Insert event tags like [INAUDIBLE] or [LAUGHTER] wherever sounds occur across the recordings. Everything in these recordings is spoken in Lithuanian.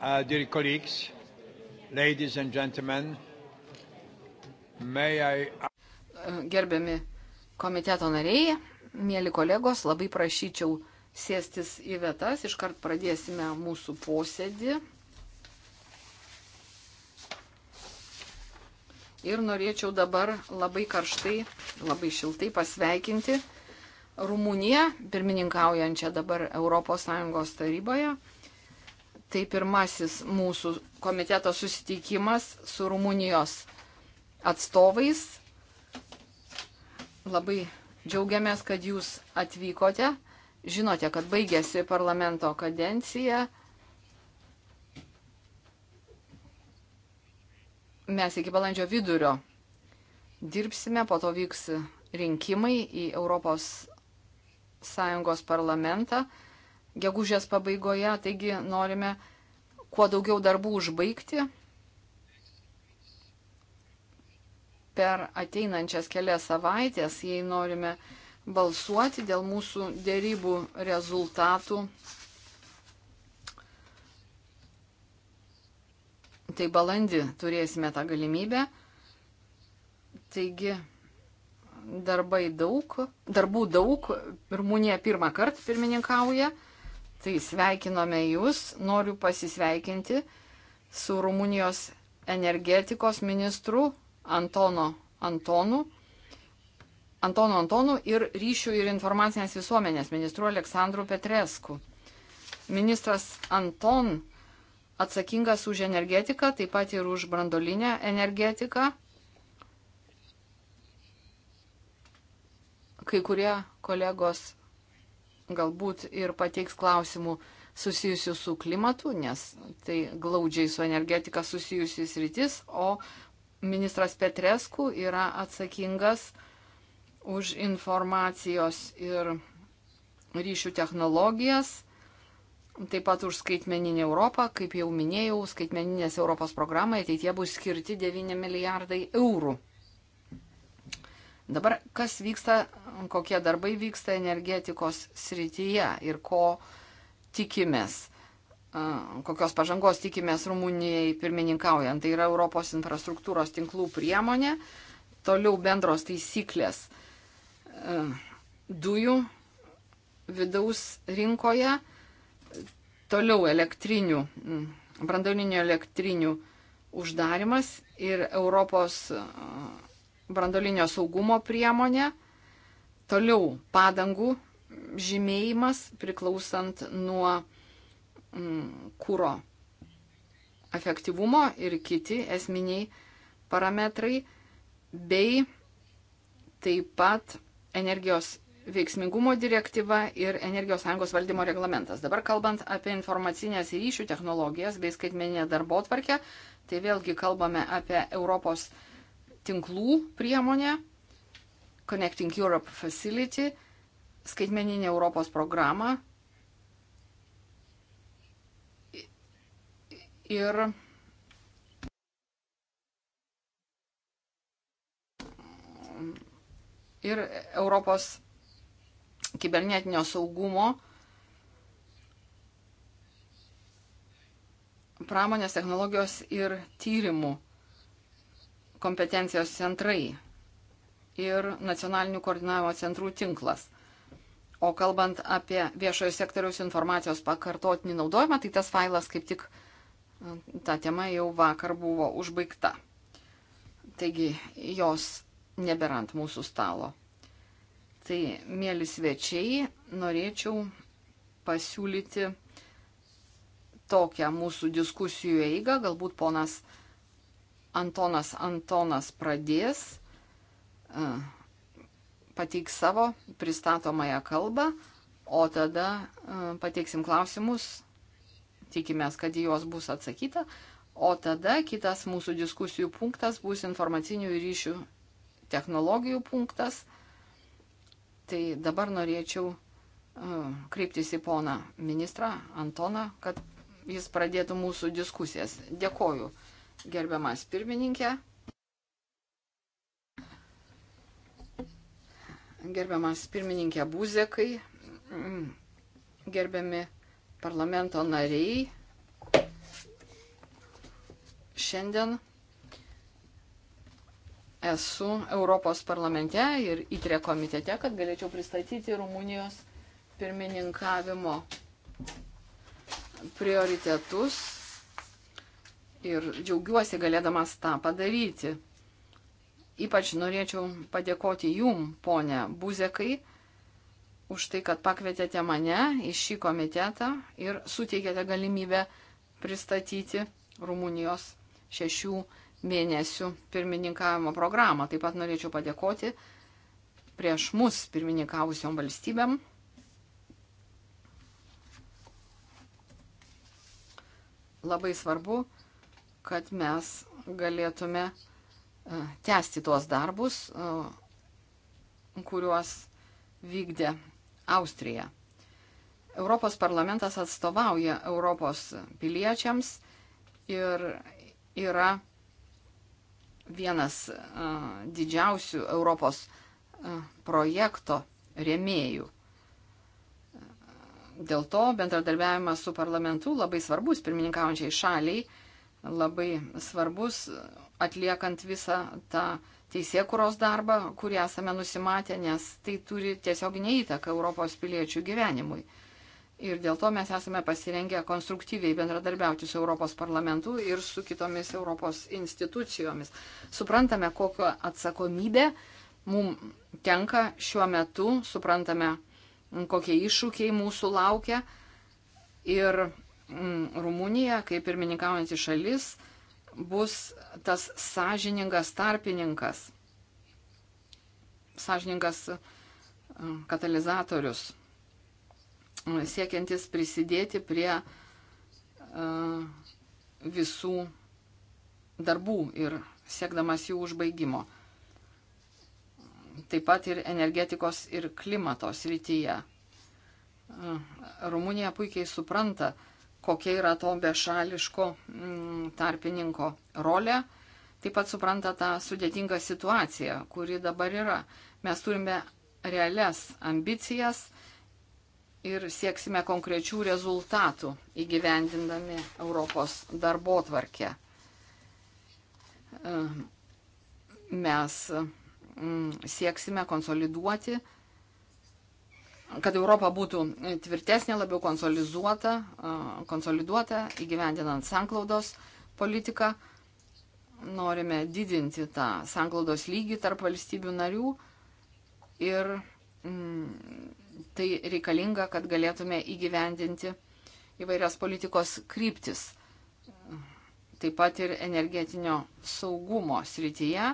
Uh, dear colleagues, ladies and gentlemen, may I... Gerbiami komiteto nariai, mėly kolegos, labai prašyčiau sėstis į vietas, iškart pradėsime mūsų posėdį. Ir norėčiau dabar labai karštai, labai šiltai pasveikinti Rumuniją, pirmininkaujančią dabar ES taryboje tai pirmasis mūsų komiteto susitikimas su Rumunijos atstovais. Labai džiaugiamės, kad jūs atvykote. Žinote, kad baigėsi parlamento kadencija. Mes iki balandžio vidurio dirbsime, po to vyks rinkimai į Europos Sąjungos parlamentą gegužės pabaigoje, taigi norime kuo daugiau darbų užbaigti per ateinančias kelias savaitės, jei norime balsuoti dėl mūsų dėrybų rezultatų. Tai balandį turėsime tą galimybę. Taigi darbai daug, darbų daug. Rumunija pirmą kartą pirmininkauja. Tai sveikiname Jūs, noriu pasisveikinti su Rumunijos energetikos ministru Antono Antonu. Antonu Antonu ir ryšių ir informacinės visuomenės ministru Aleksandru Petresku. Ministras Anton atsakingas už energetiką, taip pat ir už brandolinę energetiką. Kai kurie kolegos galbūt ir pateiks klausimų susijusių su klimatu, nes tai glaudžiai su energetika susijusius rytis, o ministras Petresku yra atsakingas už informacijos ir ryšių technologijas, taip pat už skaitmeninį Europą, kaip jau minėjau, skaitmeninės Europos programai ateitie bus skirti 9 milijardai eurų. Dabar kas vyksta, kokie darbai vyksta energetikos srityje ir ko tikimės, kokios pažangos tikimės Rumunijai pirmininkaujant. Tai yra Europos infrastruktūros tinklų priemonė, toliau bendros taisyklės dujų vidaus rinkoje, toliau elektrinių, brandauninių elektrinių uždarimas ir Europos brandolinio saugumo priemonė, toliau padangų žymėjimas priklausant nuo mm, kūro efektyvumo ir kiti esminiai parametrai, bei taip pat energijos veiksmingumo direktyva ir energijos sąjungos valdymo reglamentas. Dabar kalbant apie informacinės ryšių technologijas bei skaitmeninę darbo tvarkę, tai vėlgi kalbame apie Europos tinklų priemonę, Connecting Europe Facility, skaitmeninį Europos programą ir ir Europos kibernetinio saugumo pramonės technologijos ir tyrimų kompetencijos centrai ir nacionalinių koordinavimo centrų tinklas. O kalbant apie viešojo sektoriaus informacijos pakartotinį naudojimą, tai tas failas kaip tik e, ta tema jau vakar buvo užbaigta. Taigi jos nebėra ant mūsų stalo. Tai, mėly svečiai, norėčiau pasiūlyti tokią mūsų diskusijų eigą. Galbūt ponas uh, Antonas Antonas pradės, e, pateiks savo pristatomąją kalbą, o tada e, pateiksim klausimus, tikimės, kad į juos bus atsakyta, o tada kitas mūsų diskusijų punktas bus informacinių ryšių technologijų punktas. Tai dabar norėčiau e, kreiptis į poną ministrą Antoną, kad jis pradėtų mūsų diskusijas. Dėkoju gerbiamas pirmininkė, gerbiamas pirmininkė Buzekai, gerbiami parlamento nariai. Šiandien esu Europos parlamente ir įtrė komitete, kad galėčiau pristatyti Rumunijos pirmininkavimo prioritetus ir džiaugiuosi galėdamas tą padaryti. Ypač norėčiau padėkoti jum, ponė Buzekai, už tai, kad pakvietėte mane į šį komitetą ir suteikėte galimybę pristatyti Rumunijos šešių mėnesių pirmininkavimo programą. Taip pat norėčiau padėkoti prieš mus pirmininkavusiom valstybėm. Labai svarbu, kad mes galėtume e, tęsti tuos darbus, e, kuriuos vykdė Austrija. Europos parlamentas atstovauja Europos piliečiams ir yra vienas e, didžiausių Europos projekto rėmėjų. Dėl to bendradarbiavimas su parlamentu labai svarbus pirmininkaujančiai šaliai labai svarbus, atliekant visą tą teisėkuros darbą, kurį esame nusimatę, nes tai turi tiesioginį įtaką Europos piliečių gyvenimui. Ir dėl to mes esame pasirengę konstruktyviai bendradarbiauti su Europos parlamentu ir su kitomis Europos institucijomis. Suprantame, kokią atsakomybę mums tenka šiuo metu, suprantame, kokie iššūkiai mūsų laukia ir Mm, Rumunija, kaip pirmininkaujantis šalis, bus tas sąžiningas tarpininkas, sąžiningas e, katalizatorius, e, siekiantis prisidėti prie e, visų darbų ir siekdamas jų užbaigimo. Taip pat ir energetikos ir klimatos rytyje. Rumunija puikiai supranta, kokia yra to bešališko mm, tarpininko rolė. Taip pat supranta tą sudėtingą situaciją, kuri dabar yra. Mes turime realias ambicijas ir sieksime konkrečių rezultatų įgyvendindami Europos darbo tvarkę. Ehm, mes mm, sieksime konsoliduoti kad Europa būtų tvirtesnė, labiau konsolizuota, konsoliduota, įgyvendinant sanklaudos politiką. Norime didinti tą sanklaudos lygį tarp valstybių narių ir mm, tai reikalinga, kad galėtume įgyvendinti įvairias politikos kryptis. Taip pat ir energetinio saugumo srityje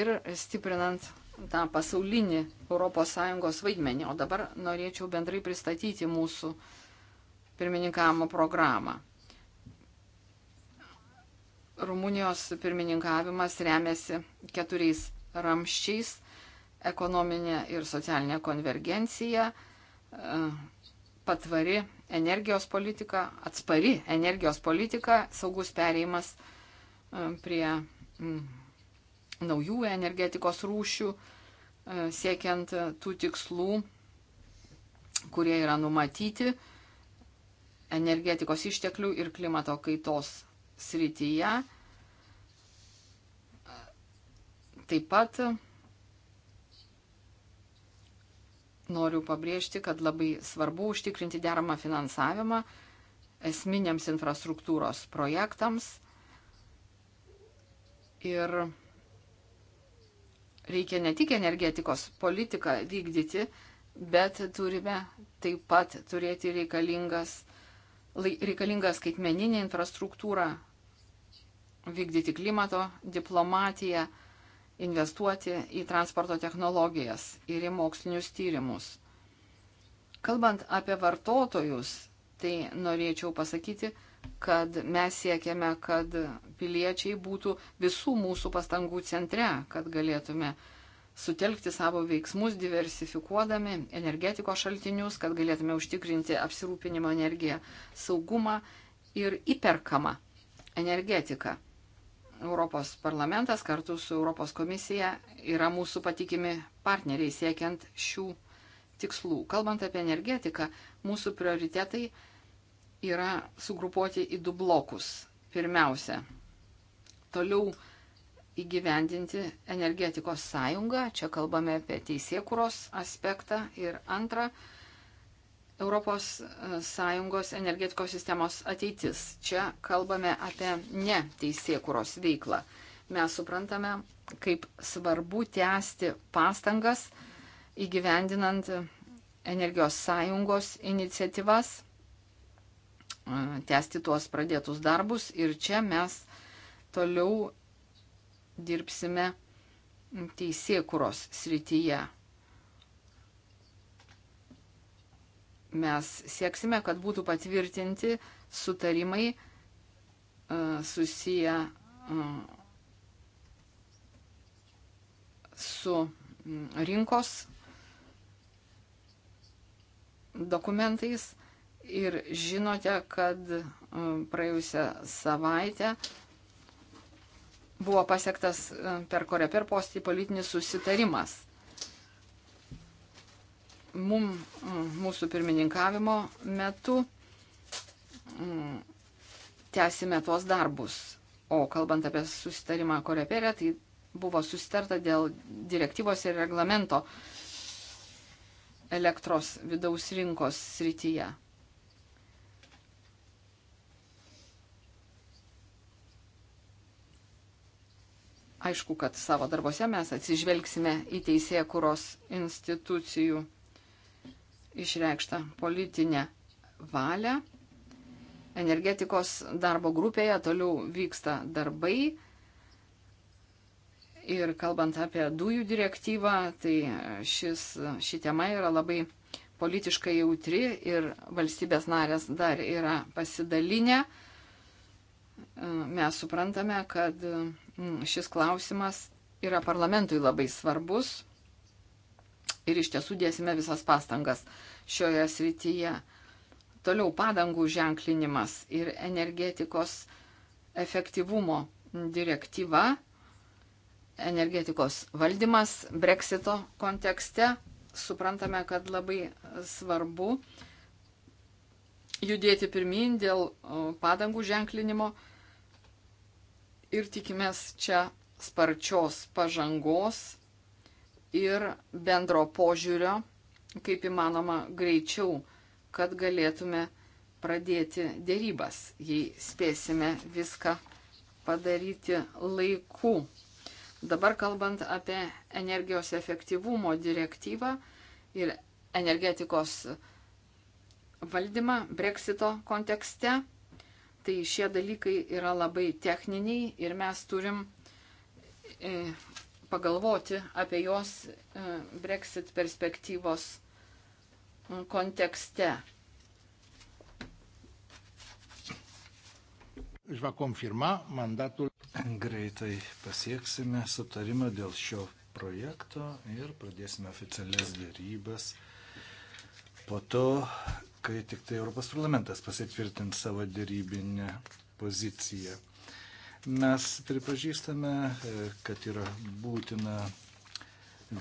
ir stiprinant tą pasaulinį ES vaidmenį. O dabar norėčiau bendrai pristatyti mūsų pirmininkavimo programą. Rumunijos pirmininkavimas remiasi keturiais ramščiais - ekonominė ir socialinė konvergencija, patvari energijos politika, atspari energijos politika, saugus pereimas e, prie naujų energetikos rūšių, e, siekiant e, tų tikslų, kurie yra numatyti energetikos išteklių ir klimato kaitos srityje. Taip pat noriu pabrėžti, kad labai svarbu užtikrinti deramą finansavimą esminiams infrastruktūros projektams ir reikia ne tik energetikos politiką vykdyti, bet turime taip pat turėti reikalingas, reikalingą skaitmeninę infrastruktūrą, vykdyti klimato diplomatiją, investuoti į transporto technologijas ir į mokslinius tyrimus. Kalbant apie vartotojus, tai norėčiau pasakyti, kad mes siekiame, kad piliečiai būtų visų mūsų pastangų centre, kad galėtume sutelkti savo veiksmus, diversifikuodami energetikos šaltinius, kad galėtume užtikrinti apsirūpinimo energiją, saugumą ir įperkamą energetiką. Europos parlamentas kartu su Europos komisija yra mūsų patikimi partneriai siekiant šių tikslų. Kalbant apie energetiką, mūsų prioritetai yra yra sugrupuoti į du blokus. Pirmiausia, toliau įgyvendinti energetikos sąjungą, čia kalbame apie teisėkuros aspektą ir antrą, Europos e, Sąjungos energetikos sistemos ateitis. Čia kalbame apie ne teisėkuros veiklą. Mes suprantame, kaip svarbu tęsti pastangas įgyvendinant energijos sąjungos iniciatyvas E, tęsti tuos pradėtus darbus ir čia mes toliau dirbsime teisėkuros srityje. Mes sieksime, kad būtų patvirtinti sutarimai e, susiję e, su rinkos dokumentais Ir žinote, kad e, praėjusią savaitę buvo pasiektas e, per korę per postį politinis susitarimas. Mum, e, mūsų pirmininkavimo metu tęsime tuos darbus. O kalbant apie susitarimą koreperę, tai buvo susitarta dėl direktyvos ir reglamento elektros vidaus rinkos srityje. Aišku, kad savo darbose mes atsižvelgsime į teisėje kuros institucijų išreikštą politinę valią. Energetikos darbo grupėje toliau vyksta darbai. Ir kalbant apie dujų direktyvą, tai šis, ši tema yra labai politiškai jautri ir valstybės narės dar yra pasidalinę. Mes suprantame, kad Mm, šis klausimas yra parlamentui labai svarbus ir iš tiesų dėsime visas pastangas šioje srityje. Toliau padangų ženklinimas ir energetikos efektyvumo direktyva, energetikos valdymas Brexito kontekste. Suprantame, kad labai svarbu judėti pirmin dėl padangų ženklinimo direktyvos ir tikimės čia sparčios pažangos ir bendro požiūrio, kaip įmanoma, greičiau, kad galėtume pradėti dėrybas, jei spėsime viską padaryti laiku. Dabar kalbant apie energijos efektyvumo direktyvą ir energetikos valdymą Brexito kontekste, Tai šie dalykai yra labai techniniai ir mes turim e, pagalvoti apie juos e, Brexit perspektyvos kontekste. va konfirma mandatul. Greitai pasieksime sutarimą dėl šio projekto ir pradėsime oficialias dėrybas. Po to kai tik tai Europos parlamentas pasitvirtins savo dėrybinę poziciją. Mes pripažįstame, e, kad yra būtina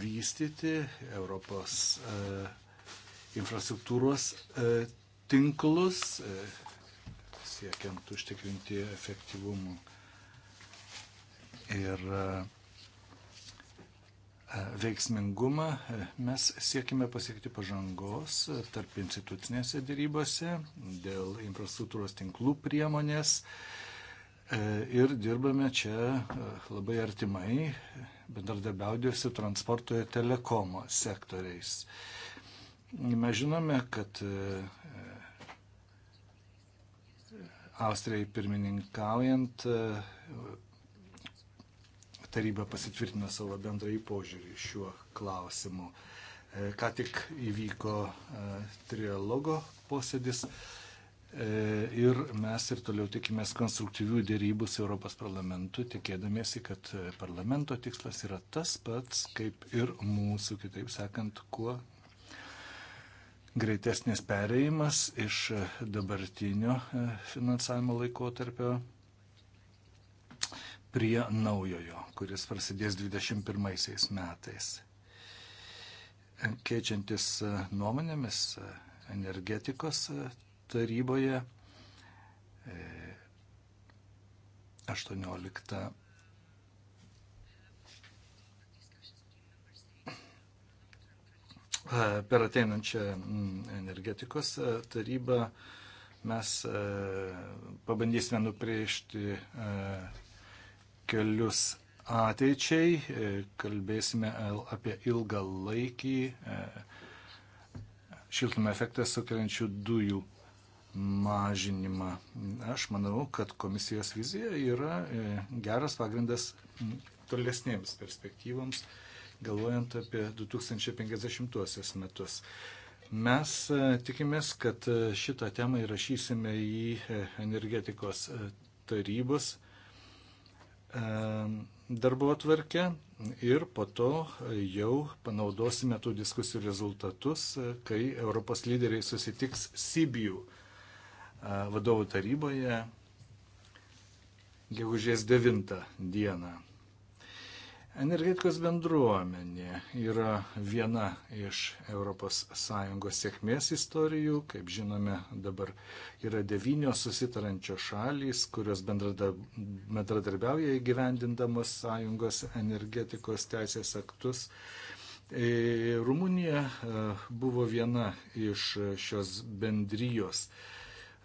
vystyti Europos e, infrastruktūros e, tinklus, siekiant užtikrinti efektyvumą. Ir uh, veiksmingumą. Mes siekime pasiekti pažangos tarp institucinėse dėrybose dėl infrastruktūros tinklų priemonės e, ir dirbame čia e, labai artimai, bendradarbiaudė su transporto ir telekomo sektoriais. Mes žinome, kad e, Austrijai pirmininkaujant taryba pasitvirtino savo bendrąjį požiūrį šiuo klausimu. E, ką tik įvyko e, trialogo posėdis e, ir mes ir toliau tikimės konstruktyvių dėrybų su Europos parlamentu, tikėdamėsi, kad parlamento tikslas yra tas pats, kaip ir mūsų, kitaip sakant, kuo greitesnis pereimas iš dabartinio finansavimo laikotarpio prie naujojo, kuris prasidės 21 metais. Keičiantis e, nuomonėmis e, energetikos e, taryboje 18 per ateinančią energetikos tarybą mes pabandysime nupriešti kelius ateičiai, e, kalbėsime apie ilgą laikį e, šiltumo efektą sukeliančių dujų mažinimą. Aš manau, kad komisijos vizija yra e, geras pagrindas tolesnėms perspektyvams, galvojant apie 2050 metus. Mes tikimės, kad šitą temą įrašysime į energetikos tarybos E, darbo atvarkę ir po to jau panaudosime tų diskusijų rezultatus, kai Europos lyderiai susitiks Sibijų e, vadovų taryboje gegužės 9 dieną. Energetikos bendruomenė yra viena iš ES sėkmės istorijų. Kaip žinome, dabar yra devynios susitarančios šalys, kurios bendradarbiauja įgyvendindamos sąjungos energetikos teisės aktus. E, Rumunija e, buvo viena iš šios bendrijos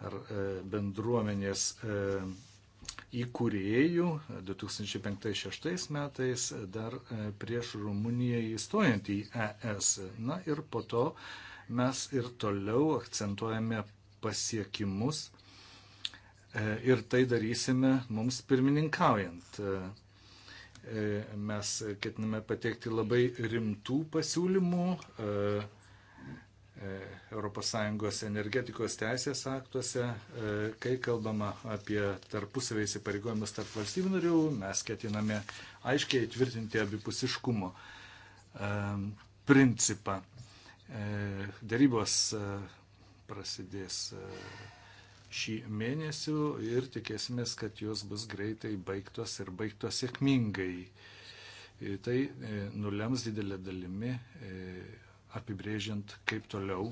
ar e, bendruomenės įkūrėjų 2005-2006 metais dar e, prieš Rumuniją įstojant į ES. Na ir po to mes ir toliau akcentuojame pasiekimus e, ir tai darysime mums pirmininkaujant. E, mes ketiname pateikti labai rimtų pasiūlymų ES energetikos teisės aktuose, e, kai kalbama apie tarpusavį įsipareigojimus tarp valstybių narių, mes ketiname aiškiai įtvirtinti abipusiškumo e, principą. E, darybos prasidės šį mėnesį ir tikėsimės, kad jos bus greitai baigtos ir baigtos sėkmingai. Tai nulems didelę dalimi apibrėžiant, kaip toliau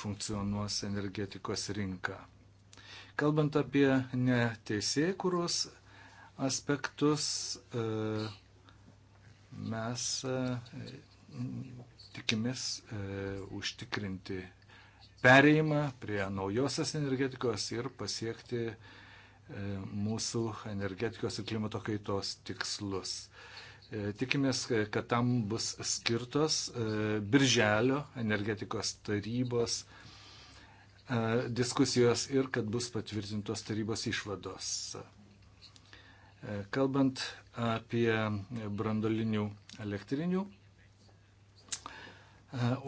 funkcionuos energetikos rinka. Kalbant apie neteisėkuros aspektus, e, mes e, tikimės e, užtikrinti pereimą prie naujosios energetikos ir pasiekti mūsų energetikos ir klimato kaitos tikslus. E, tikimės, kad tam bus skirtos e, Birželio energetikos tarybos e, diskusijos ir kad bus patvirtintos tarybos išvados. Kalbant apie brandolinių elektrinių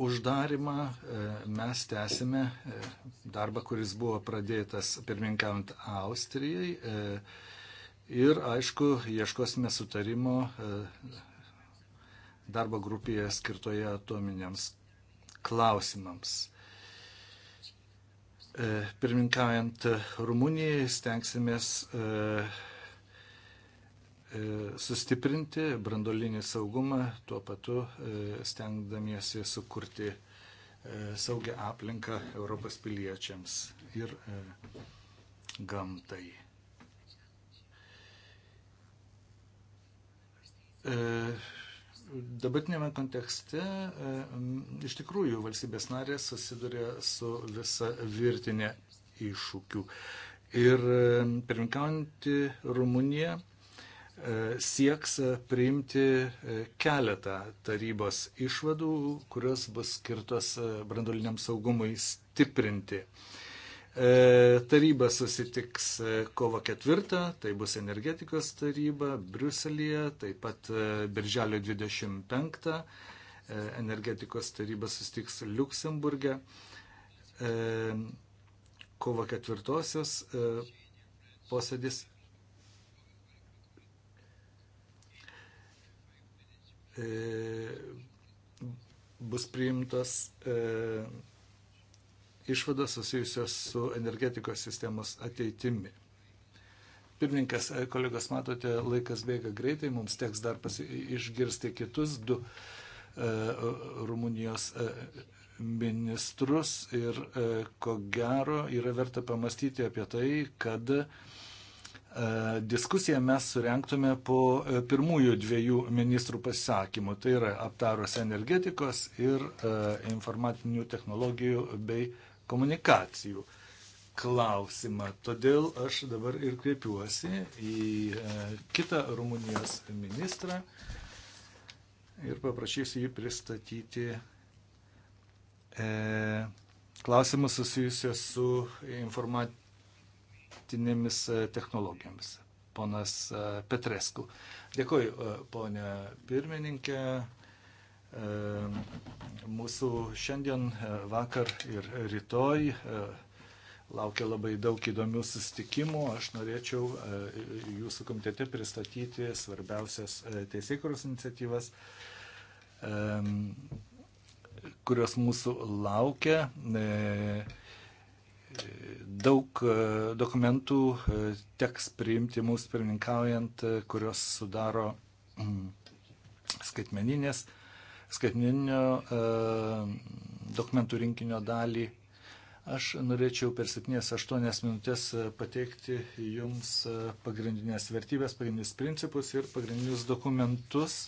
uždarimą, mes tęsime darbą, kuris buvo pradėtas pirmininkaujant Austrijai. Ir, aišku, ieškosime sutarimo e, darbo grupėje skirtoje atominiams klausimams. E, Pirminkaujant Rumunijai stengsimės e, sustiprinti brandolinį saugumą, tuo patu stengdamiesi sukurti saugią aplinką Europos piliečiams ir gamtai. E, Dabartinėme kontekste e, iš tikrųjų valstybės narės susiduria su visa virtinė iššūkių. Ir e, pirminkaujantį Rumuniją sieks priimti keletą tarybos išvadų, kurios bus skirtos brandoliniam saugumui stiprinti. E, E, taryba susitiks e, kovo 4, tai bus energetikos taryba Bruselėje, taip pat e, birželio 25 energetikos taryba susitiks Luksemburgė. Kovo 4 posėdis bus priimtas išvadas susijusios su energetikos sistemos ateitimi. Pirmininkas, e, kolegos, matote, laikas bėga greitai, mums teks dar pasi... išgirsti kitus du e, Rumunijos e, ministrus ir ko gero yra verta pamastyti apie tai, kad diskusiją mes surenktume po pirmųjų dviejų ministrų pasisakymų. Tai yra aptarus energetikos ir informatinių technologijų bei komunikacijų klausimą. Todėl aš dabar ir kreipiuosi į e, kitą Rumunijos ministrą ir paprašysiu jį pristatyti e, klausimus susijusios su informatinėmis e, technologijomis. Ponas e, Petresku. Dėkoju, ponė pirmininkė, Mūsų šiandien, e, vakar ir rytoj e, laukia labai daug įdomių sustikimų. Aš norėčiau e, jūsų komitete pristatyti svarbiausias teisėkuros iniciatyvas, kurios mūsų laukia. Daug dokumentų teks priimti mūsų pirmininkaujant, kurios sudaro skaitmeninės skaitmeninio e, dokumentų rinkinio dalį. Aš norėčiau per 7-8 minutės e, pateikti Jums e, pagrindinės vertybės, pagrindinius principus ir pagrindinius dokumentus,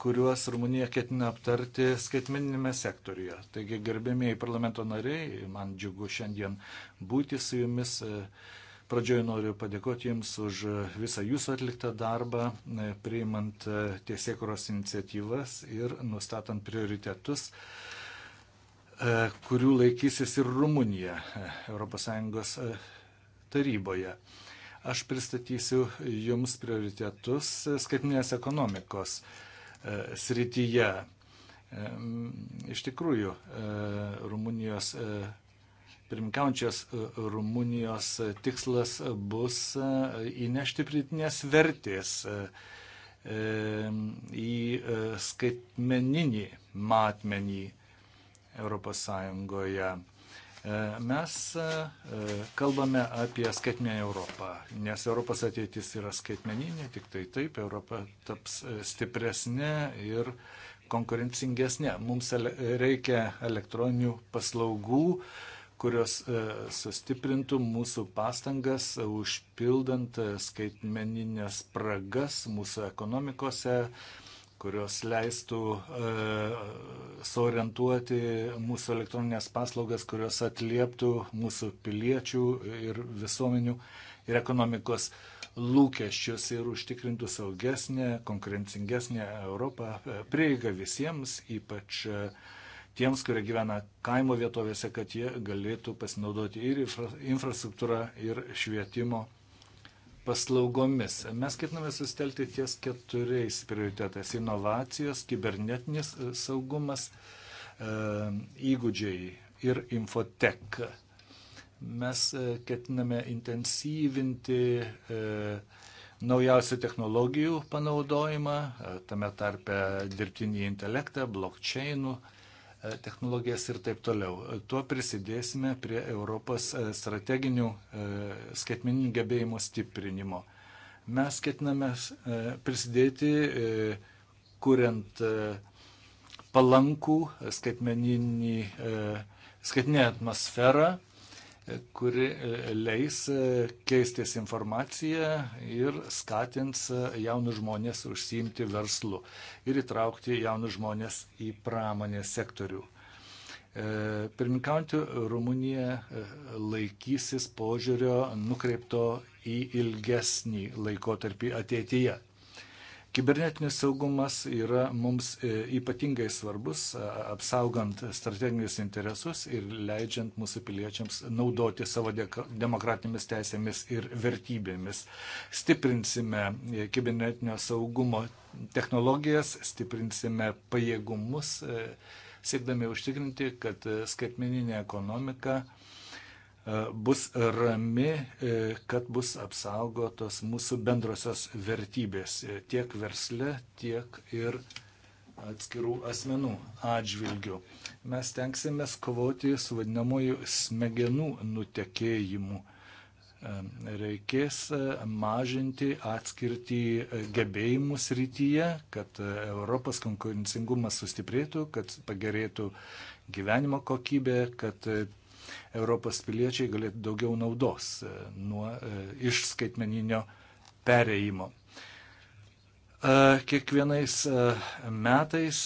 kuriuos Rumunija ketina aptarti skaitmeninėme sektoriuje. Taigi, gerbėmiai parlamento nariai, man džiugu šiandien būti su jumis Pradžioje noriu padėkoti Jums už visą Jūsų atliktą darbą, priimant tiesiekuros iniciatyvas ir nustatant prioritetus, e, kurių laikysis ir Rumunija e, ES e, taryboje. Aš pristatysiu Jums prioritetus skaitinės ekonomikos srityje. Iš tikrųjų, Rumunijos Pirmkiaujančios e, Rumunijos tikslas bus e, įnešti pritinės vertės e, į skaitmeninį matmenį ES. Mes kalbame apie skaitmenę Europą, nes Europos ateitis yra skaitmeninė, tik tai taip Europa taps stipresnė ir konkurencingesnė. Mums reikia elektroninių paslaugų, kurios e, sustiprintų mūsų pastangas e, užpildant e, skaitmeninės spragas mūsų ekonomikose, kurios leistų sorientuoti mūsų elektroninės paslaugas, kurios atlieptų mūsų piliečių ir visuomenių ir ekonomikos lūkesčius ir užtikrintų saugesnę, konkurencingesnę Europą, prieigą visiems, ypač uh, tiems, kurie gyvena kaimo vietovėse, kad jie galėtų pasinaudoti ir infrastruktūrą, ir švietimo paslaugomis. Mes ketiname sustelti ties keturiais prioritetais - inovacijos, kibernetinis e, saugumas, e, įgūdžiai ir infotek. Mes e, ketiname intensyvinti naujausių technologijų panaudojimą, tame tarpe dirbtinį intelektą, blokčeinų E, technologijas ir taip toliau. E, tuo prisidėsime prie Europos e, strateginių skaitmeninių gebėjimų stiprinimo. Mes ketiname prisidėti, kuriant palankų skaitmeninį, skaitmeninę atmosferą kuri e, leis e, keistis informaciją ir skatins e, jaunus žmonės užsiimti verslu ir įtraukti jaunus žmonės į pramonės sektorių. Pirminkaujantį Rumuniją laikysis požiūrio nukreipto į ilgesnį laikotarpį ateityje. Kibernetinis saugumas yra mums e, ypatingai svarbus, apsaugant strateginius interesus ir leidžiant mūsų piliečiams naudoti savo demokratinėmis teisėmis ir vertybėmis. Stiprinsime e, kibernetinio saugumo technologijas, stiprinsime pajėgumus, e, siekdami užtikrinti, kad skaitmeninė ekonomika bus rami, e, kad bus apsaugotos mūsų bendrosios vertybės e, tiek versle, tiek ir atskirų asmenų atžvilgių. Mes tenksime kovoti su vadinamoju smegenų nutekėjimu. E, reikės mažinti atskirtį gebėjimų srityje, kad Europos konkurencingumas sustiprėtų, kad pagerėtų gyvenimo kokybė, kad Europos piliečiai galėtų daugiau naudos e, nuo, e, iš skaitmeninio pereimo. E, kiekvienais metais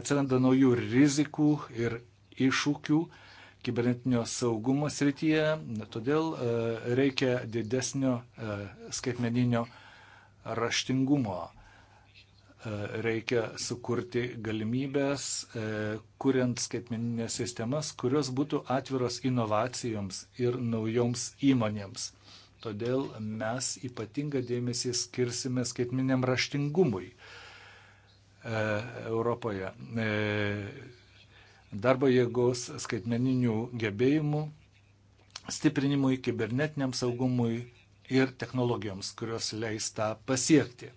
atsiranda naujų rizikų ir iššūkių kibernetinio saugumo srityje, todėl reikia didesnio skaitmeninio raštingumo. E, reikia sukurti galimybės, e, kuriant skaitmeninės sistemas, kurios būtų atviros inovacijoms ir naujoms įmonėms. Todėl mes ypatingą dėmesį skirsime skaitminiam raštingumui e, Europoje. Darbo jėgos skaitmeninių gebėjimų stiprinimui, kibernetiniam saugumui ir technologijoms, kurios leis tą pasiekti.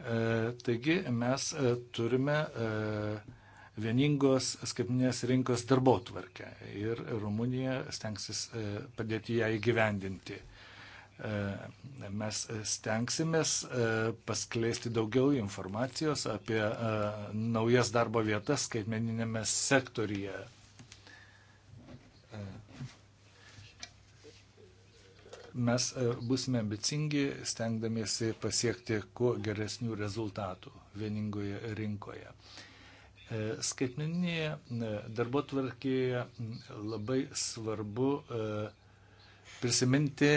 E, taigi mes e, turime e, vieningos skaitminės rinkos darbo tvarkę ir Rumunija stengsis padėti ją įgyvendinti. Mes stengsimės paskleisti daugiau informacijos apie naujas darbo vietas skaitmeninėme sektorijoje mes e, busime ambicingi, stengdamiesi pasiekti kuo geresnių rezultatų vieningoje rinkoje. E, skaitmeninėje e, darbo tvarkėje labai svarbu prisiminti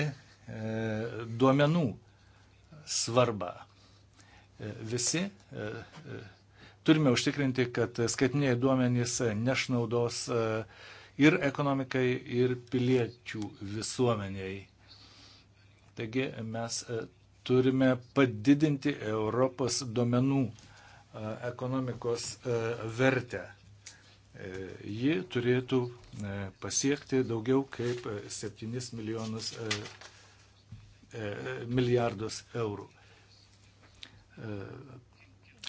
duomenų svarbą. Visi turime užtikrinti, kad skaitiniai duomenys neš naudos ir ekonomikai, ir piliečių visuomeniai. Taigi mes e, turime padidinti Europos duomenų e, ekonomikos e, vertę. Ji turėtų pasiekti daugiau kaip 7 milijonus, milijardus eurų.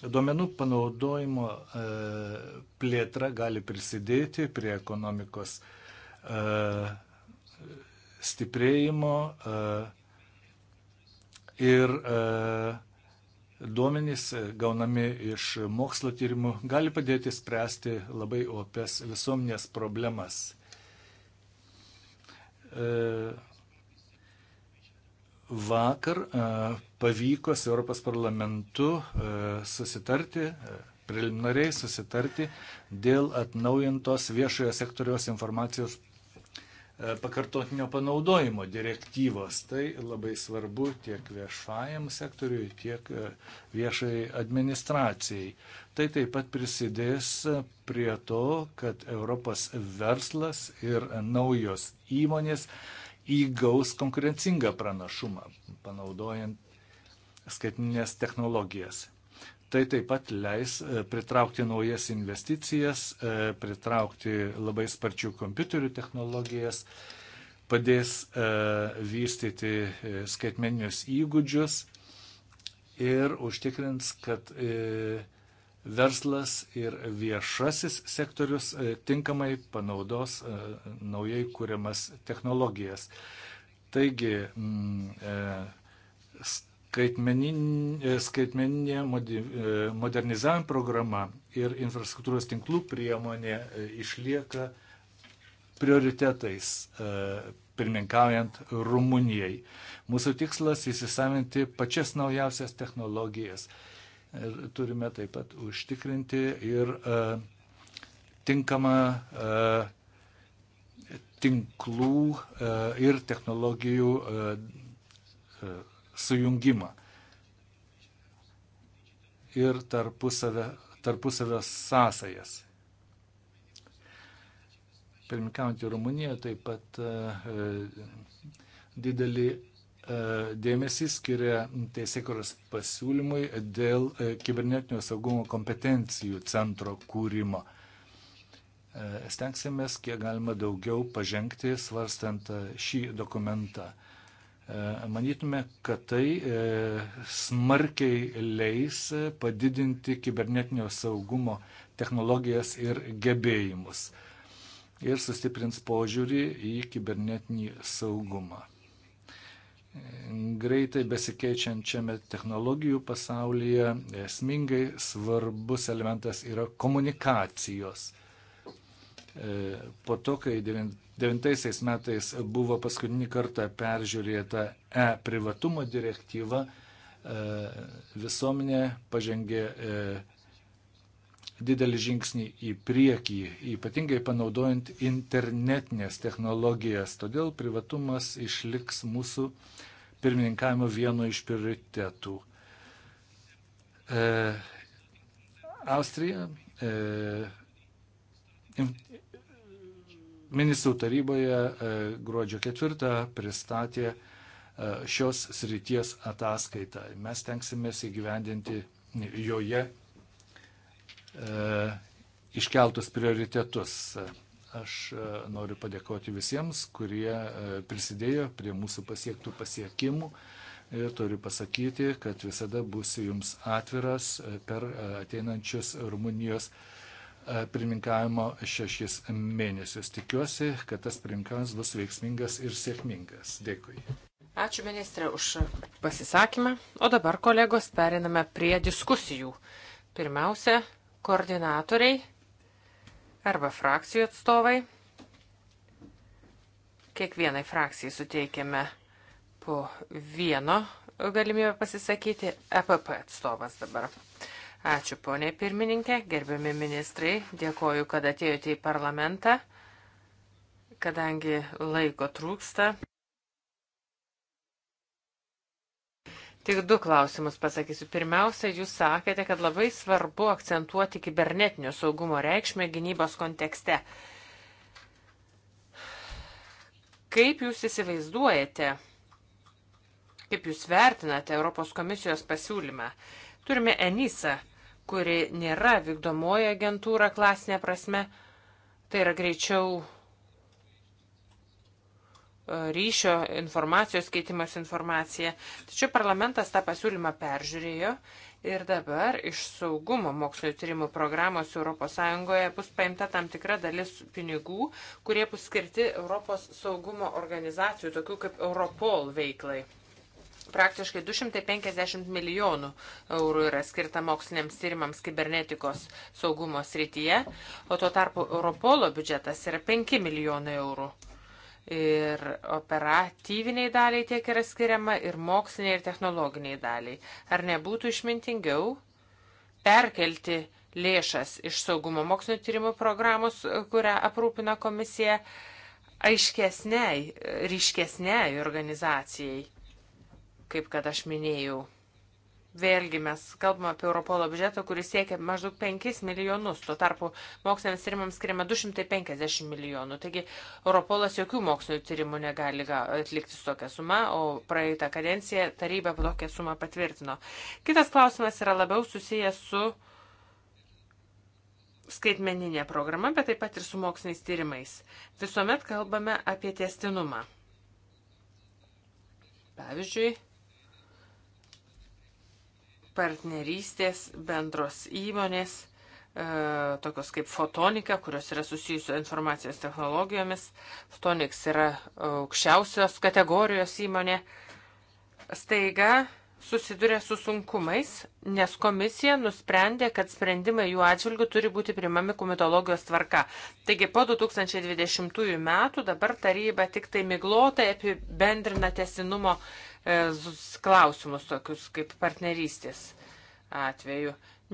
Duomenų panaudojimo plėtra gali prisidėti prie ekonomikos stiprėjimo, uh, ir e, duomenys gaunami iš mokslo tyrimų gali padėti spręsti labai opes visuomenės problemas. E, vakar e, pavyko su Europos parlamentu e, susitarti, e, preliminariai susitarti dėl atnaujintos viešojo sektoriaus informacijos E, pakartotinio panaudojimo direktyvos. Tai labai svarbu tiek viešajam sektoriui, tiek e, viešai administracijai. Tai taip pat prisidės e, prie to, kad Europos verslas ir naujos įmonės įgaus konkurencingą pranašumą, panaudojant skaitinės technologijas. Tai taip pat leis e, pritraukti naujas investicijas, e, pritraukti labai sparčių kompiuterių technologijas, padės e, vystyti skaitmeninius įgūdžius ir užtikrins, kad verslas ir viešasis sektorius tinkamai panaudos naujai kūriamas technologijas. Taigi, E, skaitmeninė e, modernizavimo programa ir infrastruktūros tinklų priemonė e, išlieka prioritetais pirmininkaujant Rumunijai. Mūsų tikslas įsisavinti pačias naujausias technologijas. Ir turime taip pat užtikrinti ir uh, tinkamą uh, tinklų uh, ir technologijų uh, uh, sujungimą ir tarpusavę, tarpusavę sąsajas. Pirmininkaujantį Rumuniją taip pat e, e, didelį e, dėmesį skiria teisėkuros pasiūlymui dėl kibernetinio saugumo kompetencijų centro kūrimo. Stengsimės kiek galima daugiau pažengti svarstant šį dokumentą. E, manytume, kad tai e, smarkiai leis padidinti kibernetinio saugumo technologijas ir gebėjimus ir sustiprins požiūrį į kibernetinį saugumą. Greitai besikeičiančiame technologijų pasaulyje esmingai svarbus elementas yra komunikacijos. E, po to, kai 90 Devintaisiais metais buvo paskutinį kartą peržiūrėta e-privatumo direktyva. E, visuomenė pažengė e, didelį žingsnį į priekį, ypatingai panaudojant internetinės technologijas. Todėl privatumas išliks mūsų pirmininkavimo vieno iš prioritetų. E, Austrija e, ministrų taryboje e, gruodžio 4 pristatė e, šios srities ataskaitą. Mes tenksimės įgyvendinti joje e, iškeltus prioritetus. Aš noriu padėkoti visiems, kurie prisidėjo prie mūsų pasiektų pasiekimų ir turiu pasakyti, kad visada būsiu jums atviras per ateinančius Rumunijos E, pirmininkavimo šešis mėnesius. Tikiuosi, kad tas pirmininkavimas bus veiksmingas ir sėkmingas. Dėkui. Ačiū ministrė už pasisakymą. O dabar, kolegos, periname prie diskusijų. Pirmiausia, koordinatoriai arba frakcijų atstovai. Kiekvienai frakcijai suteikėme po vieno galimybę pasisakyti. EPP atstovas dabar. Ačiū ponė pirmininkė, gerbiami ministrai, dėkoju, kad atėjote į parlamentą, kadangi laiko trūksta. Tik du klausimus pasakysiu. Pirmiausia, jūs sakėte, kad labai svarbu akcentuoti kibernetinio saugumo reikšmę gynybos kontekste. Kaip jūs įsivaizduojate, kaip jūs vertinate Europos komisijos pasiūlymą? Turime ENISA kuri nėra vykdomoji agentūra klasinė prasme. Tai yra greičiau e, ryšio informacijos keitimas informacija. Tačiau parlamentas tą pasiūlymą peržiūrėjo ir dabar iš saugumo mokslinio tyrimų programos ES bus paimta tam tikra dalis pinigų, kurie bus skirti Europos saugumo organizacijų, tokių kaip Europol veiklai. Praktiškai 250 milijonų eurų yra skirta moksliniams tyrimams kibernetikos saugumo srityje, o tuo tarpu Europolo biudžetas yra 5 milijonai eurų. Ir operatyviniai daliai tiek yra skiriama ir moksliniai ir technologiniai daliai. Ar nebūtų išmintingiau perkelti lėšas iš saugumo mokslinio tyrimų programos, kurią aprūpina komisija, aiškesniai, ryškesniai organizacijai? kaip kad aš minėjau. Vėlgi mes kalbame apie Europolo biudžetą, kuris siekia maždaug 5 milijonus, tuo tarpu moksliniams tyrimams skiriama 250 milijonų. Taigi Europolas jokių mokslinio tyrimų negali atlikti su tokia suma, o praeitą kadenciją taryba tokią sumą patvirtino. Kitas klausimas yra labiau susijęs su skaitmeninė programa, bet taip pat ir su moksliniais tyrimais. Visuomet kalbame apie testinumą. Pavyzdžiui, partnerystės, bendros įmonės, e, tokios kaip fotonika, kurios yra susijusios informacijos technologijomis. Fotonics yra aukščiausios kategorijos įmonė. Staiga susiduria su sunkumais, nes komisija nusprendė, kad sprendimai jų atžvilgių turi būti primami komitologijos tvarka. Taigi po 2020 metų dabar taryba tik tai miglotai apibendrina tesinumo E, klausimus tokius kaip partnerystės atveju.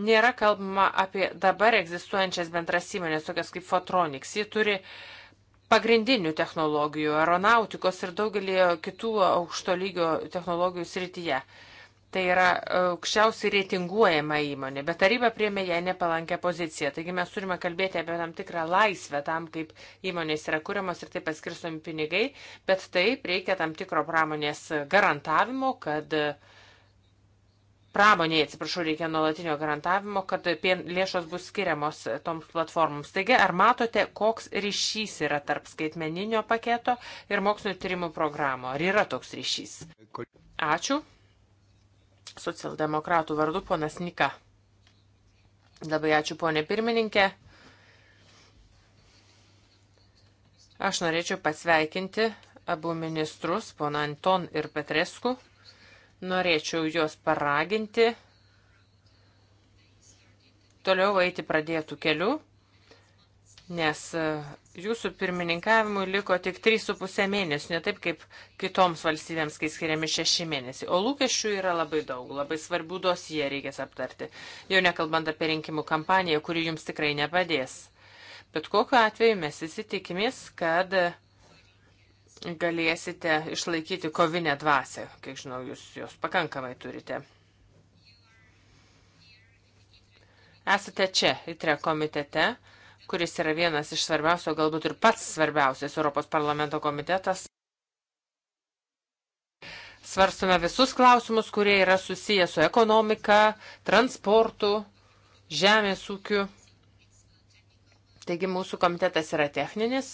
Nėra kalbama apie dabar egzistuojančias bendras įmonės, tokias kaip Fotronics. Ji turi pagrindinių technologijų, aeronautikos ir daugelį kitų aukšto lygio technologijų srityje. Uh, Tai yra e, aukščiausiai reitinguojama įmonė, bet taryba priemė ją nepalankę poziciją. Taigi mes turime kalbėti apie tam tikrą laisvę tam, kaip įmonės yra kuriamos ir taip paskirstomi pinigai, bet taip reikia tam tikro pramonės garantavimo, kad e, pramonėje, atsiprašau, reikia nuolatinio garantavimo, kad lėšos bus skiriamos toms platformoms. Taigi, ar matote, koks ryšys yra tarp skaitmeninio paketo ir mokslinio tyrimų programų? Ar yra toks ryšys? Ačiū. Socialdemokratų vardu ponas Nika. Labai ačiū ponė pirmininkė. Aš norėčiau pasveikinti abu ministrus, poną Anton ir Petresku. Norėčiau juos paraginti toliau eiti pradėtų keliu nes e, jūsų pirmininkavimui liko tik 3,5 mėnesių, ne taip kaip kitoms valstybėms, kai skiriami 6 mėnesiai. O lūkesčių yra labai daug, labai svarbių dosiją reikės aptarti, jau nekalbant apie rinkimų kampaniją, kuri jums tikrai nepadės. Bet kokiu atveju mes visi tikimės, kad galėsite išlaikyti kovinę dvasę, kiek žinau, jūs jos pakankamai turite. Esate čia, įtre komitete kuris yra vienas iš svarbiausių, galbūt ir pats svarbiausias Europos parlamento komitetas. Svarstome visus klausimus, kurie yra susiję su ekonomika, transportu, žemės ūkiu. Taigi mūsų komitetas yra techninis.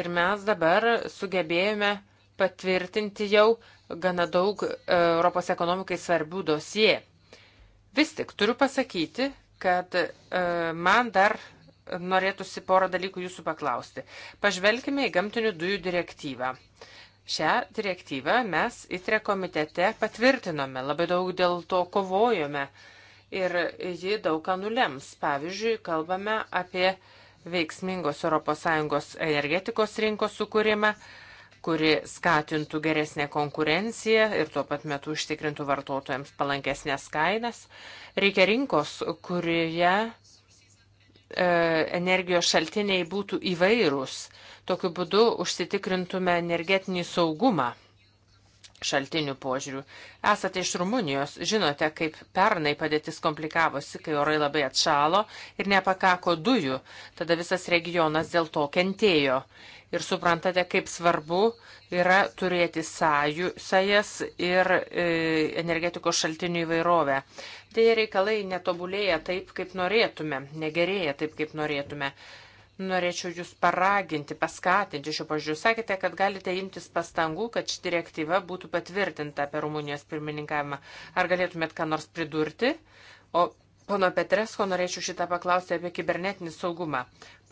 Ir mes dabar sugebėjome patvirtinti jau gana daug e, Europos ekonomikai svarbių dosijų Vis tik turiu pasakyti, kad e, man dar norėtųsi porą dalykų jūsų paklausti. Pažvelkime į gamtinių dujų direktyvą. Šią direktyvą mes įtre komitete patvirtinome, labai daug dėl to kovojome ir ji daug ką nulems. Pavyzdžiui, kalbame apie veiksmingos ES energetikos rinkos sukūrimą, kuri skatintų geresnę konkurenciją ir tuo pat metu užtikrintų vartotojams palankesnės kainas. Reikia rinkos, kurioje e, energijos šaltiniai būtų įvairūs. Tokiu būdu užsitikrintume energetinį saugumą šaltinių požiūrių. Esate iš Rumunijos, žinote, kaip pernai padėtis komplikavosi, kai orai labai atšalo ir nepakako dujų, tada visas regionas dėl to kentėjo. Ir suprantate, kaip svarbu yra turėti sąjų, sąjas ir e, energetikos šaltinių įvairovę. Tai reikalai netobulėja taip, kaip norėtume, negerėja taip, kaip norėtume. Norėčiau Jūs paraginti, paskatinti šio požiūriu. Sakėte, kad galite imtis pastangų, kad ši direktyva būtų patvirtinta per Rumunijos pirmininkavimą. Ar galėtumėt ką nors pridurti? O pono Petresko norėčiau šitą paklausti apie kibernetinį saugumą.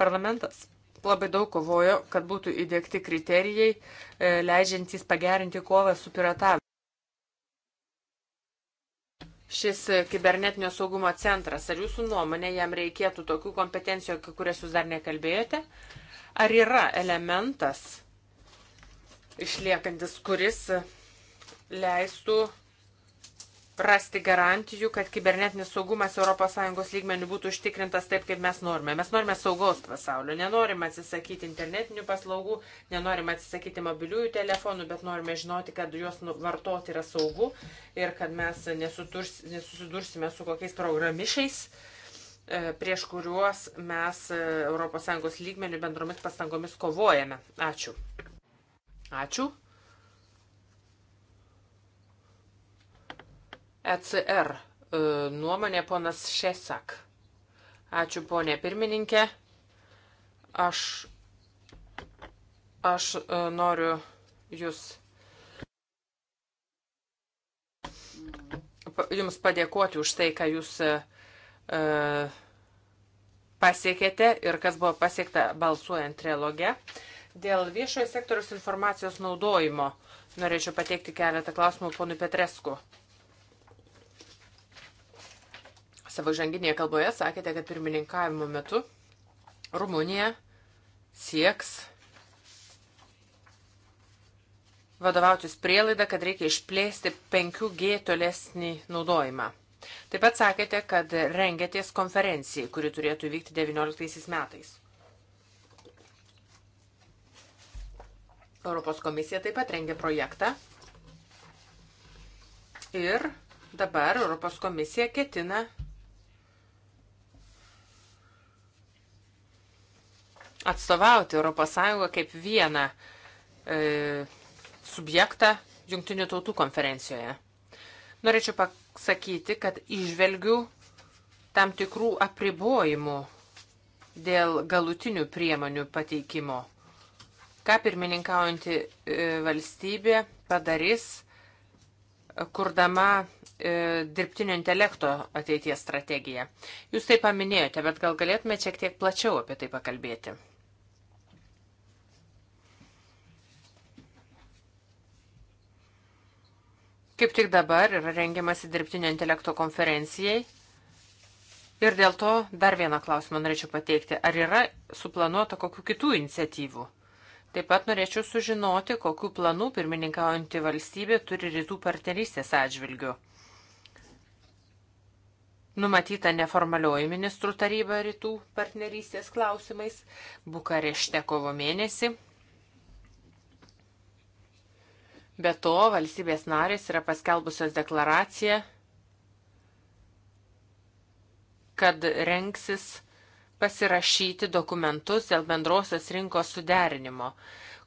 Parlamentas labai daug kovojo, kad būtų įdėkti kriterijai, e, leidžiantys pagerinti kovą su piratavimu šis kibernetinio saugumo centras, ar jūsų nuomonė jam reikėtų tokių kompetencijų, apie kurias jūs dar nekalbėjote? Ar yra elementas išliekantis, kuris leistų rasti garantijų, kad kibernetinis saugumas ES lygmenių būtų užtikrintas taip, kaip mes norime. Mes norime saugaus pasaulio, nenorime atsisakyti internetinių paslaugų, nenorime atsisakyti mobiliųjų telefonų, bet norime žinoti, kad juos nu, vartoti yra saugu ir kad mes nesusidursime su kokiais programišais e, prieš kuriuos mes ES lygmenių bendromis pastangomis kovojame. Ačiū. Ačiū. ECR e, nuomonė ponas Šesak. Ačiū ponė pirmininkė. Aš, aš e, noriu jūs. Jums padėkoti už tai, ką jūs uh, pasiekėte ir kas buvo pasiekta balsuojant triloge. Dėl viešojo sektoriaus informacijos naudojimo norėčiau pateikti keletą klausimų ponui Petresku. Uh, savo žanginėje kalboje sakėte, kad pirmininkavimo metu Rumunija sieks vadovautis prielaida, kad reikia išplėsti 5G tolesnį naudojimą. Taip pat sakėte, kad rengėtės konferencijai, kuri turėtų vykti 19 metais. Europos komisija taip pat rengė projektą ir dabar Europos komisija ketina atstovauti ES kaip vieną e, subjektą Junktinių tautų konferencijoje. Norėčiau pasakyti, kad išvelgiu tam tikrų apribojimų dėl galutinių priemonių pateikimo. Ką pirmininkaujanti e, valstybė padarys, kurdama e, dirbtinio intelekto ateities strategiją. Jūs tai paminėjote, bet gal galėtumėte šiek tiek plačiau apie tai pakalbėti. Kaip tik dabar yra rengiamasi dirbtinio intelekto konferencijai. Ir dėl to dar vieną klausimą norėčiau pateikti. Ar yra suplanuota kokiu kitų iniciatyvų? Taip pat norėčiau sužinoti, kokiu planu pirmininkaujantį valstybė turi rytų partnerystės atžvilgiu. Numatyta neformalioji ministrų taryba rytų partnerystės klausimais Bukarešte kovo mėnesį. Be to, valstybės narės yra paskelbusios deklaraciją, kad renksis pasirašyti dokumentus dėl bendrosios rinkos suderinimo.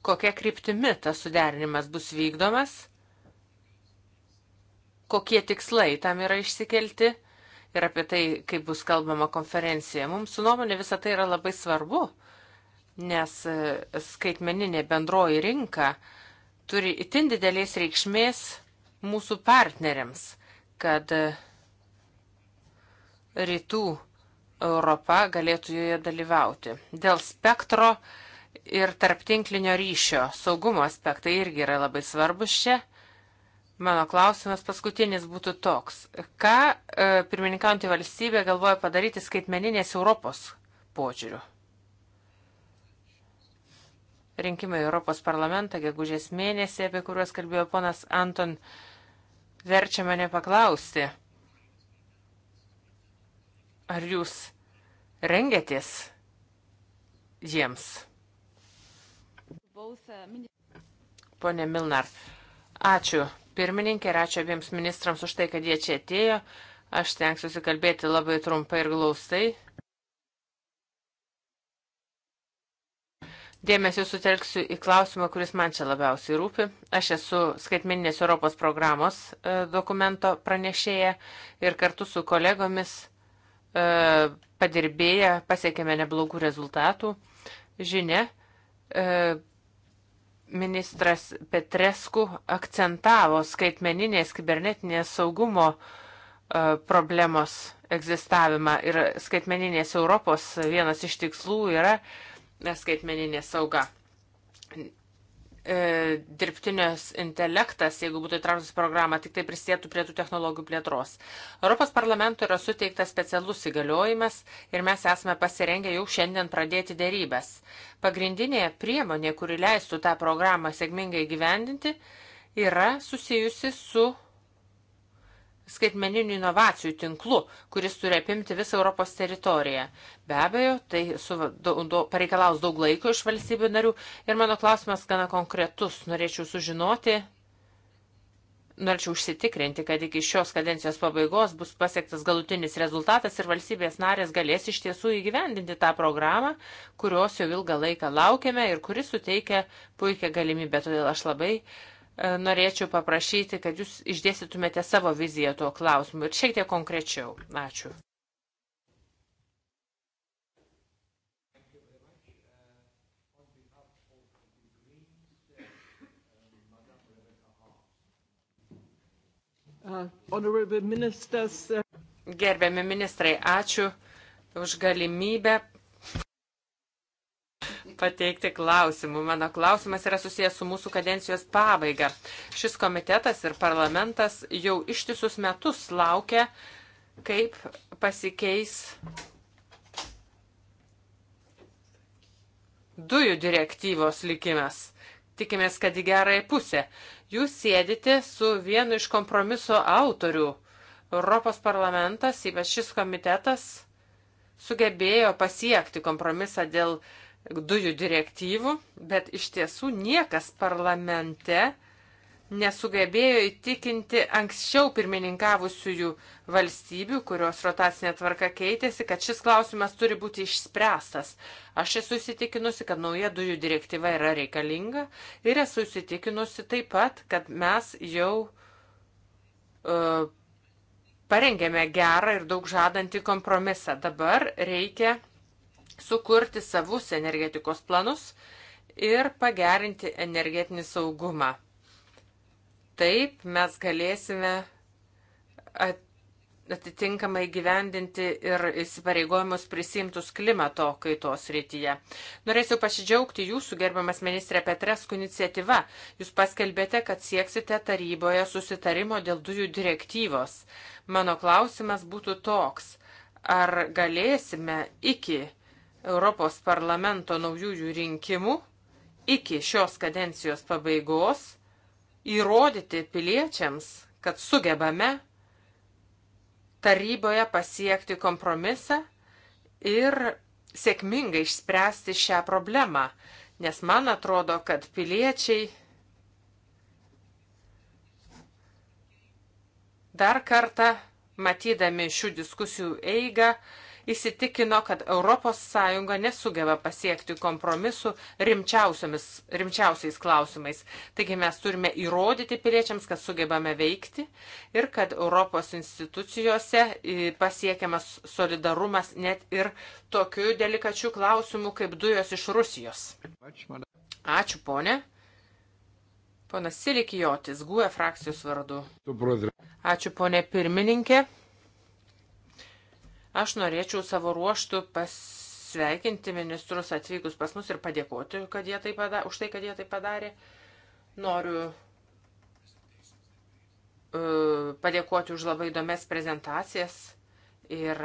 Kokia kryptimi tas suderinimas bus vykdomas? Kokie tikslai tam yra išsikelti? Ir apie tai, kaip bus kalbama konferencija. Mums su nuomonė visą tai yra labai svarbu, nes skaitmeninė bendroji rinka uh, turi itin didelės reikšmės mūsų partneriams, kad rytų Europa galėtų joje dalyvauti. Dėl spektro ir tarptinklinio ryšio saugumo aspektai irgi yra labai svarbus čia. Mano klausimas paskutinis būtų toks. Ką e, pirmininkaujantį valstybę galvoja padaryti skaitmeninės Europos požiūriu? rinkimai Europos parlamentą, gegužės mėnesį, apie kuriuos kalbėjo ponas Anton, verčia mane paklausti, ar jūs rengiatės jiems? Pone Milnar, ačiū pirmininkė ir ačiū abiems ministrams už tai, kad jie čia atėjo. Aš tenksiuosi kalbėti labai trumpai ir glaustai, Dėmesį sutelksiu į klausimą, kuris man čia labiausiai rūpi. Aš esu skaitmeninės Europos programos e, dokumento pranešėja ir kartu su kolegomis e, padirbėję pasiekėme neblogų rezultatų. Žinia, e, ministras Petresku akcentavo skaitmeninės kibernetinės saugumo problemos egzistavimą ir skaitmeninės Europos vienas iš tikslų yra skaitmeninė sauga. E, Dirbtinės intelektas, jeigu būtų įtrauktas programą, tik tai prisėtų prie tų technologijų plėtros. Europos parlamentui yra suteiktas specialus įgaliojimas ir mes esame pasirengę jau šiandien pradėti dėrybęs. Pagrindinė priemonė, kuri leistų tą programą sėkmingai gyvendinti, yra susijusi su skaitmeninių inovacijų tinklu, kuris turi apimti visą Europos teritoriją. Be abejo, tai su, do, do, pareikalaus daug laiko iš valstybių narių ir mano klausimas gana konkretus. Norėčiau sužinoti, norėčiau užsitikrinti, kad iki šios kadencijos pabaigos bus pasiektas galutinis rezultatas ir valstybės narės galės iš tiesų įgyvendinti tą programą, kurios jau ilgą laiką laukiame ir kuris suteikia puikią galimybę. Todėl aš labai uh, E, norėčiau paprašyti, kad jūs išdėstytumėte savo viziją tuo klausimu ir šiek tiek konkrečiau. Ačiū. Uh, uh, Gerbiami ministrai, ačiū už galimybę pateikti klausimų. Mano klausimas yra susijęs su mūsų kadencijos pabaiga. Šis komitetas ir parlamentas jau ištisus metus laukia, kaip pasikeis dujų direktyvos likimas. Tikimės, kad į gerąją pusę. Jūs sėdite su vienu iš kompromiso autorių. Europos parlamentas, ypač šis komitetas, sugebėjo pasiekti kompromisą dėl uh, dujų direktyvų, bet iš tiesų niekas parlamente nesugebėjo įtikinti anksčiau pirmininkavusiųjų valstybių, kurios rotacinė tvarka keitėsi, kad šis klausimas turi būti išspręstas. Aš esu įsitikinusi, kad nauja dujų direktyva yra reikalinga ir esu įsitikinusi taip pat, kad mes jau uh, parengėme gerą ir daug žadantį kompromisą. Dabar reikia sukurti savus energetikos planus ir pagerinti energetinį saugumą. Taip mes galėsime atitinkamai gyvendinti ir įsipareigojimus prisimtus klimato kaitos rytyje. Norėsiu pasidžiaugti jūsų, gerbiamas ministrė Petresku, iniciatyva. Jūs paskelbėte, kad sieksite taryboje susitarimo dėl dujų direktyvos. Mano klausimas būtų toks. Ar galėsime iki Europos parlamento naujųjų rinkimų iki šios kadencijos pabaigos įrodyti piliečiams, kad sugebame taryboje pasiekti kompromisą ir sėkmingai išspręsti šią problemą, nes man atrodo, kad piliečiai dar kartą, matydami šių diskusijų eigą, įsitikino, kad ES nesugeba pasiekti kompromisu rimčiausiais klausimais. Taigi mes turime įrodyti piliečiams, kad sugebame veikti ir kad Europos institucijose e, pasiekiamas solidarumas net ir tokiu delikačiu klausimu kaip dujos iš Rusijos. Ačiū, ponė. Ponas Silikijotis, GUE frakcijos vardu. Ačiū, ponė pirmininkė. Aš norėčiau savo ruoštų pasveikinti ministrus atvykus pas mus ir padėkoti kad jie tai pada, už tai, kad jie tai padarė. Noriu uh, padėkoti už labai įdomias prezentacijas ir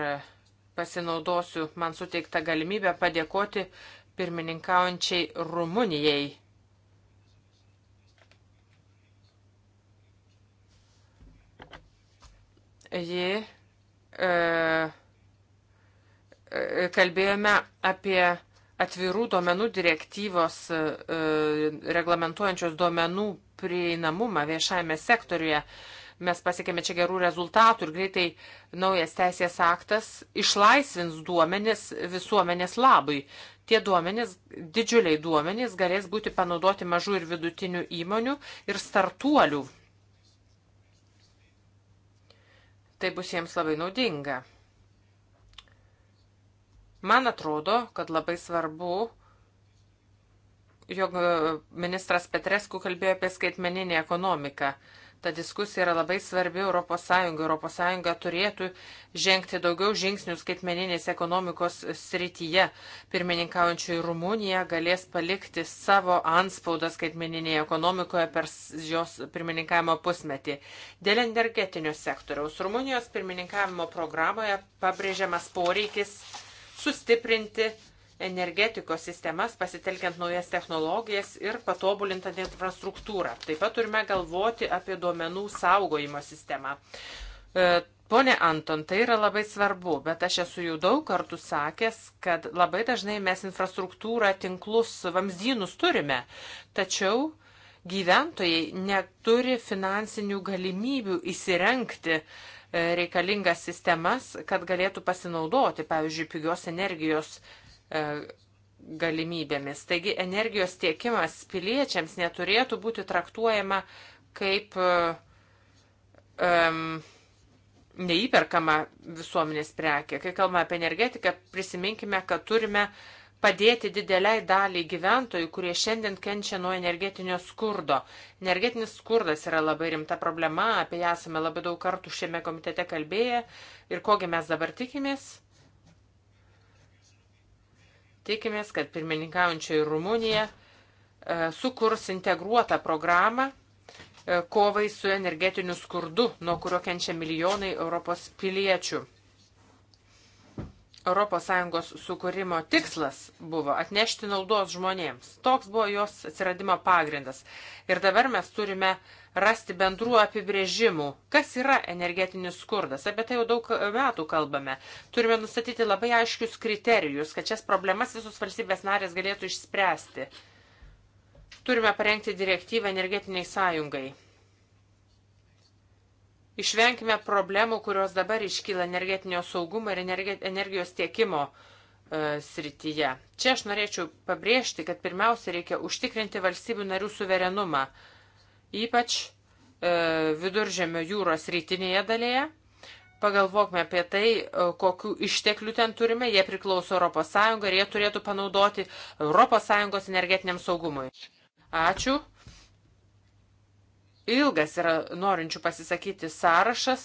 pasinaudosiu man suteiktą galimybę padėkoti pirmininkaujančiai Rumunijai. Ji e, kalbėjome apie atvirų duomenų direktyvos e, reglamentuojančios duomenų prieinamumą viešajame sektoriuje. Mes pasiekėme čia gerų rezultatų ir greitai naujas teisės aktas išlaisvins duomenis visuomenės labui. Tie duomenys, didžiuliai duomenys, galės būti panaudoti mažų ir vidutinių įmonių ir startuolių. Tai bus jiems labai naudinga. Man atrodo, kad labai svarbu, jog e, ministras Petresku kalbėjo apie skaitmeninį ekonomiką. Ta diskusija yra labai svarbi ES. ES turėtų žengti daugiau žingsnių skaitmeninės ekonomikos srityje. Pirmininkaujančiai Rumunija galės palikti savo anspaudą skaitmeninėje ekonomikoje per jos pirmininkavimo pusmetį. Dėl energetinio sektoriaus Rumunijos pirmininkavimo programoje pabrėžiamas poreikis sustiprinti energetikos sistemas, pasitelkiant naujas technologijas ir patobulintą infrastruktūrą. Taip pat turime galvoti apie duomenų saugojimo sistemą. E, Pone Anton, tai yra labai svarbu, bet aš esu jau daug kartų sakęs, kad labai dažnai mes infrastruktūrą, tinklus, vamzdynus turime, tačiau gyventojai neturi finansinių galimybių įsirenkti uh, E, reikalingas sistemas, kad galėtų pasinaudoti, pavyzdžiui, pigios energijos e, galimybėmis. Taigi energijos tiekimas piliečiams neturėtų būti traktuojama kaip um, neįperkama visuomenės prekė. Kai kalbame apie energetiką, prisiminkime, kad turime uh, padėti dideliai daliai gyventojų, kurie šiandien kenčia nuo energetinio skurdo. Energetinis skurdas yra labai rimta problema, apie ją esame labai daug kartų šiame komitete kalbėję ir kogi mes dabar tikimės. Tikimės, kad pirmininkaujančioji Rumunija e, sukurs integruotą programą e, kovai su energetiniu skurdu, nuo kurio kenčia milijonai Europos piliečių. ES sukūrimo tikslas buvo atnešti naudos žmonėms. Toks buvo jos atsiradimo pagrindas. Ir dabar mes turime rasti bendrų apibrėžimų, kas yra energetinis skurdas. Apie tai jau daug metų kalbame. Turime nustatyti labai aiškius kriterijus, kad šias problemas visus valstybės narės galėtų išspręsti. Turime parengti direktyvą energetiniai sąjungai. Išvenkime problemų, kurios dabar iškyla energetinio saugumo ir energijos tiekimo e, srityje. Čia aš norėčiau pabrėžti, kad pirmiausia reikia užtikrinti valstybių narių suverenumą, ypač e, viduržėmio jūros rytinėje dalyje. Pagalvokime apie tai, e, kokiu išteklių ten turime, jie priklauso ES ir jie turėtų panaudoti ES energetiniam saugumui. Ačiū. Ilgas yra norinčių pasisakyti sąrašas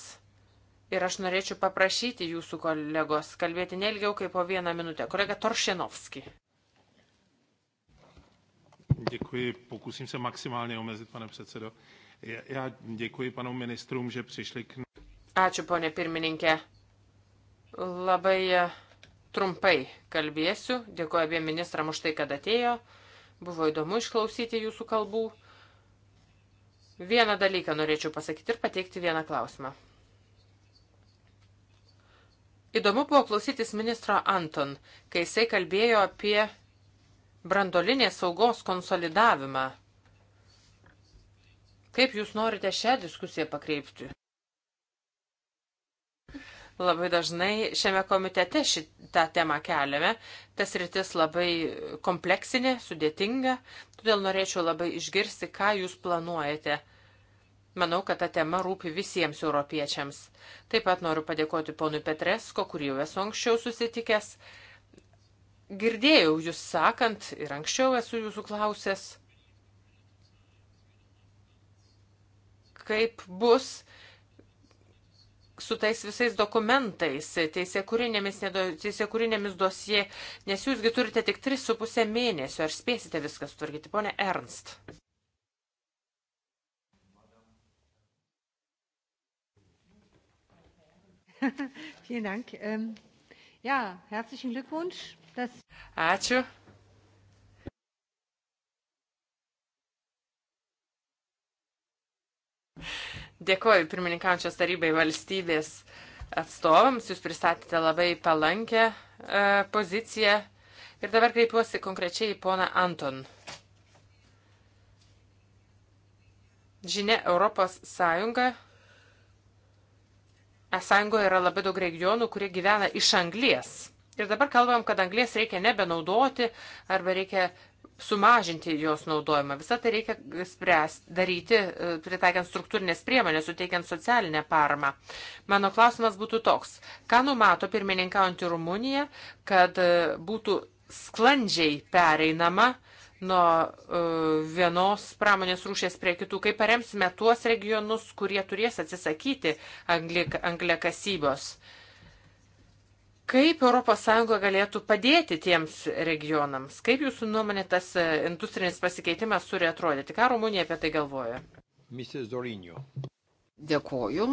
ir aš norėčiau paprašyti jūsų kolegos kalbėti nelgiau kaip po vieną minutę. Kolega Toršenovski. Děkuji, pokusím se maximálně omezit, pane předsedo. Já děkuji panu ministrům, že přišli k... Ačiū, ponė pirmininkė. Labai e, trumpai kalbėsiu. Dėkuoju abiem ministram už tai, kad atėjo. Buvo įdomu išklausyti jūsų kalbų. Vieną dalyką norėčiau pasakyti ir pateikti vieną klausimą. Įdomu buvo klausytis ministro Anton, kai jisai kalbėjo apie brandolinės saugos konsolidavimą. Kaip jūs norite šią diskusiją pakreipti? Labai dažnai šiame komitete šitą temą keliame. Tas rytis labai kompleksinė, sudėtinga, todėl norėčiau labai išgirsti, ką jūs planuojate. Manau, kad ta tema rūpi visiems europiečiams. Taip pat noriu padėkoti ponui Petresko, kurį jau esu anksčiau susitikęs. Girdėjau jūs sakant ir anksčiau esu jūsų klausęs, kaip bus, su tais visais dokumentais, teisėkūrinėmis teisė dosie, nes jūsgi turite tik 3,5 mėnesio, ar spėsite viską sutvarkyti, ponė Ernst. [LAUGHS] Vielen Dank. Ähm, ja, herzlichen Glückwunsch. Das Ačiū. Dėkoju pirmininkaujančios tarybai valstybės atstovams, jūs pristatėte labai palankę e, poziciją. Ir dabar kreipiuosi konkrečiai į poną Anton. Žinia, Europos Sąjunga. E, Sąjungoje yra labai daug regionų, kurie gyvena iš anglies. Ir dabar kalbam, kad anglies reikia nebenaudoti arba reikia sumažinti jos naudojimą. Visą tai reikia spręs, daryti, e, pritaikiant struktūrinės priemonės, suteikiant socialinę paramą. Mano klausimas būtų toks. Ką numato pirmininkaujantį Rumuniją, kad e, būtų sklandžiai pereinama nuo e, vienos pramonės rūšės prie kitų, kaip paremsime tuos regionus, kurie turės atsisakyti angliakasybos. Angli Kaip ES galėtų padėti tiems regionams? Kaip jūsų nuomonė tas e, industrinis pasikeitimas turi atrodyti? Ką Rumunija apie tai galvoja? Mrs. Dorinio. Dėkoju.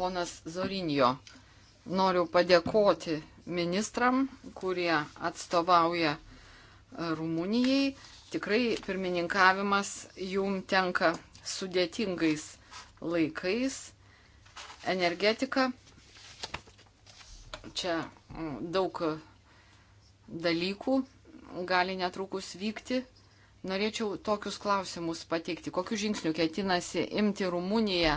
Ponas Zorinio, noriu padėkoti ministram, kurie atstovauja e, Rumunijai. Tikrai pirmininkavimas jum tenka sudėtingais laikais. Energetika. Čia mm, daug dalykų gali netrukus vykti. Norėčiau tokius klausimus pateikti. Kokiu žingsniu ketinasi imti Rumuniją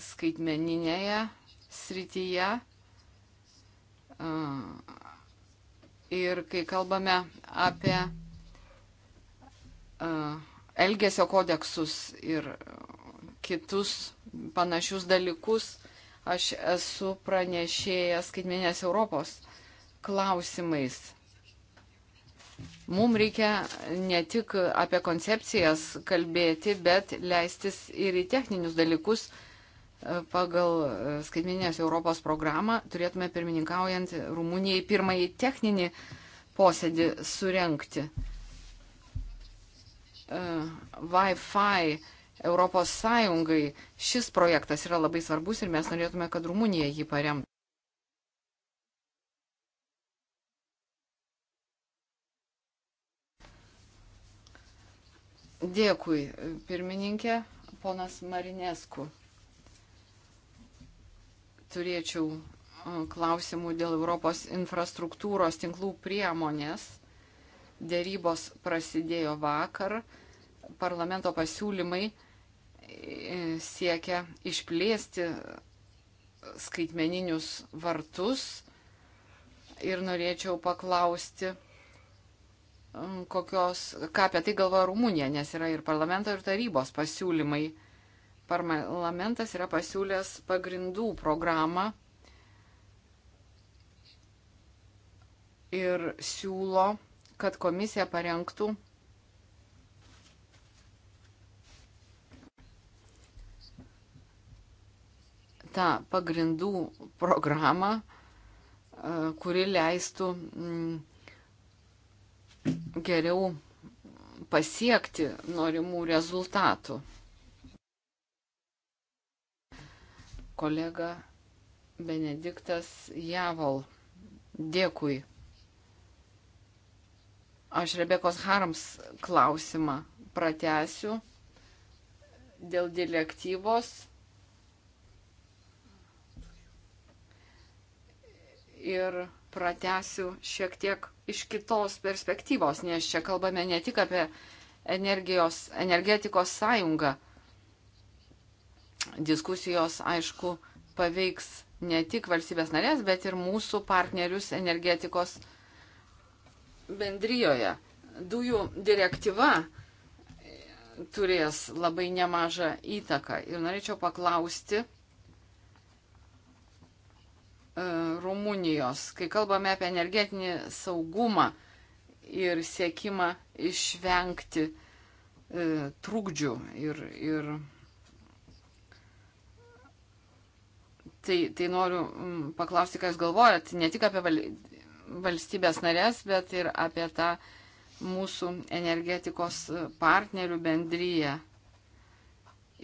skaitmeninėje srityje? Ir kai kalbame apie uh, elgesio kodeksus ir kitus panašius dalykus. Aš esu pranešėjęs skaitmenės Europos klausimais. Mums reikia ne tik apie koncepcijas kalbėti, bet leistis ir į techninius dalykus pagal skaitminės Europos programą. Turėtume pirmininkaujant Rumunijai pirmąjį techninį posėdį surenkti. Wi-Fi Europos Sąjungai. Šis projektas yra labai svarbus ir mes norėtume, kad Rumunija jį paremtų. Dėkui, pirmininkė, ponas Marinesku. Turėčiau klausimų dėl Europos infrastruktūros tinklų priemonės. Dėrybos prasidėjo vakar parlamento pasiūlymai e, siekia išplėsti skaitmeninius vartus ir norėčiau paklausti, kokios, ką apie tai galvoja Rumunija, nes yra ir parlamento, ir tarybos pasiūlymai. Parlamentas yra pasiūlęs pagrindų programą ir siūlo, kad komisija parengtų tą pagrindų programą, e, kuri leistų mm, geriau pasiekti norimų rezultatų. Kolega Benediktas Javol. Dėkui. Aš Rebekos Harms klausimą pratęsiu dėl direktyvos ir pratesiu šiek tiek iš kitos perspektyvos, nes čia kalbame ne tik apie energijos, energetikos sąjungą. Diskusijos, aišku, paveiks ne tik valstybės narės, bet ir mūsų partnerius energetikos bendryjoje. Dujų direktyva turės labai nemažą įtaką. Ir norėčiau paklausti, E, Rumunijos, kai kalbame apie energetinį saugumą ir siekimą išvengti e, trūkdžių. Ir, ir tai, tai noriu paklausti, ką Jūs galvojat, ne tik apie valstybės narės, bet ir apie tą mūsų energetikos partnerių bendryje.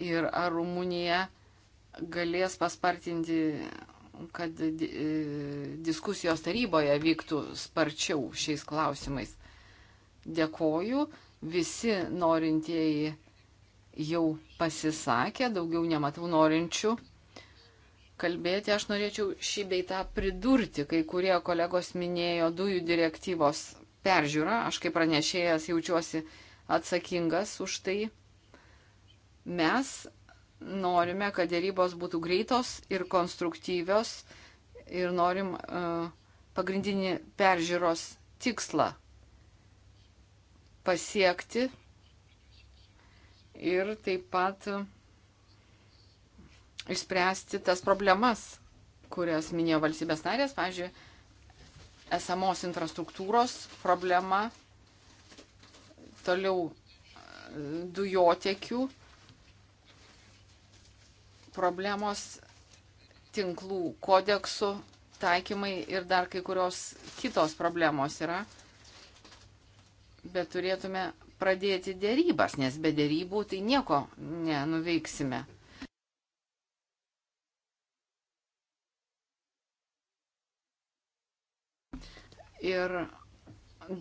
Ir ar Rumunija galės paspartinti kad e, diskusijos taryboje vyktų sparčiau šiais klausimais. Dėkoju, visi norintieji jau pasisakė, daugiau nematau norinčių kalbėti. Aš norėčiau šį beitą pridurti, kai kurie kolegos minėjo dujų direktyvos peržiūrą. Aš kaip pranešėjas jaučiuosi atsakingas už tai. Mes norime, kad dėrybos būtų greitos ir konstruktyvios ir norim uh, pagrindinį peržiūros tikslą pasiekti ir taip pat e, išspręsti tas problemas, kurias minėjo valstybės narės, pavyzdžiui, esamos infrastruktūros problema, toliau e, dujotekių problemos tinklų kodeksų taikymai ir dar kai kurios kitos problemos yra. Bet turėtume pradėti dėrybas, nes be dėrybų tai nieko nenuveiksime. Ir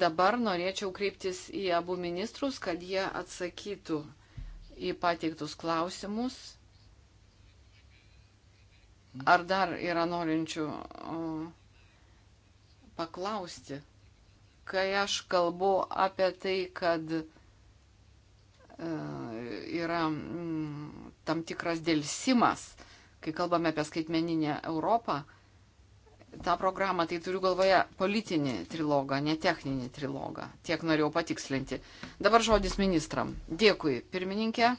dabar norėčiau kreiptis į abu ministrus, kad jie atsakytų į pateiktus klausimus Ar dar yra norinčių paklausti, kai aš kalbu apie tai, kad e, yra mm, tam tikras dėlsimas, kai kalbame apie skaitmeninę Europą, tą programą, tai turiu galvoje politinį trilogą, ne techninį trilogą. Tiek norėjau patikslinti. Dabar žodis ministram. Dėkui, pirmininkė.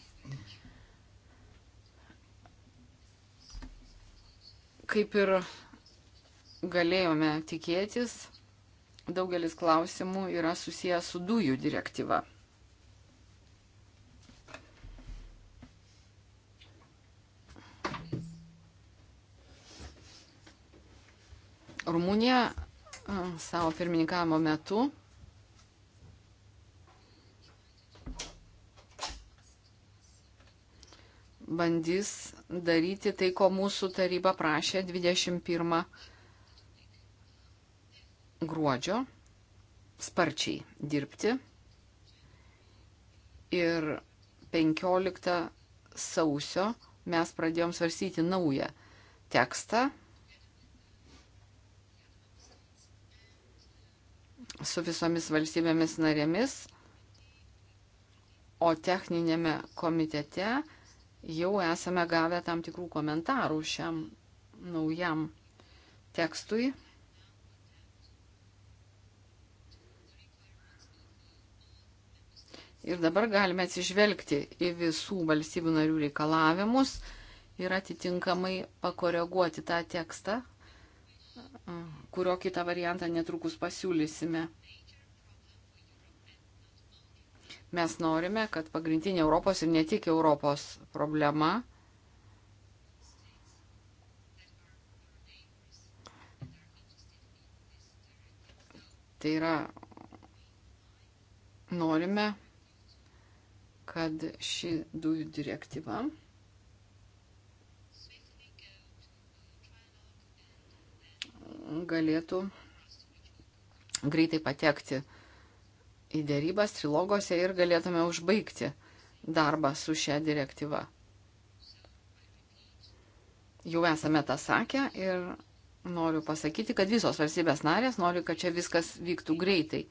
Kaip ir galėjome tikėtis, daugelis klausimų yra susijęs su dujų direktyva. Rumunija savo pirmininkavimo metu bandys daryti tai, ko mūsų taryba prašė 21 gruodžio sparčiai dirbti ir 15 sausio mes pradėjom svarstyti naują tekstą su visomis valstybėmis narėmis, o techninėme komitete jau esame gavę tam tikrų komentarų šiam naujam tekstui. Ir dabar galime atsižvelgti į visų valstybių narių reikalavimus ir atitinkamai pakoreguoti tą tekstą, kurio kitą variantą netrukus pasiūlysime. Mes norime, kad pagrindinė Europos ir ne tik Europos problema Tai yra, norime, kad ši dujų direktyva galėtų greitai patekti į dėrybas trilogose ir galėtume užbaigti darbą su šia direktyva. Jau esame tą sakę ir noriu pasakyti, kad visos valstybės narės nori, kad čia viskas vyktų greitai.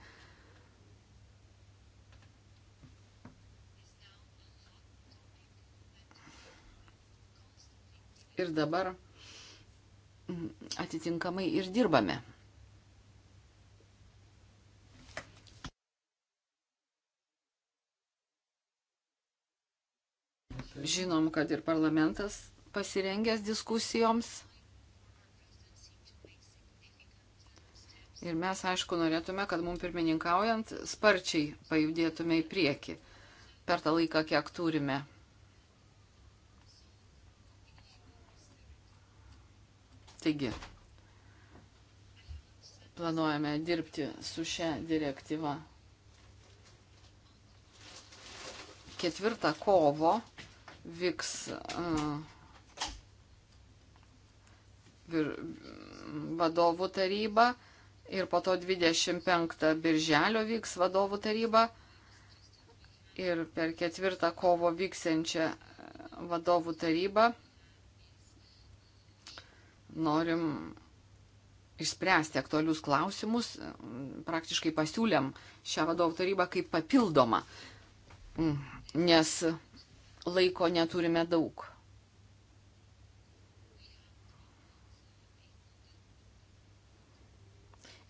Ir dabar atitinkamai ir dirbame. Žinom, kad ir parlamentas pasirengęs diskusijoms. Ir mes, aišku, norėtume, kad mums pirmininkaujant sparčiai pajudėtume į priekį per tą laiką, kiek turime. Taigi, planuojame dirbti su šia direktyva. Ketvirtą kovo vyks uh, vir, vadovų taryba ir po to 25 birželio vyks vadovų taryba ir per ketvirtą kovo vyksiančią vadovų tarybą norim išspręsti aktualius klausimus, praktiškai pasiūlėm šią vadovų tarybą kaip papildomą, nes laiko neturime daug.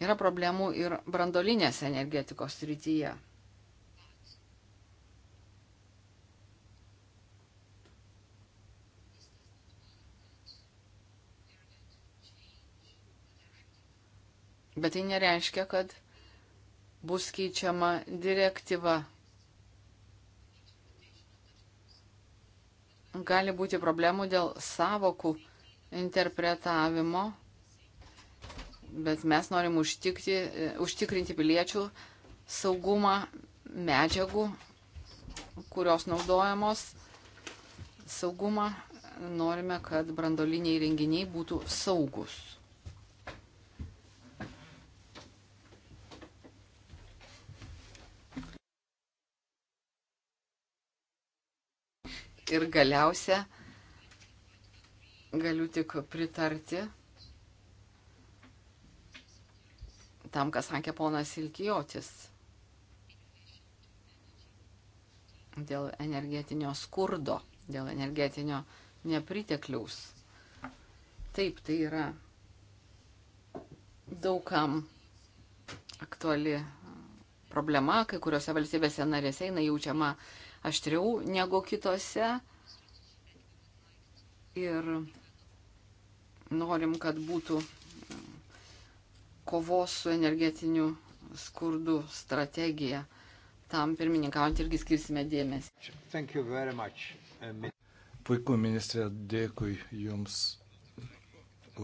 Yra problemų ir brandolinės energetikos rytyje. Bet tai nereiškia, kad bus keičiama direktyva gali būti problemų dėl savokų interpretavimo, bet mes norim užtikti, užtikrinti piliečių saugumą medžiagų, kurios naudojamos, saugumą norime, kad brandoliniai renginiai būtų saugus. Ir galiausia, galiu tik pritarti tam, kas sakė ponas Ilkijotis dėl energetinio skurdo, dėl energetinio nepritekliaus. Taip, tai yra daugam aktuali problema, kai kuriuose valstybėse narėse jinai jaučiama aštriau negu kitose. Ir norim, kad būtų kovos su energetiniu skurdu strategija. Tam pirmininkaujant irgi skirsime dėmesį. Uh, Puiku, ministrė, dėkui Jums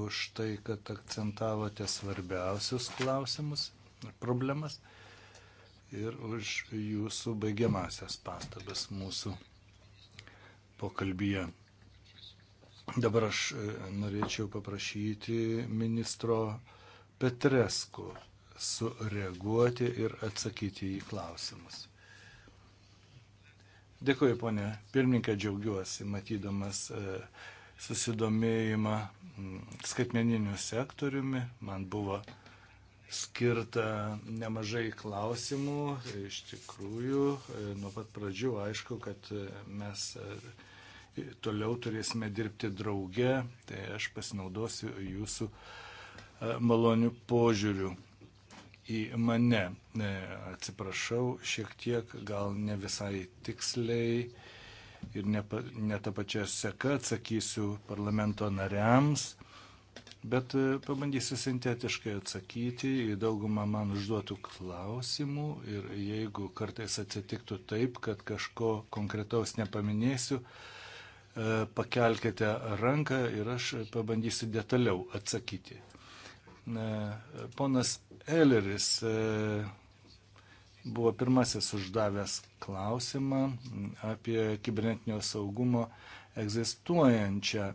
už tai, kad akcentavote svarbiausius klausimus ir problemas ir už jūsų baigiamasias pastabas mūsų pokalbyje. Dabar aš e, norėčiau paprašyti ministro Petresku sureaguoti ir atsakyti į klausimus. Dėkuoju, ponė. Pirmininkė, džiaugiuosi, matydamas e, susidomėjimą skaitmeniniu sektoriumi. Man buvo skirta nemažai klausimų. Iš tikrųjų, e, nuo pat pradžių aišku, kad e, mes e, toliau turėsime dirbti drauge, tai aš pasinaudosiu jūsų malonių požiūrių į mane. Atsiprašau, šiek tiek gal ne visai tiksliai ir ne, ne tą pačią seką atsakysiu parlamento nariams bet e, pabandysiu sintetiškai atsakyti į daugumą man užduotų klausimų ir jeigu kartais atsitiktų taip, kad kažko konkretaus nepaminėsiu, e, pakelkite ranką ir aš pabandysiu detaliau atsakyti. Ponas Elleris e, buvo pirmasis uždavęs klausimą apie kibernetinio saugumo egzistuojančią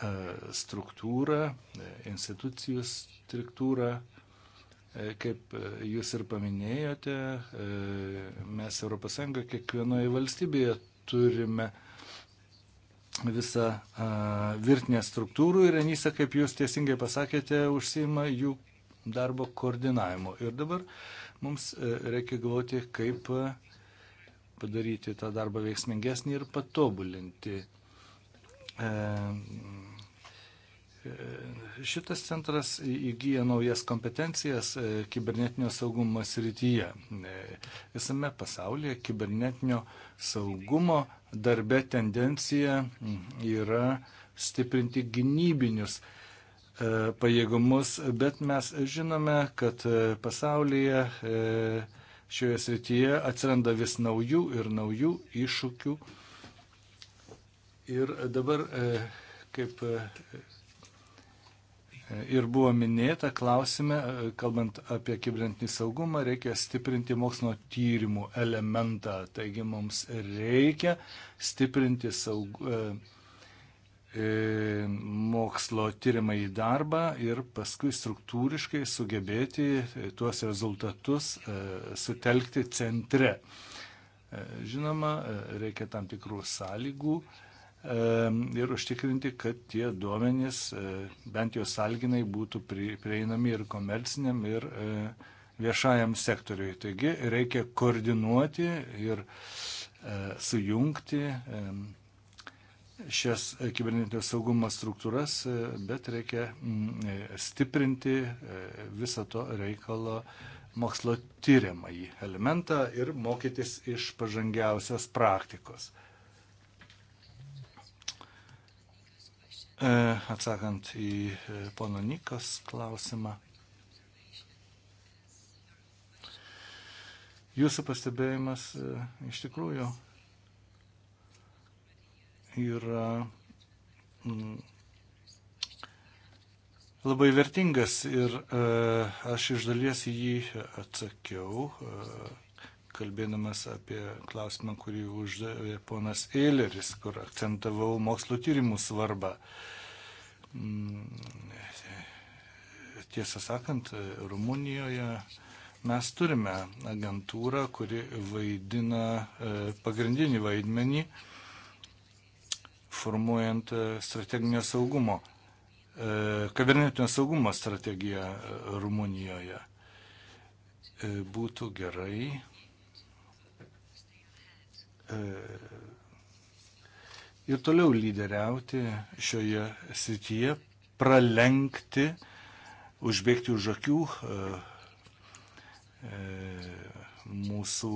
E, struktūrą, e, institucijų struktūrą. E, kaip jūs ir paminėjote, mes ES kiekvienoje valstybėje turime visą virtinę struktūrų ir Anisa, kaip jūs teisingai pasakėte, užsima jų darbo koordinavimu. Ir dabar mums reikia galvoti, kaip padaryti tą darbą veiksmingesnį ir patobulinti Šitas centras įgyja naujas kompetencijas e, kibernetinio saugumo srityje. E, visame pasaulyje kibernetinio saugumo darbe tendencija yra stiprinti gynybinius e, pajėgumus, bet mes žinome, kad pasaulyje šioje srityje atsiranda vis naujų ir naujų iššūkių Ir dabar, e, kaip e, e, ir buvo minėta, klausime, kalbant apie kibernetinį saugumą, reikia stiprinti mokslo tyrimų elementą. Taigi mums reikia stiprinti saug... mokslo tyrimą į darbą ir paskui struktūriškai sugebėti tuos rezultatus sutelkti centre. Žinoma, reikia tam tikrų sąlygų, ir užtikrinti, kad tie duomenys, e, bent jau salginai, būtų prieinami ir komerciniam, ir e, viešajam sektoriui. Taigi reikia koordinuoti ir e, sujungti šias kibernetinio saugumo struktūras, bet reikia stiprinti viso to reikalo mokslo tyriamąjį elementą ir mokytis iš pažangiausios praktikos. E, atsakant į e, pono Nikos klausimą. Jūsų pastebėjimas e, iš tikrųjų yra mm, labai vertingas ir aš iš dalies į jį atsakiau kalbėdamas apie klausimą, kurį uždavė ponas Eileris, kur akcentavau mokslo tyrimų svarbą. Mm, tiesą sakant, Rumunijoje mes turime agentūrą, kuri vaidina e, pagrindinį vaidmenį formuojant e, strateginio saugumo, e, kabernetinio saugumo strategiją Rumunijoje. Būtų gerai E, ir toliau lyderiauti šioje srityje, pralenkti, užbėgti už akių e, e, mūsų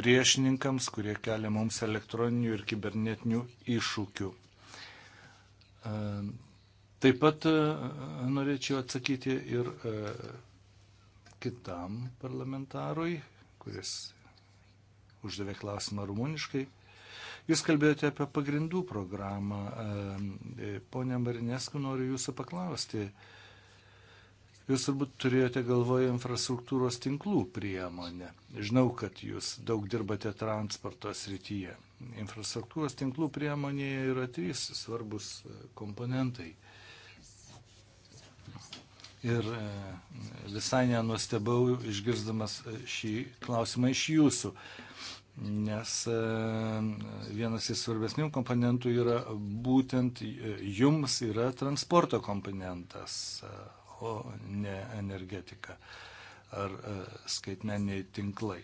priešininkams, kurie kelia mums elektroninių ir kibernetinių iššūkių. Taip pat norėčiau atsakyti ir kitam parlamentarui, kuris uždavė klausimą rumuniškai. Jūs kalbėjote apie pagrindų programą. E, Pone Marinesku, noriu jūsų paklausti. Jūs turbūt turėjote galvoje infrastruktūros tinklų priemonę. Žinau, kad jūs daug dirbate transporto srityje. Infrastruktūros tinklų priemonėje yra trys svarbus e, komponentai. Ir e, visai nenustebau išgirdamas šį klausimą iš jūsų nes e, vienas iš svarbesnių komponentų yra būtent e, jums yra transporto komponentas, e, o ne energetika ar skaitmeniai tinklai.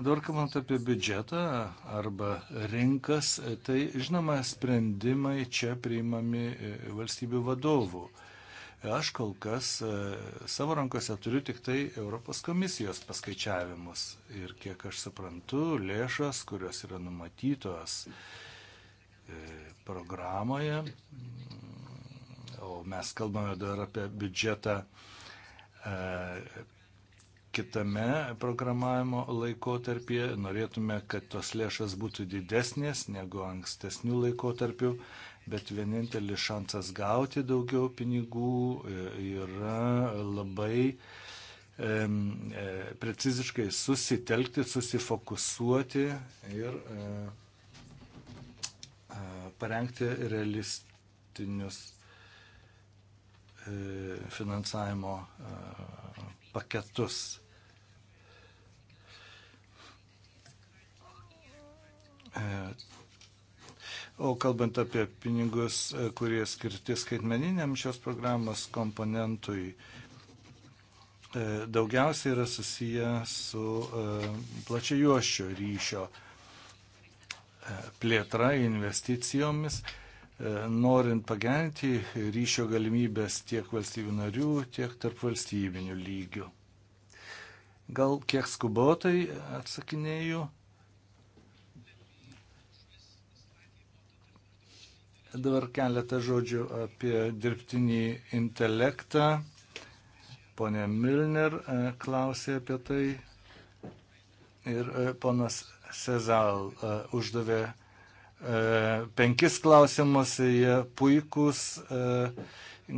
Dabar kalbant apie biudžetą arba rinkas, tai žinoma, sprendimai čia priimami valstybių vadovų. Aš kol kas e, savo rankose turiu tik tai Europos komisijos paskaičiavimus ir kiek aš suprantu, lėšas, kurios yra numatytos e, programoje, o mes kalbame dar apie biudžetą e, kitame programavimo laikotarpyje norėtume, kad tos lėšas būtų didesnės negu ankstesnių laikotarpių bet vienintelis šansas gauti daugiau pinigų e, yra labai e, preciziškai susitelkti, susifokusuoti ir e, parengti realistinius finansavimo paketus. O kalbant apie pinigus, e, kurie skirti skaitmeniniam šios programos komponentui, e, daugiausiai yra susiję su e, plačiajuoščio ryšio plėtra, investicijomis, norint pagerinti ryšio galimybės tiek valstybių narių, tiek tarp valstybinių lygių. Gal kiek skubotai atsakinėjau? Dabar keletą žodžių apie dirbtinį intelektą. Pone Milner e, klausė apie tai ir e, ponas Sezal e, uždavė penkis klausimus, jie puikūs,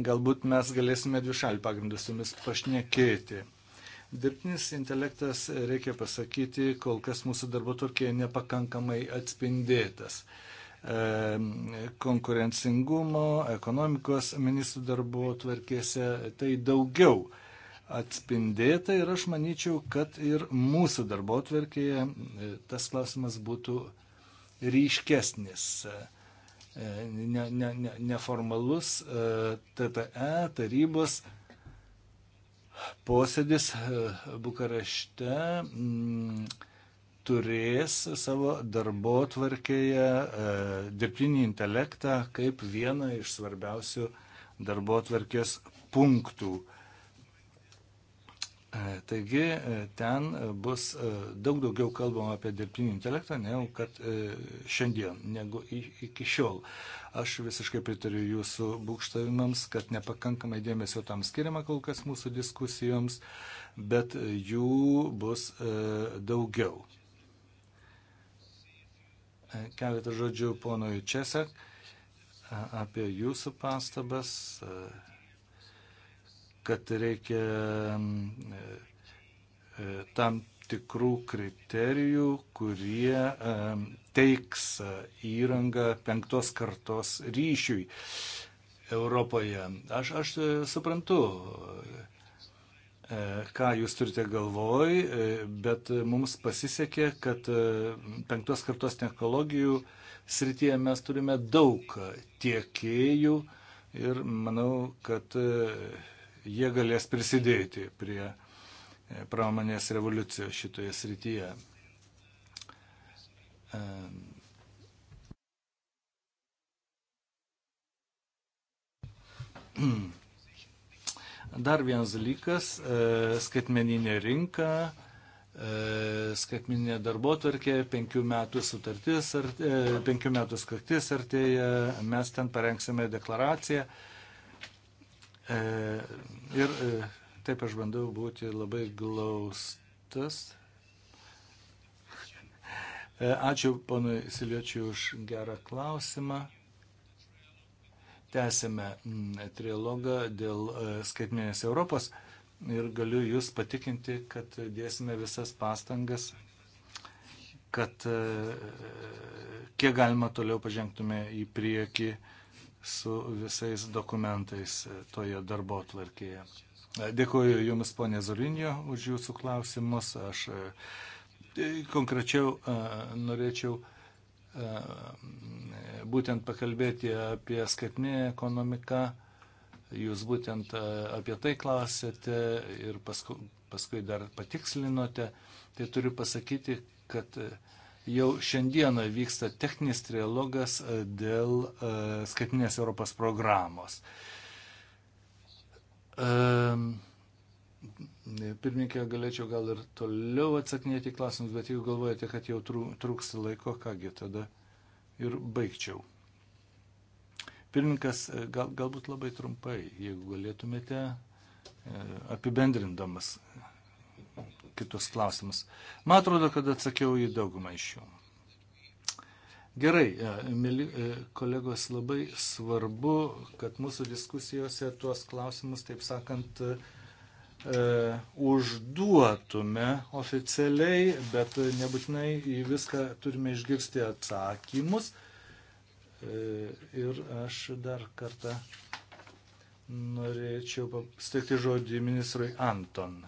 galbūt mes galėsime dvišalį pagrindą su jumis pašnekėti. Dirbtinis intelektas, reikia pasakyti, kol kas mūsų darbo turkėje nepakankamai atspindėtas. Uh, konkurencingumo, ekonomikos ministrų darbo tvarkėse tai daugiau atspindėta ir aš manyčiau, kad ir mūsų darbo tvarkėje e, tas klausimas būtų ryškesnis. E, ne, ne, ne, neformalus TTE e tarybos posėdis Bukarešte. Mm, turės savo darbo tvarkėje e, dirbtinį intelektą kaip vieną iš svarbiausių darbo tvarkės punktų. E, taigi e, ten bus daug daugiau kalbama apie dirbtinį intelektą, negu kad šiandien, negu iki šiol. Aš visiškai pritariu jūsų būkštavimams, kad nepakankamai dėmesio tam skiriama kol kas mūsų diskusijoms, bet jų bus daugiau keletą žodžių ponui Česak apie jūsų pastabas, kad reikia e, tam tikrų kriterijų, kurie teiks įrangą penktos kartos ryšiui Europoje. Aš, aš e, suprantu E, ką jūs turite galvoj, e, bet mums pasisekė, kad e, penktos kartos technologijų srityje mes turime daug tiekėjų ir manau, kad jie galės prisidėti prie pramonės revoliucijos šitoje srityje. Hmm. Dar vienas dalykas e, - skaitmeninė rinka, e, skaitmeninė darbotvarkė, penkių metų sutartis, e, penkių metų skaktis artėja, mes ten parengsime deklaraciją. Ir taip aš bandau būti labai glaustas. Ačiū ponui Siliečiui už gerą klausimą tęsime mm, trilogą dėl e, skaitminės Europos ir galiu Jūs patikinti, kad dėsime visas pastangas, kad e, kiek galima toliau pažengtume į priekį su visais dokumentais e, toje darbo atvarkėje. Dėkuoju Jums, ponė Zorinio, už Jūsų klausimus. Aš konkrečiau norėčiau Ehm, būtent pakalbėti apie skaitminę ekonomiką. Jūs būtent e, apie tai klausėte ir paskui, paskui dar patikslinote. Tai turiu pasakyti, kad e, jau šiandieną vyksta techninis trialogas e, dėl skaitminės Europos programos. Ehm, Pirmininkė, galėčiau gal ir toliau atsakinėti klausimus, bet jeigu galvojate, kad jau trūks laiko, kągi tada ir baigčiau. Pirmininkas, gal, galbūt labai trumpai, jeigu galėtumėte e, apibendrindamas kitus klausimus. Man atrodo, kad atsakiau į daugumą iš jų. Gerai, e, mėly e, kolegos, labai svarbu, kad mūsų diskusijose tuos klausimus, taip sakant, E, užduotume oficialiai, bet nebūtinai į viską turime išgirsti atsakymus. E, ir aš dar kartą norėčiau steikti žodį ministrui Anton.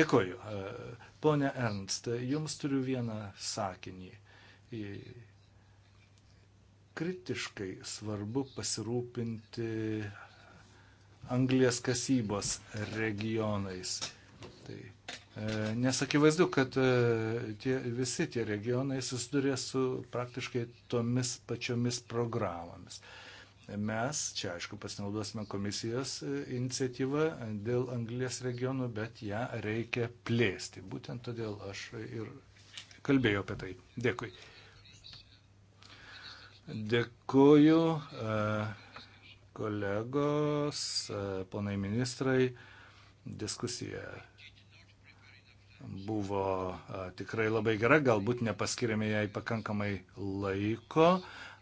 Dėkoju. E, pone Ernst, jums turiu vieną sakinį. Kritiškai svarbu pasirūpinti anglės kasybos regionais. Tai, e, nes akivaizdu, kad e, tie, visi tie regionai susiduria su praktiškai tomis pačiomis programomis. Mes čia, aišku, pasinaudosime komisijos e, iniciatyvą dėl anglės regionų, bet ją reikia plėsti. Būtent todėl aš ir kalbėjau apie tai. Dėkui. Dėkuoju. Uh, kolegos, e, ponai ministrai, diskusija buvo e, tikrai labai gera, galbūt nepaskiriame jai pakankamai laiko,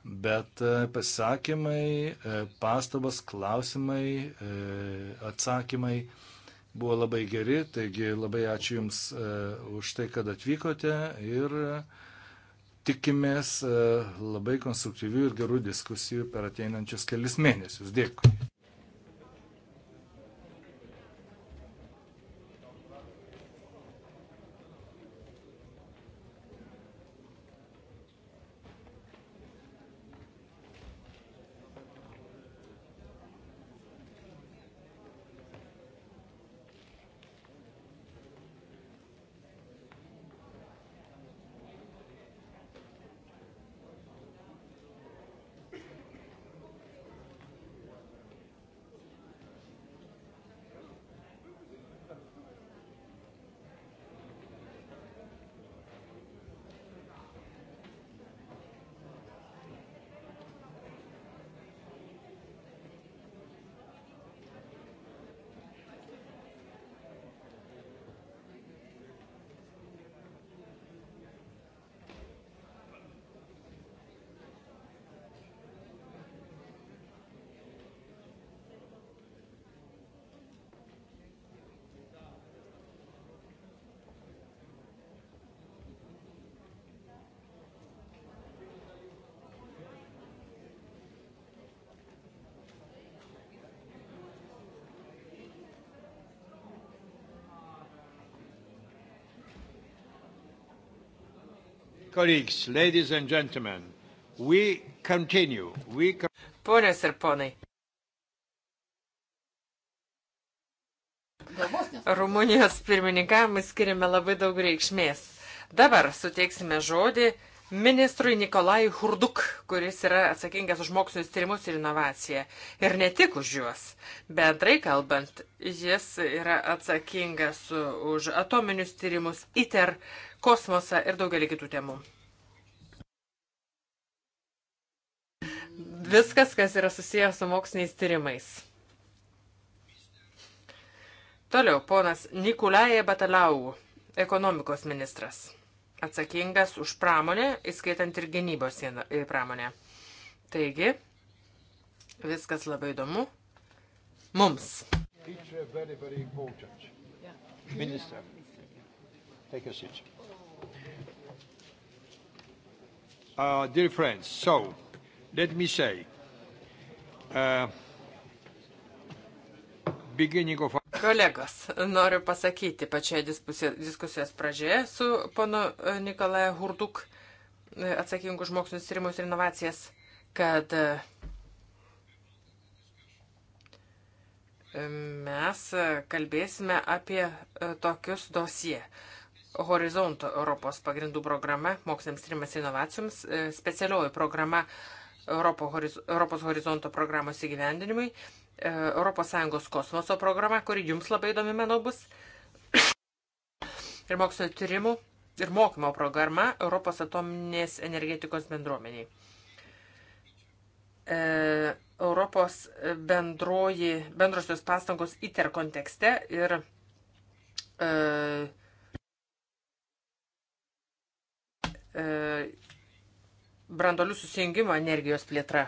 bet e, pasakymai, pastabas, klausimai, atsakymai buvo labai geri, taigi labai ačiū Jums už tai, kad atvykote ir tikimės e, labai konstruktyvių ir gerų diskusijų per ateinančius kelis mėnesius. Dėkui. colleagues, ladies and gentlemen, we continue. We co Ponios ir ponai. Rumunijos pirmininkavimui skiriame labai daug reikšmės. Dabar suteiksime žodį ministrui Nikolai Hurduk, kuris yra atsakingas už mokslinius tyrimus ir inovaciją. Ir ne tik už juos. Bendrai kalbant, jis yra atsakingas už atominius tyrimus ITER kosmosą ir daugelį kitų temų. Viskas, kas yra susijęs su moksliniais tyrimais. Toliau ponas Nikulaje Batalau, ekonomikos ministras, atsakingas už pramonę, įskaitant ir gynybos pramonę. Taigi, viskas labai įdomu mums. Minister, take a seat. Uh, dear friends, so let me say, uh, beginning of. Kolegos, noriu pasakyti pačioje diskusijos pradžioje su ponu uh, Nikolai Hurduk uh, atsakingu už mokslinius tyrimus ir inovacijas, kad uh, mes kalbėsime apie tokius dosie. Uh, Horizonto Europos pagrindų programa moksliniams tyrimams inovacijoms, e, specialioji programa Europos horizonto programos įgyvendinimui, ES kosmoso programa, kuri jums labai įdomi, manau, bus, ir mokslinio tyrimų ir mokymo programa Europos atominės energetikos bendruomeniai. E, Europos bendroji, bendrosios pastangos ITER kontekste ir e, E, brandolių susijungimo energijos plėtra.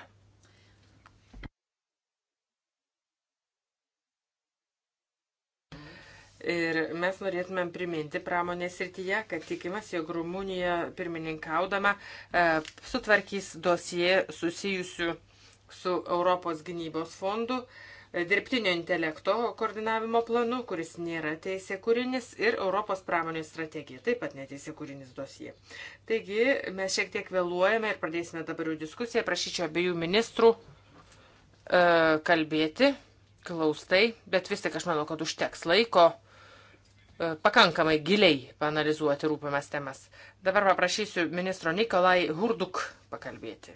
Ir mes norėtumėm priminti pramonės srityje, kad tikimasi, jog Rumunija pirmininkaudama e, sutvarkys dosie susijusių su Europos gynybos fondu dirbtinio intelekto koordinavimo planu, kuris nėra teisėkūrinis, ir Europos pramonės strategija, taip pat neteisėkūrinis dosie. Taigi mes šiek tiek vėluojame ir pradėsime dabar jau diskusiją. Prašyčiau abiejų ministrų e, kalbėti klaustai, bet vis tik aš manau, kad užteks laiko e, pakankamai giliai panalizuoti rūpimas temas. Dabar paprašysiu ministro Nikolai Hurduk pakalbėti.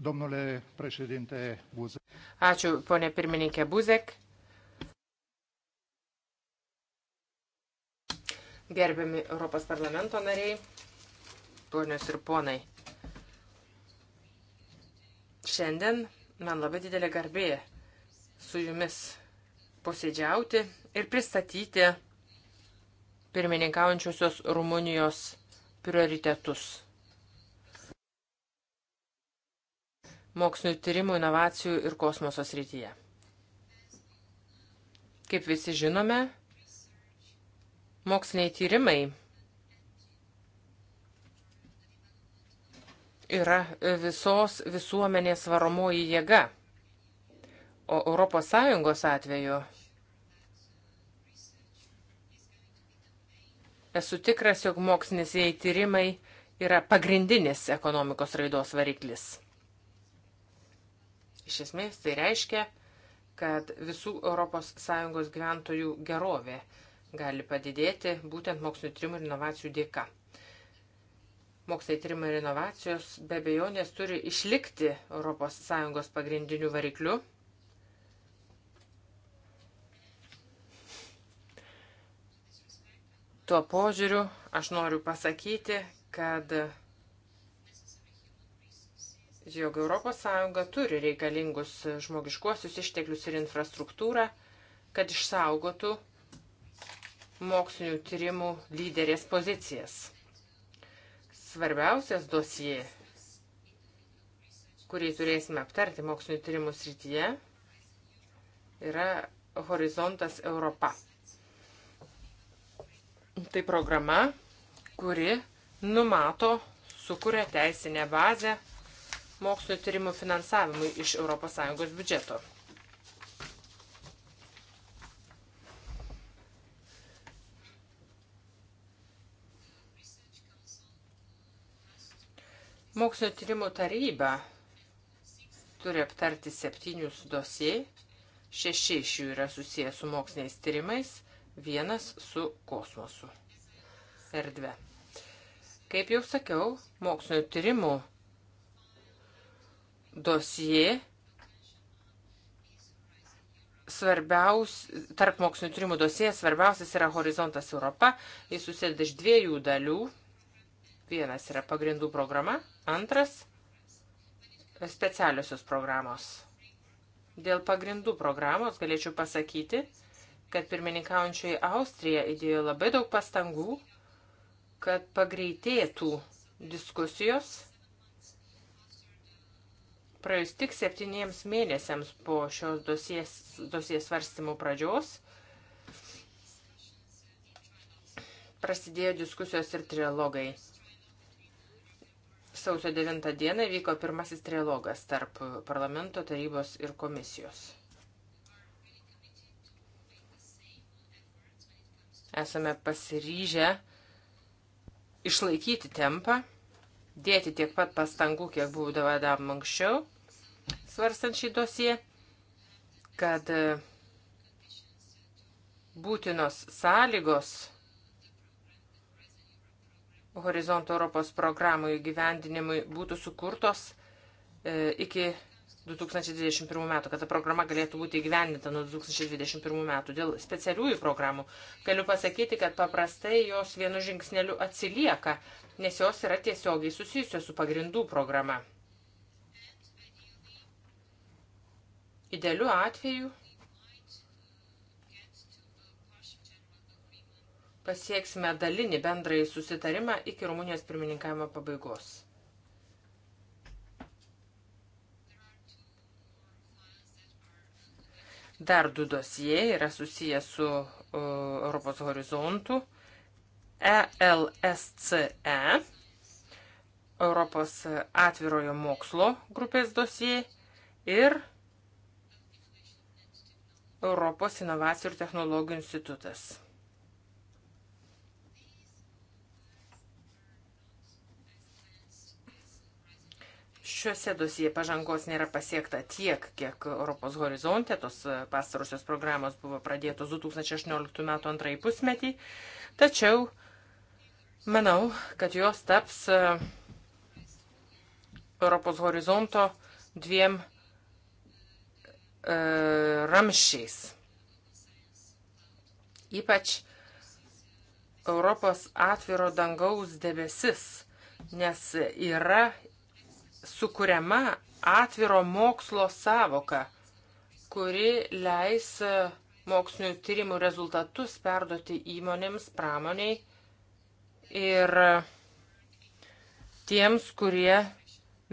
Domnule președinte Buzek. Ačiū, ponė pirmininkė Buzek. Gerbiami Europos parlamento nariai, ponios ir ponai. Šiandien man labai didelė garbė su jumis posėdžiauti ir pristatyti pirmininkaujančiosios Rumunijos prioritetus mokslinio tyrimų, inovacijų ir kosmoso srityje. Kaip visi žinome, moksliniai tyrimai yra visos visuomenės varomoji jėga. O ES atveju esu tikras, jog mokslinis jei tyrimai yra pagrindinis ekonomikos raidos variklis. Iš esmės tai reiškia, kad visų ES gyventojų gerovė gali padidėti būtent mokslinio tyrimų ir inovacijų dėka. Moksliniai tyrimai ir inovacijos be bejonės turi išlikti ES pagrindiniu varikliu. Tuo požiūriu aš noriu pasakyti, kad jog ES turi reikalingus žmogiškuosius išteklius ir infrastruktūrą, kad išsaugotų mokslinių tyrimų lyderės pozicijas. Svarbiausias dosijai kurį turėsime aptarti mokslinio tyrimų srityje, yra Horizontas Europa. Tai programa, kuri numato, sukuria teisinę bazę mokslo tyrimų finansavimui iš ES biudžeto. Mokslo tyrimų taryba turi aptarti septynius dosijai, šeši iš jų yra susijęs su moksliniais tyrimais, vienas su kosmosu erdve. Kaip jau sakiau, mokslinio tyrimų dosie svarbiaus, tarp mokslinio tyrimų dosie svarbiausias yra Horizontas Europa. Jis susideda iš dviejų dalių. Vienas yra pagrindų programa, antras specialiosios programos. Dėl pagrindų programos galėčiau pasakyti, kad pirmininkaujančioji Austrija įdėjo labai daug pastangų, kad pagreitėtų diskusijos Praėjus tik septyniems mėnesiams po šios dosies, dosies svarstymų pradžios prasidėjo diskusijos ir trilogai. Sausio 9 dieną vyko pirmasis trilogas tarp parlamento tarybos ir komisijos. Esame pasiryžę išlaikyti tempą dėti tiek pat pastangų, kiek būdavo dam anksčiau, svarstant šį dosiją, kad e, būtinos sąlygos Horizonto Europos programų įgyvendinimui būtų sukurtos e, iki 2021 metų, kad ta programa galėtų būti įgyvendinta nuo 2021 metų. Dėl specialiųjų programų galiu pasakyti, kad paprastai jos vienu žingsneliu atsilieka nes jos yra tiesiogiai susijusios su pagrindų programa. Idealiu atveju pasieksime dalinį bendrąjį susitarimą iki Rumunijos pirmininkavimo pabaigos. Dar du dosijai yra susijęs su uh, Europos horizontu. Uh, ELSCE, e, Europos atvirojo mokslo grupės dosie ir Europos inovacijų ir technologijų institutas. Šiuose dosije pažangos nėra pasiekta tiek, kiek Europos horizonte, tos pastarusios programos buvo pradėtos 2018 m. antrąjį pusmetį, tačiau Manau, kad jos taps e, Europos horizonto dviem e, ramšiais. Ypač Europos atviro dangaus debesis, nes yra sukuriama atviro mokslo savoka, kuri leis e, mokslinių tyrimų rezultatus perduoti įmonėms, pramoniai ir tiems, kurie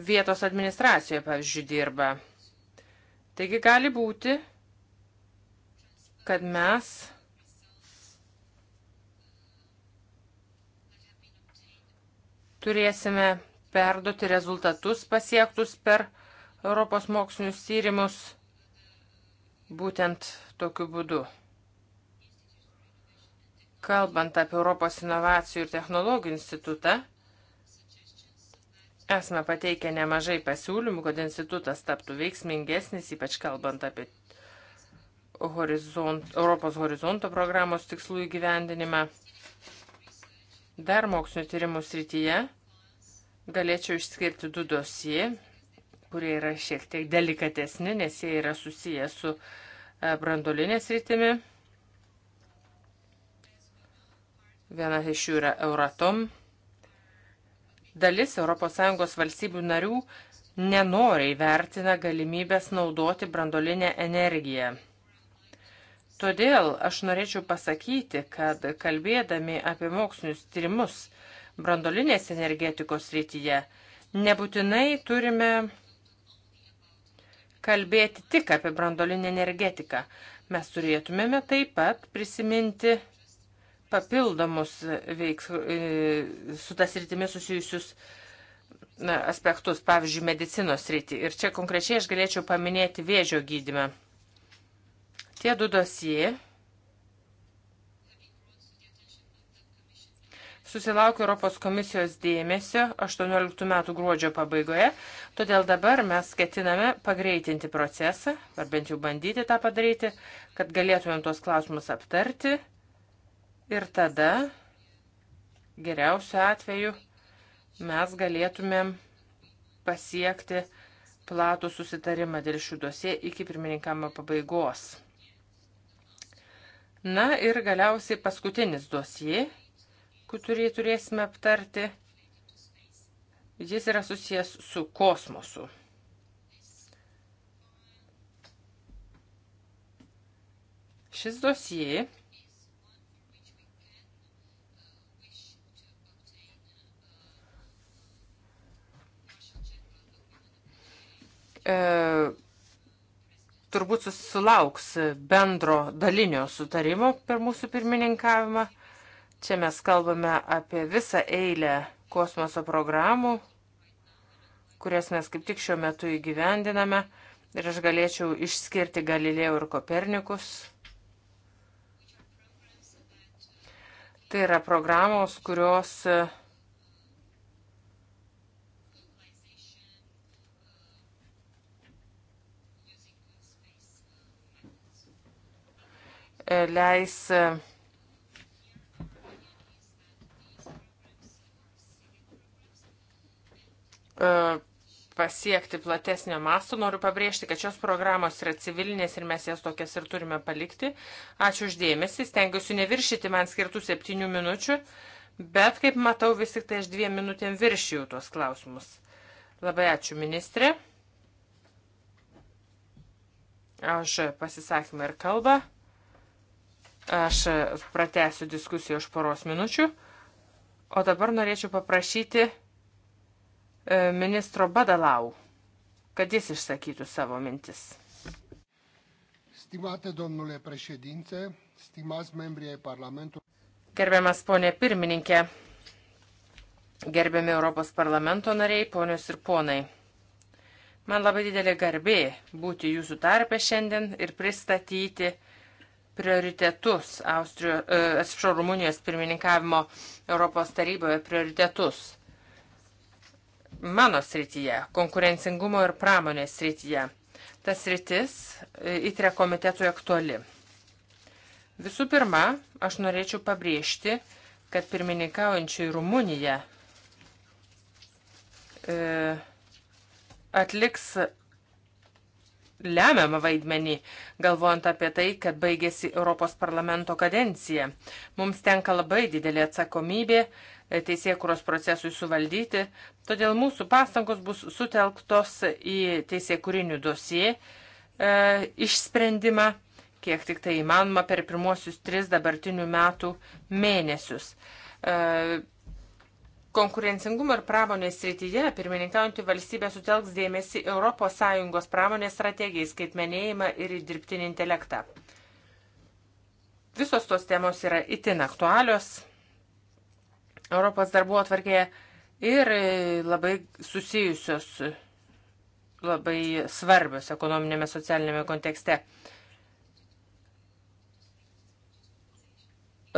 vietos administracijoje, pavyzdžiui, dirba. Taigi gali būti, kad mes turėsime perduoti rezultatus pasiektus per Europos mokslinius tyrimus būtent tokiu būdu. Kalbant apie Europos inovacijų ir technologijų institutą, esame pateikę nemažai pasiūlymų, kad institutas taptų veiksmingesnis, ypač kalbant apie horizont, Europos horizonto programos tikslų įgyvendinimą. Dar mokslinio tyrimų srityje galėčiau išskirti du dosie, kurie yra šiek tiek delikatesni, nes jie yra susiję su e, brandolinės rytimi. Vienas iš jų yra Euratom. Dalis ES valstybių narių nenoriai vertina galimybės naudoti brandolinę energiją. Todėl aš norėčiau pasakyti, kad kalbėdami apie mokslinius tyrimus brandolinės energetikos rytyje, nebūtinai turime kalbėti tik apie brandolinę energetiką. Mes turėtumėme taip pat prisiminti papildomus veiks, e, su tas rytimi susijusius aspektus, pavyzdžiui, medicinos rytį. Ir čia konkrečiai aš galėčiau paminėti vėžio gydimą. Tie du dosijai susilaukė Europos komisijos dėmesio 18 metų gruodžio pabaigoje, todėl dabar mes ketiname pagreitinti procesą, ar bent jau bandyti tą padaryti, kad galėtumėm tuos klausimus aptarti Ir tada, geriausiu atveju, mes galėtumėm pasiekti platų susitarimą dėl šių dosie iki pirmininkamo pabaigos. Na ir galiausiai paskutinis dosie, kurį turėsime aptarti, jis yra susijęs su kosmosu. Šis dosijai e, turbūt susilauks bendro dalinio sutarimo per mūsų pirmininkavimą. Čia mes kalbame apie visą eilę kosmoso programų, kurias mes kaip tik šiuo metu įgyvendiname. Ir aš galėčiau išskirti Galilėjų ir Kopernikus. Tai yra programos, kurios E, leis e, e, pasiekti platesnio masto. Noriu pabrėžti, kad šios programos yra civilinės ir mes jas tokias ir turime palikti. Ačiū uždėmesį, stengiuosi neviršyti man skirtų septynių minučių, bet kaip matau, vis tik tai aš dviem minutėm viršijau tuos klausimus. Labai ačiū, ministrė. Aš pasisakymą ir kalbą. Aš e, pratęsiu diskusiją už poros minučių, o dabar norėčiau paprašyti e, ministro Badalau, kad jis išsakytų savo mintis. Stimate domnule președinte, stimați membri ai Parlamentului. Gerbiamas ponė pirmininkė, gerbiami Europos parlamento nariai, ponios ir ponai. Man labai didelė garbė būti jūsų tarpe šiandien ir pristatyti prioritetus, Austrijos, e, atsiprašau, Rumunijos pirmininkavimo Europos taryboje prioritetus. Mano srityje, konkurencingumo ir pramonės srityje. Tas sritis e, įtrė komitetui aktuali. Visų pirma, aš norėčiau pabrėžti, kad pirmininkaujančiai Rumunija e, atliks lemiamą vaidmenį, galvojant apie tai, kad baigėsi Europos parlamento kadencija. Mums tenka labai didelė atsakomybė e, teisėkuros procesui suvaldyti, todėl mūsų pastangos bus sutelktos į teisėkurinių dosie e, išsprendimą, kiek tik tai įmanoma per pirmuosius tris dabartinių metų mėnesius. E, Konkurencingumo ir pramonės srityje pirmininkaujantį valstybę sutelks dėmesį ES pramonės strategijai, skaitmenėjimą ir į dirbtinį intelektą. Visos tos temos yra itin aktualios Europos darbuo atvarkėje ir e, labai susijusios, labai svarbios ekonominėme socialinėme kontekste.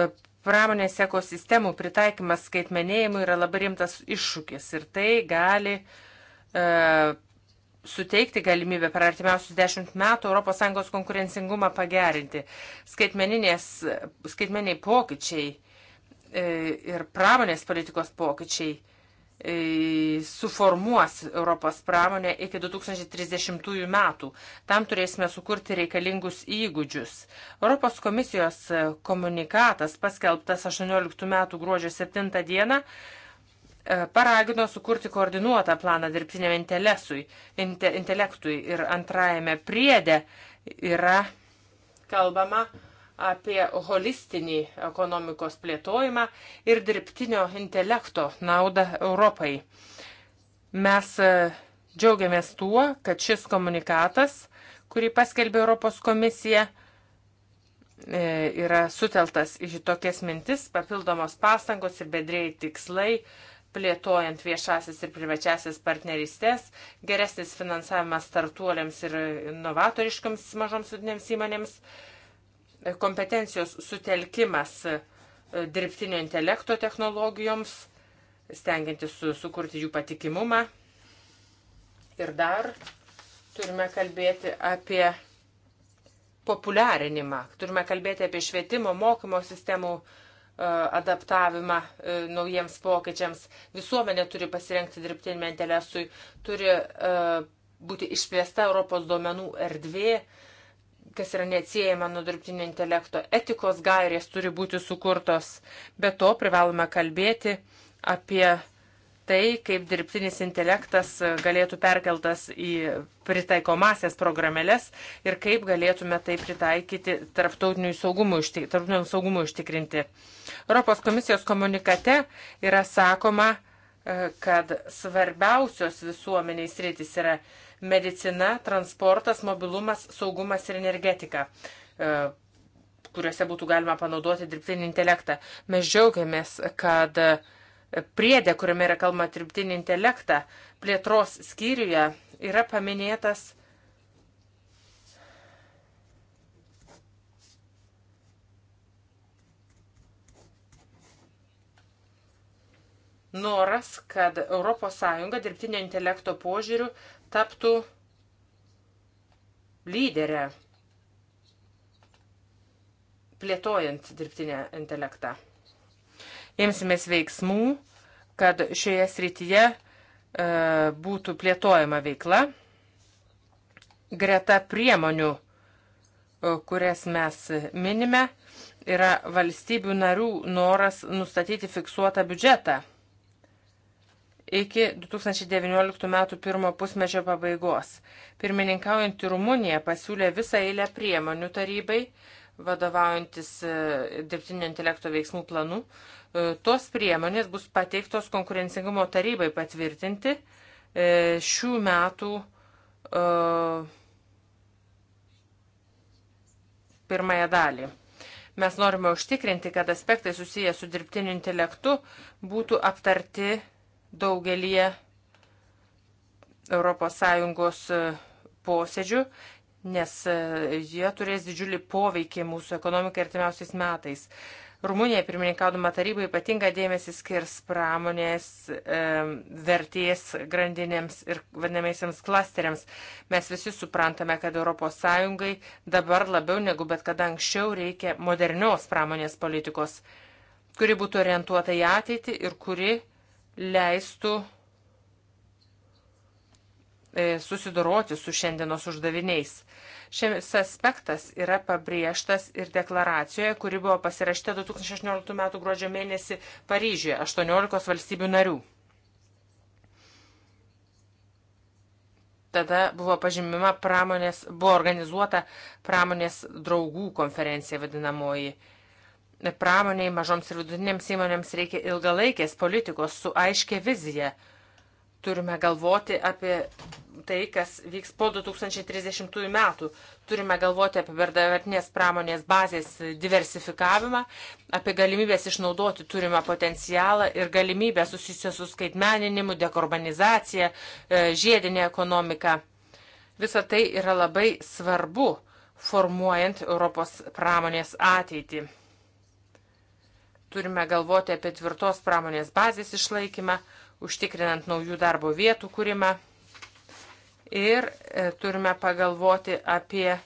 E, pramonės ekosistemų pritaikymas skaitmenėjimui yra labai rimtas iššūkis ir tai gali e, suteikti galimybę per artimiausius dešimt metų ES konkurencingumą pagerinti. Skaitmeniniai pokyčiai e, ir pramonės politikos pokyčiai E, suformuos Europos pramonę iki 2030 metų. Tam turėsime sukurti reikalingus įgūdžius. Europos komisijos komunikatas, paskelbtas 18 metų gruodžio 7 dieną, e, paragino sukurti koordinuotą planą dirbtiniam intelektui ir antrajame priede yra kalbama apie holistinį ekonomikos plėtojimą ir dirbtinio intelekto naudą Europai. Mes e, džiaugiamės tuo, kad šis komunikatas, kurį paskelbė Europos komisija, e, yra suteltas į tokias mintis, papildomos pastangos ir bedrėjai tikslai, plėtojant viešasis ir privačiasis partnerystės, geresnis finansavimas startuoliams ir novatoriškams mažoms sudinėms įmonėms, kompetencijos sutelkimas e, dirbtinio intelekto technologijoms, stengiantis su, sukurti jų patikimumą. Ir dar turime kalbėti apie populiarinimą, turime kalbėti apie švietimo, mokymo sistemų e, adaptavimą e, naujiems pokyčiams. Visuomenė turi pasirengti dirbtiniam interesui, turi būti išplėsta Europos duomenų erdvė, uh, kas yra neatsiejama nuo dirbtinio intelekto. Etikos gairės turi būti sukurtos. Be to privalome kalbėti apie tai, kaip dirbtinis intelektas galėtų perkeltas į pritaikomasias programėlės ir kaip galėtume tai pritaikyti tarptautiniam saugumui užtikrinti. Europos komisijos komunikate yra sakoma, e, kad svarbiausios visuomeniai sritis yra - medicina, transportas, mobilumas, saugumas ir energetika e, kuriuose būtų galima panaudoti dirbtinį intelektą. Mes džiaugiamės, kad priedė, kuriame yra kalbama dirbtinį intelektą, plėtros skyriuje yra paminėtas noras, kad ES dirbtinio intelekto požiūrių taptų lyderę plėtojant dirbtinę intelektą. Imsimės veiksmų, kad šioje srityje e, būtų plėtojama veikla. Greta priemonių, e, kurias mes minime, yra valstybių narių noras nustatyti fiksuotą biudžetą iki 2019 m. pirmo pusmečio pabaigos. Pirmininkaujantį Rumuniją pasiūlė visą eilę priemonių tarybai, vadovaujantis e, dirbtinio intelekto veiksmų planu. E, tos priemonės bus pateiktos konkurencingumo tarybai patvirtinti e, šių metų pirmąją dalį mes norime užtikrinti, kad aspektai susiję su dirbtiniu intelektu būtų aptarti daugelie ES e, posėdžių, nes e, jie turės didžiulį poveikį mūsų ekonomikai artimiausiais metais. Rumunija, pirmininkaudama taryba, ypatinga dėmesį skirs pramonės e, vertės grandinėms ir vadinamiesiams klasteriams. Mes visi suprantame, kad ES dabar labiau negu bet kada anksčiau reikia modernios pramonės politikos, kuri būtų orientuota į ateitį ir kuri leistų e, susidoroti su šiandienos uždaviniais. Šis aspektas yra pabrėžtas ir deklaracijoje, kuri buvo pasirašyta 2016 m. gruodžio mėnesį Paryžiuje 18 valstybių narių. Tada buvo pažymima pramonės, buvo organizuota pramonės draugų konferencija vadinamoji pramoniai, mažoms ir vidutinėms įmonėms reikia ilgalaikės politikos su aiškia vizija. Turime galvoti apie tai, kas vyks po 2030 metų. Turime galvoti apie verdavartinės pramonės bazės diversifikavimą, apie galimybės išnaudoti turimą potencialą ir galimybę susijusią su skaitmeninimu, dekarbonizacija, e, žiedinė ekonomika. Visa tai yra labai svarbu formuojant Europos pramonės ateitį. Turime galvoti apie tvirtos pramonės bazės išlaikymą, užtikrinant naujų darbo vietų kūrimą. Ir e, turime pagalvoti apie e,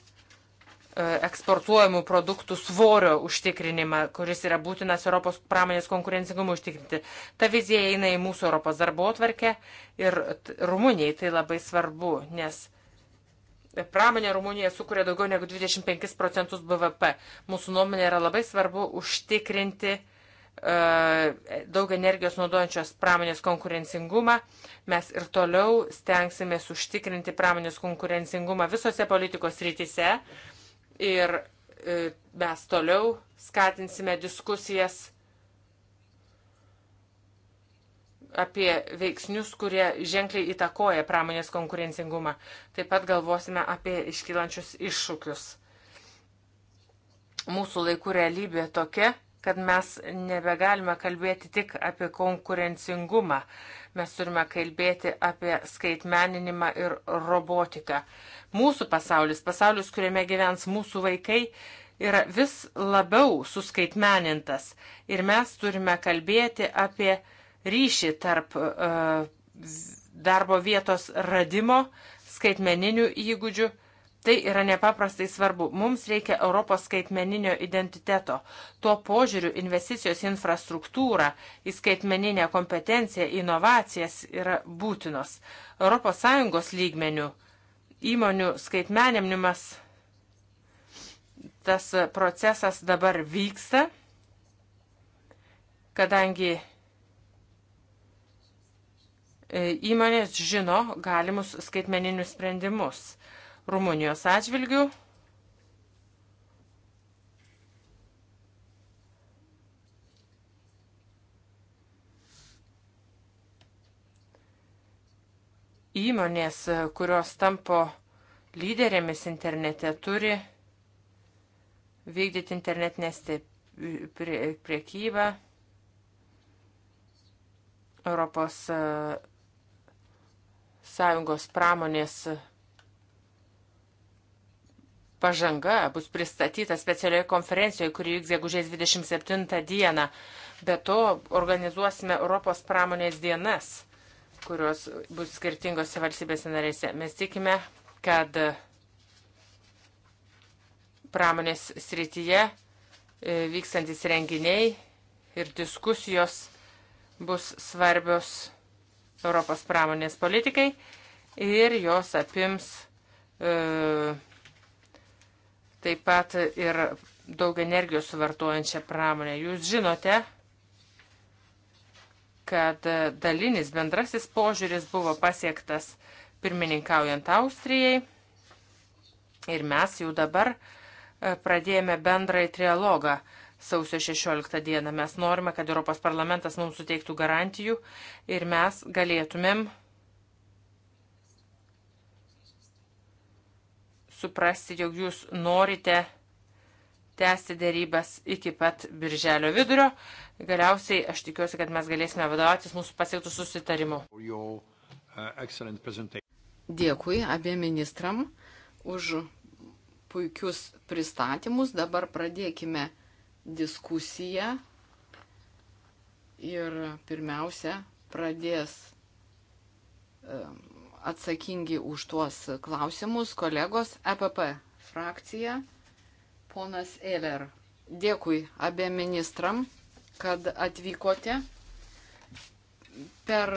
eksportuojamų produktų svorio užtikrinimą, kuris yra būtinas Europos pramonės konkurencingumui užtikrinti. Ta vizija eina į mūsų Europos darbo atvarkę ir Rumunijai tai labai svarbu, nes uh, pramonė Rumunijoje sukuria daugiau negu 25 procentus BVP. Mūsų nuomonė yra labai svarbu užtikrinti e, daug energijos naudojančios pramonės konkurencingumą. Mes ir toliau stengsimės užtikrinti pramonės konkurencingumą visose politikos rytise ir e, mes toliau skatinsime diskusijas apie veiksnius, kurie ženkliai įtakoja pramonės konkurencingumą. Taip pat galvosime apie iškylančius iššūkius. Mūsų laikų realybė tokia, kad mes nebegalime kalbėti tik apie konkurencingumą. Mes turime kalbėti apie skaitmeninimą ir robotiką. Mūsų pasaulis, pasaulis, kuriame gyvens mūsų vaikai, yra vis labiau suskaitmenintas. Ir mes turime kalbėti apie ryšį tarp e, darbo vietos radimo, skaitmeninių įgūdžių. Tai yra nepaprastai svarbu. Mums reikia Europos skaitmeninio identiteto. Tuo požiūriu investicijos į infrastruktūrą, į skaitmeninę kompetenciją, inovacijas yra būtinos. ES lygmenių įmonių skaitmeninimas tas procesas dabar vyksta, kadangi E, įmonės žino galimus skaitmeninius sprendimus. Rumunijos atžvilgių įmonės, e, kurios tampo lyderėmis internete, turi vykdyti internetinę priekybą. Europos e, sąjungos pramonės pažanga bus pristatyta specialioje konferencijoje, kuri vyks gegužės 27 dieną. Be to organizuosime Europos pramonės dienas, kurios bus skirtingose valstybėse narėse. Mes tikime, kad pramonės srityje e, vykstantis renginiai ir diskusijos bus svarbios Europos pramonės politikai ir jos apims e, taip pat ir daug energijos suvartojančią pramonę. Jūs žinote, kad dalinis bendrasis požiūris buvo pasiektas pirmininkaujant Austrijai ir mes jau dabar e, pradėjome bendrąjį trialogą sausio 16 dieną. Mes norime, kad Europos parlamentas mums suteiktų garantijų ir mes galėtumėm suprasti, jog jūs norite tęsti dėrybas iki pat birželio vidurio. Galiausiai aš tikiuosi, kad mes galėsime vadovautis mūsų pasiektų susitarimu. Dėkui abiem ministram už puikius pristatymus. Dabar pradėkime diskusiją ir pirmiausia pradės atsakingi už tuos klausimus kolegos EPP frakcija, ponas Eiler. Dėkui abiem ministram, kad atvykote. Per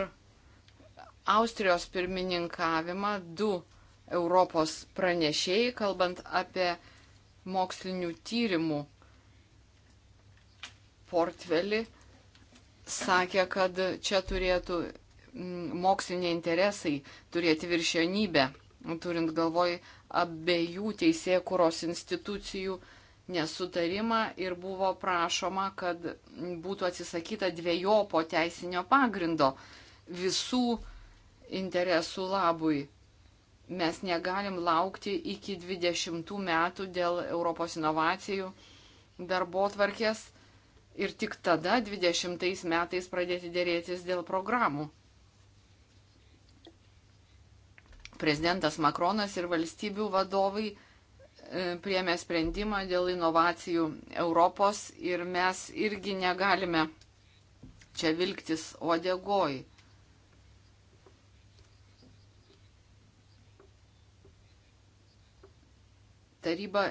Austrijos pirmininkavimą du Europos pranešėjai, kalbant apie mokslinių tyrimų portfelį, sakė, kad čia turėtų moksliniai interesai turėti viršienybę, turint galvoj abiejų teisėkuros institucijų nesutarimą ir buvo prašoma, kad būtų atsisakyta dviejopo teisinio pagrindo visų interesų labui. Mes negalim laukti iki 20 metų dėl Europos inovacijų darbo tvarkės ir tik tada 20 metais pradėti dėrėtis dėl programų. Prezidentas Makronas ir valstybių vadovai e, priemė sprendimą dėl inovacijų Europos ir mes irgi negalime čia vilktis odegoj. Taryba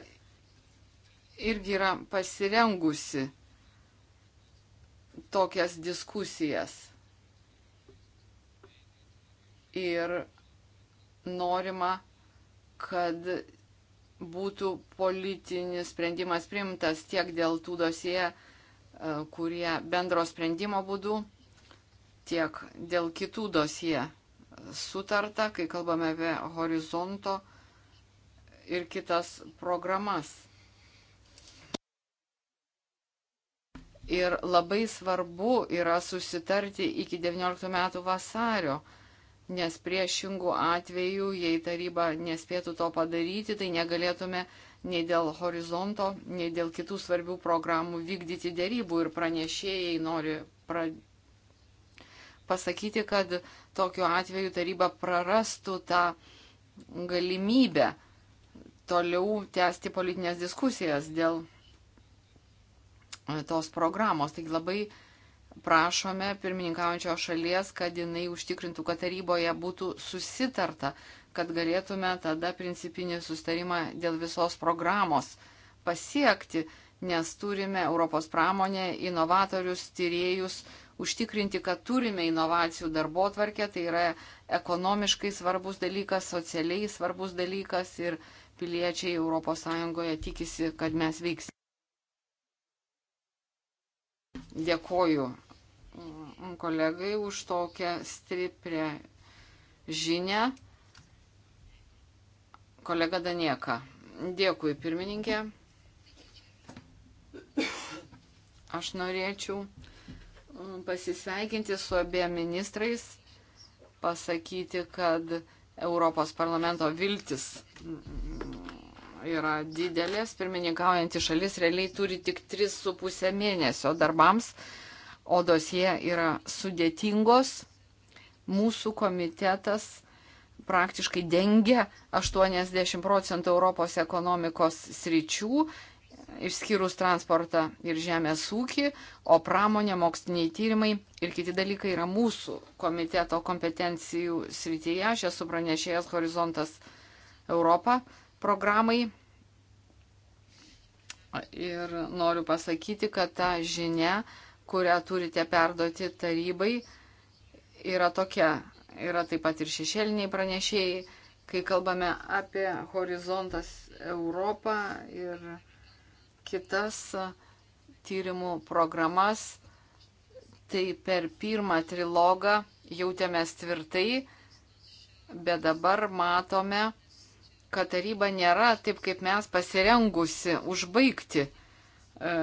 irgi yra pasirengusi tokias diskusijas. Ir norima, kad būtų politinis sprendimas primtas tiek dėl tų dosie, e, kurie bendro sprendimo būdu, tiek dėl kitų dosie sutarta, kai kalbame apie horizonto ir kitas programas. Ir labai svarbu yra susitarti iki 19 metų vasario, nes priešingų atvejų, jei taryba nespėtų to padaryti, tai negalėtume nei dėl horizonto, nei dėl kitų svarbių programų vykdyti dėrybų ir pranešėjai nori pra... pasakyti, kad tokiu atveju taryba prarastų tą galimybę toliau tęsti politinės diskusijas dėl tos programos. Taigi labai prašome pirmininkaujančio šalies, kad jinai užtikrintų, kad taryboje būtų susitarta, kad galėtume tada principinį sustarimą dėl visos programos pasiekti, nes turime Europos pramonę, inovatorius, tyriejus, užtikrinti, kad turime inovacijų darbo tvarkę, tai yra ekonomiškai svarbus dalykas, socialiai svarbus dalykas ir piliečiai ES tikisi, kad mes veiksime. Dėkoju mm, kolegai už tokią stiprią žinę. Kolega Danieka. Dėkui, pirmininkė. Aš norėčiau mm, pasisveikinti su abiem ministrais, pasakyti, kad Europos parlamento viltis mm, yra didelės. Pirmininkaujantis šalis realiai turi tik 3,5 mėnesio darbams, o dosie yra sudėtingos. Mūsų komitetas praktiškai dengia 80 procentų Europos ekonomikos sričių, išskyrus transportą ir žemės ūkį, o pramonė, moksliniai tyrimai ir kiti dalykai yra mūsų komiteto kompetencijų srityje. Aš esu pranešėjęs Horizontas Europą programai. Ir noriu pasakyti, kad ta žinia, kurią turite perduoti tarybai, yra tokia. Yra taip pat ir šešėliniai pranešėjai, kai kalbame apie horizontas Europą ir kitas tyrimų programas. Tai per pirmą trilogą jautėmės tvirtai, bet dabar matome, kad taryba nėra taip, kaip mes pasirengusi užbaigti e,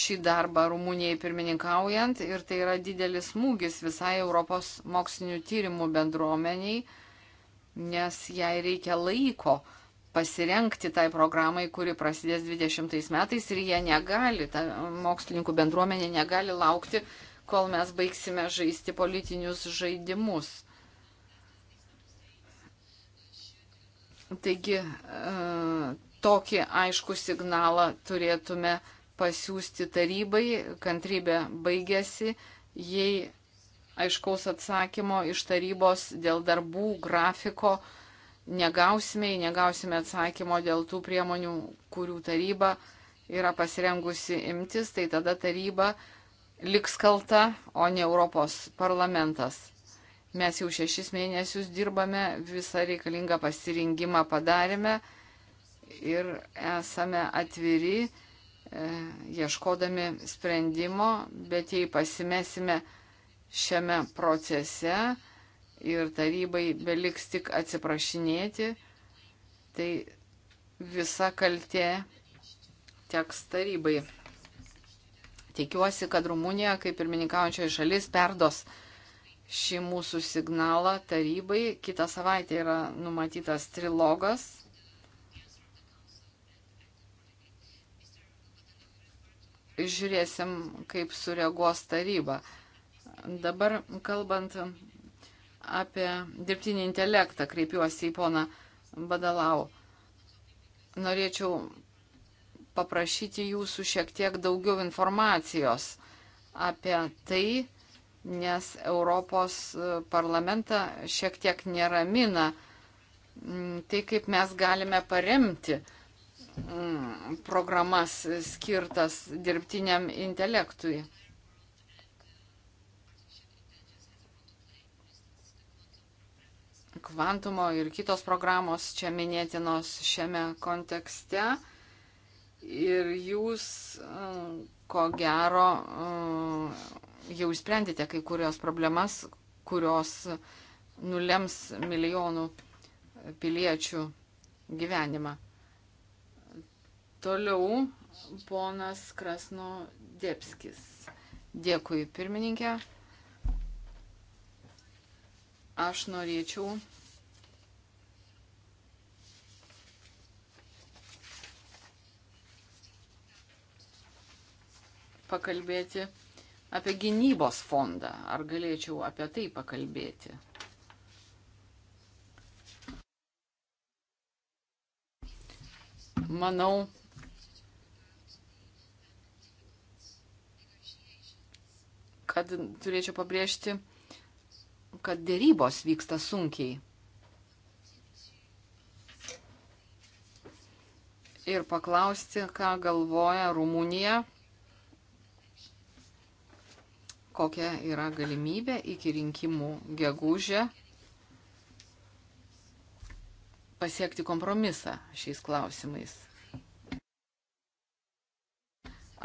šį darbą Rumunijai pirmininkaujant ir tai yra didelis smūgis visai Europos mokslinių tyrimų bendruomeniai, nes jai reikia laiko pasirenkti tai programai, kuri prasidės 20 metais ir jie negali, ta mokslininkų bendruomenė negali laukti, kol mes baigsime žaisti politinius žaidimus. Taigi e, tokį aišku signalą turėtume pasiūsti tarybai, kantrybė baigėsi, jei aiškaus atsakymo iš tarybos dėl darbų grafiko negausime, jei negausime atsakymo dėl tų priemonių, kurių taryba yra pasirengusi imtis, tai tada taryba liks kalta, o ne Europos parlamentas. Mes jau šešis mėnesius dirbame, visą reikalingą pasirinkimą padarėme ir esame atviri, e, ieškodami sprendimo, bet jei pasimesime šiame procese ir tarybai beliks tik atsiprašinėti, tai visa kaltė teks tarybai. Tikiuosi, kad Rumunija, kaip pirmininkaujančioji šalis, perdos šį mūsų signalą tarybai. Kita savaitė yra numatytas trilogas. Žiūrėsim, kaip sureaguos taryba. Dabar kalbant apie dirbtinį intelektą, kreipiuosi į poną Badalau. Norėčiau paprašyti jūsų šiek tiek daugiau informacijos apie tai, nes Europos e, parlamentą šiek tiek neramina mm, tai, kaip mes galime paremti mm, programas skirtas dirbtiniam intelektui. Kvantumo ir kitos programos čia minėtinos šiame kontekste. Ir jūs, mm, ko gero, jau išsprendėte kai kurios problemas, kurios nulems milijonų piliečių gyvenimą. Toliau ponas Krasno Dėpskis. Dėkui, pirmininkė. Aš norėčiau pakalbėti apie gynybos fondą. Ar galėčiau apie tai pakalbėti? Manau, kad turėčiau pabrėžti, kad dėrybos vyksta sunkiai. Ir paklausti, ką galvoja Rumunija kokia yra galimybė iki rinkimų gegužę pasiekti kompromisą šiais klausimais.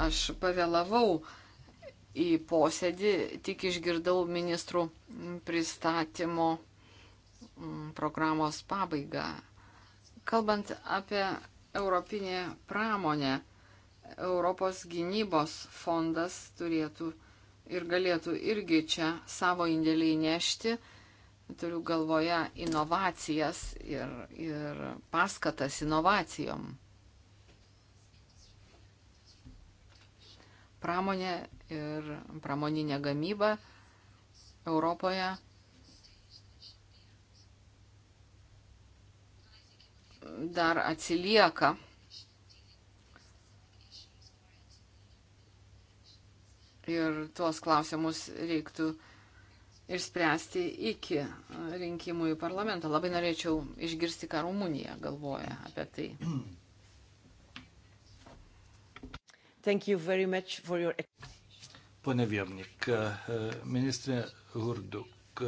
Aš pavėlavau į posėdį, tik išgirdau ministrų pristatymo mm, programos pabaigą. Kalbant apie europinę pramonę, Europos gynybos fondas turėtų ir galėtų irgi čia savo indėlį įnešti. Turiu galvoje inovacijas ir, ir paskatas inovacijom. Pramonė ir pramoninė gamyba Europoje dar atsilieka ir tuos klausimus reiktų išspręsti iki rinkimų į parlamentą. Labai norėčiau išgirsti, ką Rumunija galvoja apie tai. Your... Pone Vievnik, ministrė Hurduk,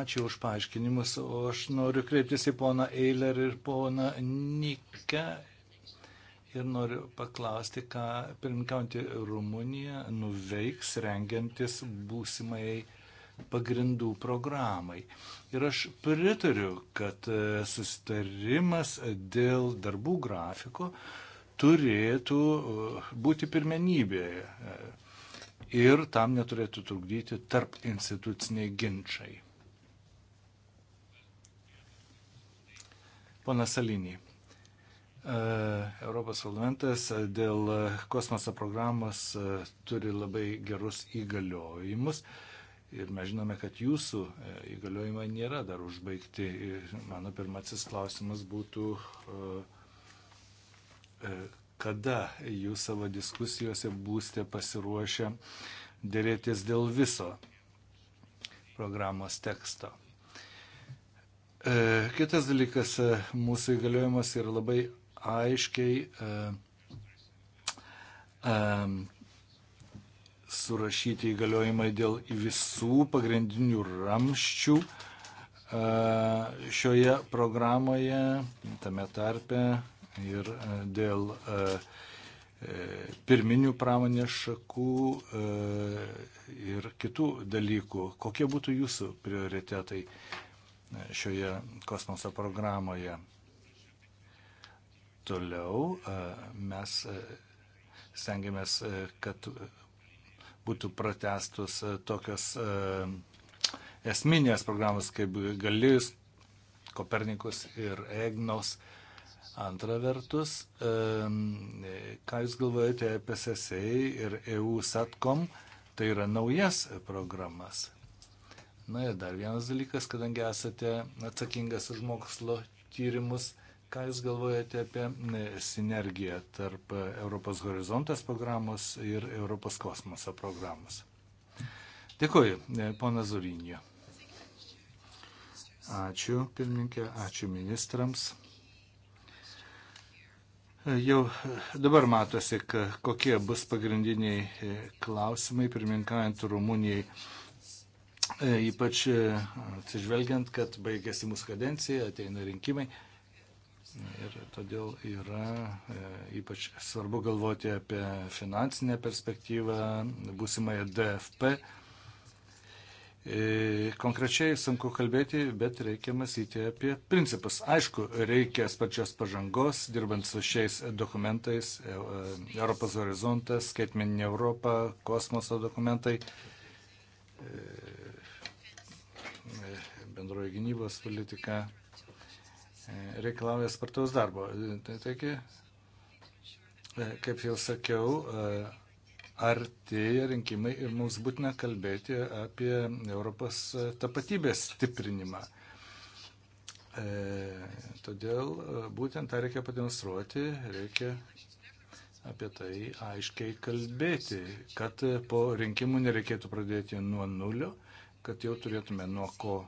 ačiū už paaiškinimus, o aš noriu kreiptis į poną Eiler ir poną Nikę ir noriu paklausti, ką pirmkiaunti Rumunija nuveiks rengiantis būsimai pagrindų programai. Ir aš pritariu, kad e, susitarimas dėl darbų grafiko turėtų e, būti pirmenybėje ir tam neturėtų trukdyti tarp instituciniai ginčiai. Pana Salinį. E, Europos parlamentas e, dėl e, kosmoso programos turi labai gerus įgaliojimus. Ir mes žinome, kad jūsų įgaliojimai nėra dar užbaigti. Mano pirmasis klausimas būtų, kada jūs savo diskusijose būsite pasiruošę dėrėtis dėl viso programos teksto. Kitas dalykas, mūsų įgaliojimas yra labai aiškiai e, e, surašyti įgaliojimai dėl visų pagrindinių ramščių e, šioje programoje, tame tarpe ir e, dėl e, pirminių pramonės šakų ir kitų dalykų. Kokie būtų jūsų prioritetai šioje kosmoso programoje? Toliau e, mes e, stengiamės, e, kad būtų pratestus tokios esminės programos kaip Galėjus, Kopernikus ir Egnos. Antra vertus, ką Jūs galvojate apie SSA ir EU SATCOM, tai yra naujas programas. Na ir dar vienas dalykas, kadangi esate atsakingas už mokslo tyrimus, Ką Jūs galvojate apie e, sinergiją tarp Europos horizontas programos ir Europos kosmoso programos? Dėkuoju, e, pana Zurinė. Ačiū, pirmininkė, ačiū ministrams. E, jau dabar matosi, kokie bus pagrindiniai klausimai, pirmininkaujant Rumunijai ypač atsižvelgiant, kad baigėsi mūsų kadencija, ateina rinkimai. Ir todėl yra e, ypač svarbu galvoti apie finansinę perspektyvą, būsimąją DFP. E, konkrečiai sunku kalbėti, bet reikia mąstyti apie principus. Aišku, reikia sparčios pažangos, dirbant su šiais dokumentais, e, Europos horizontas, skaitmeninė Europa, kosmoso dokumentai, bendroji gynybos politika reikalauja spartaus darbo. Tai taigi, e, kaip jau sakiau, e, artėja rinkimai ir mums būtina kalbėti apie Europos e, tapatybės stiprinimą. Todėl būtent tą reikia pademonstruoti, reikia apie tai aiškiai kalbėti, kad po rinkimų nereikėtų pradėti nuo nulio, kad jau turėtume nuo ko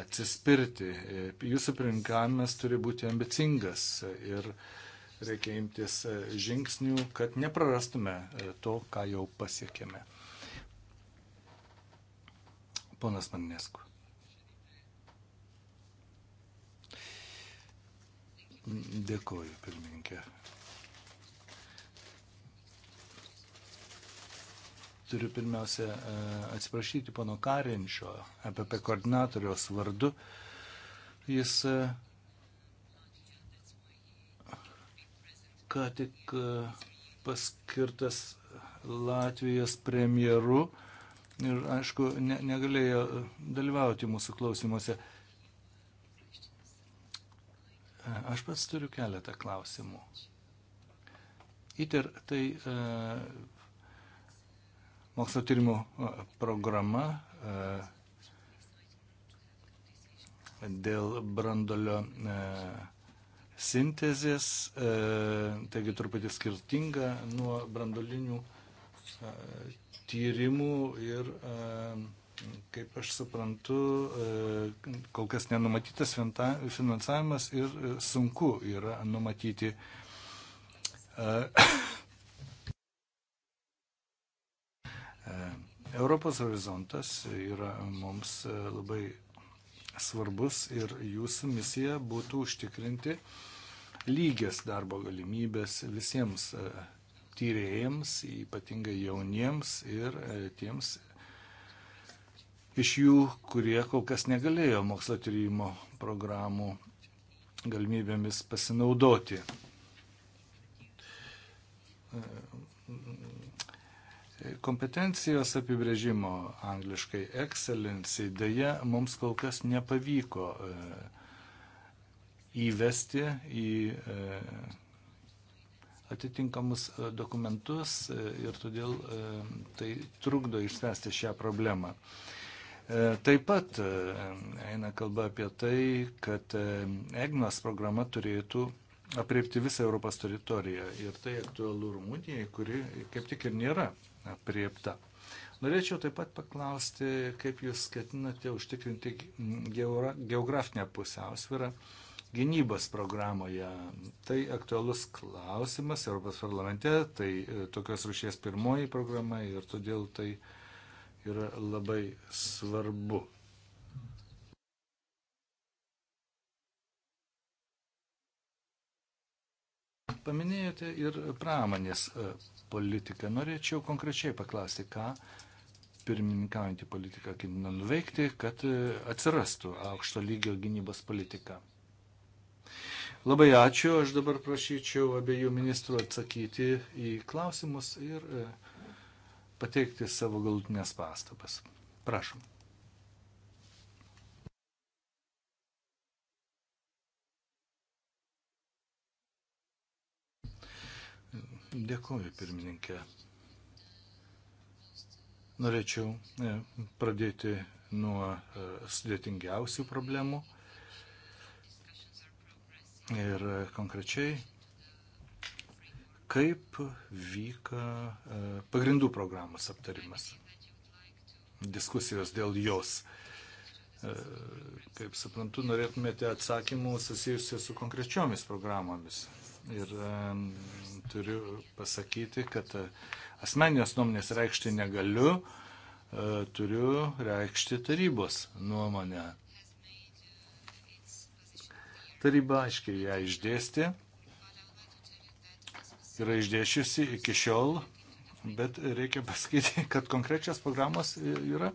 atsispirti. Jūsų pirinkavimas turi būti ambicingas ir reikia imtis žingsnių, kad neprarastume to, ką jau pasiekėme. Ponas Manesku. Dėkoju, pirmininkė. Turiu pirmiausia e, atsiprašyti pono Karinčio, EPP koordinatoriaus vardu. Jis e, ką tik e, paskirtas Latvijos premjeru ir, aišku, ne, negalėjo dalyvauti mūsų klausimuose. Aš pats turiu keletą klausimų. ITER tai e, mokslo tyrimų programa dėl brandolio sintezės, taigi truputį skirtinga nuo brandolinių tyrimų ir, kaip aš suprantu, kol kas nenumatytas finansavimas ir sunku yra numatyti [COUGHS] Europos horizontas yra mums e, labai svarbus ir jūsų misija būtų užtikrinti lygias darbo galimybės visiems e, tyrėjams, ypatingai jauniems ir e, tiems iš jų, kurie kol kas negalėjo mokslo tyrimo programų galimybėmis pasinaudoti Kompetencijos apibrėžimo angliškai excellency dėja mums kol kas nepavyko e, įvesti į e, atitinkamus e, dokumentus ir todėl tai trukdo išspręsti šią problemą. Taip pat eina kalba apie tai, kad EGNAS programa turėtų apriepti visą Europos teritoriją ir tai aktualu Rumunijai, kuri kaip tik ir nėra apriepta. Norėčiau taip pat paklausti, kaip jūs ketinate užtikrinti geografinę pusiausvyrą gynybos programoje. Tai aktualus klausimas Europos parlamente, tai e, tokios rušies pirmoji programa ir todėl tai yra labai svarbu. Paminėjote ir pramonės e, politiką. Norėčiau konkrečiai paklausti, ką pirmininkaujantį politiką ketina nuveikti, kad e, atsirastų aukšto lygio gynybos politika. Labai ačiū, aš dabar prašyčiau abiejų ministrų atsakyti į klausimus ir e, pateikti savo galutinės pastabas. Prašom. Dėkuoju, pirmininkė. Norėčiau e, pradėti nuo e, sudėtingiausių problemų. Ir e, konkrečiai, kaip vyka pagrindų programos aptarimas, diskusijos dėl jos. Kaip suprantu, norėtumėte atsakymų susijusių su konkrečiomis programomis. Ir turiu pasakyti, kad e, asmeninės nuomonės reikšti negaliu, e, turiu reikšti tarybos nuomonę. Taryba aiškiai ją išdėstė, yra išdėšiusi iki šiol, bet reikia pasakyti, [LAUGHS] kad konkrečios programos yra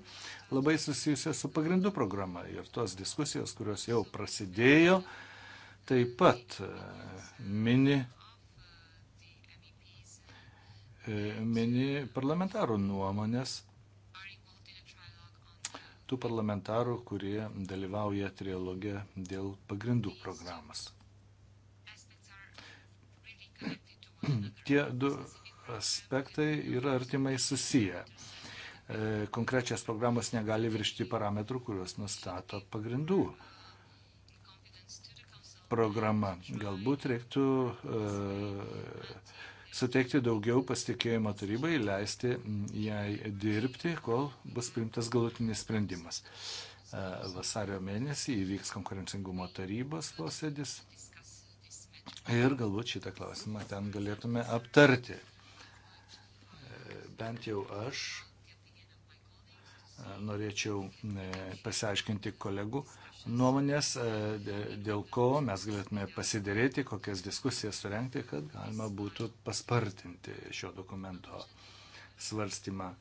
labai susijusios su pagrindų programa ir tos diskusijos, kurios jau prasidėjo, uh, taip pat e, mini, e, mini parlamentarų nuomonės, tų parlamentarų, kurie dalyvauja trialogė dėl pagrindų programas. [CLEARS THROAT] Tie du aspektai yra artimai susiję. E, Konkrečias programos negali viršti parametrų, kuriuos nustato pagrindų programa. Galbūt reiktų e, suteikti daugiau pasitikėjimo tarybai, leisti jai dirbti, kol bus priimtas galutinis sprendimas. E, vasario mėnesį įvyks konkurencingumo tarybos posėdis ir galbūt šitą klausimą ten galėtume aptarti. E, bent jau aš norėčiau pasiaiškinti kolegų nuomonės, e, dėl ko mes galėtume pasidėrėti, kokias diskusijas surenkti, kad galima būtų paspartinti šio dokumento svarstymą.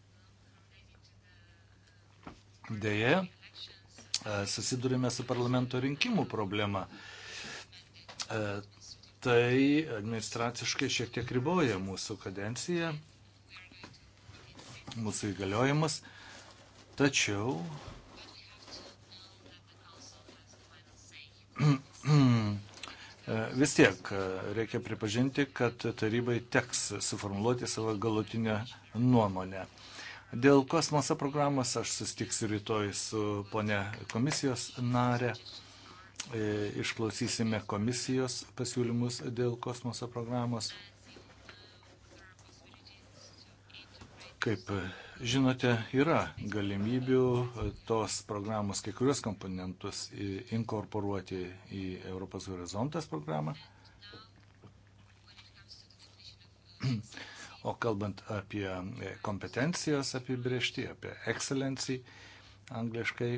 Deja, e, susidurime su parlamento rinkimų problema. E, tai administraciškai šiek tiek riboja mūsų kadenciją, mūsų įgaliojimus, tačiau Vis tiek reikia pripažinti, kad tarybai teks suformuoluoti savo galutinę nuomonę. Dėl kosmoso programos aš sustiksiu rytoj su ponė komisijos narė. E, išklausysime komisijos pasiūlymus dėl kosmoso programos. Kaip žinote, yra galimybių e, tos programos kai kurios komponentus inkorporuoti į Europos horizontas programą. O kalbant apie e, kompetencijos apibriešti, apie excellency angliškai,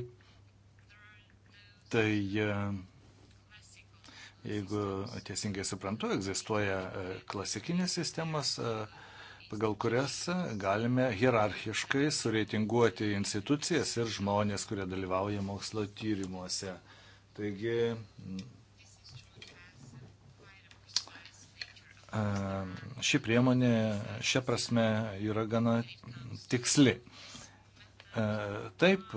tai e, jeigu teisingai suprantu, egzistuoja klasikinės sistemos, uh, pagal kurias galime hierarchiškai sureitinguoti institucijas ir žmonės, kurie dalyvauja mokslo tyrimuose. Taigi, e, ši priemonė šia prasme yra gana tiksli. E, taip,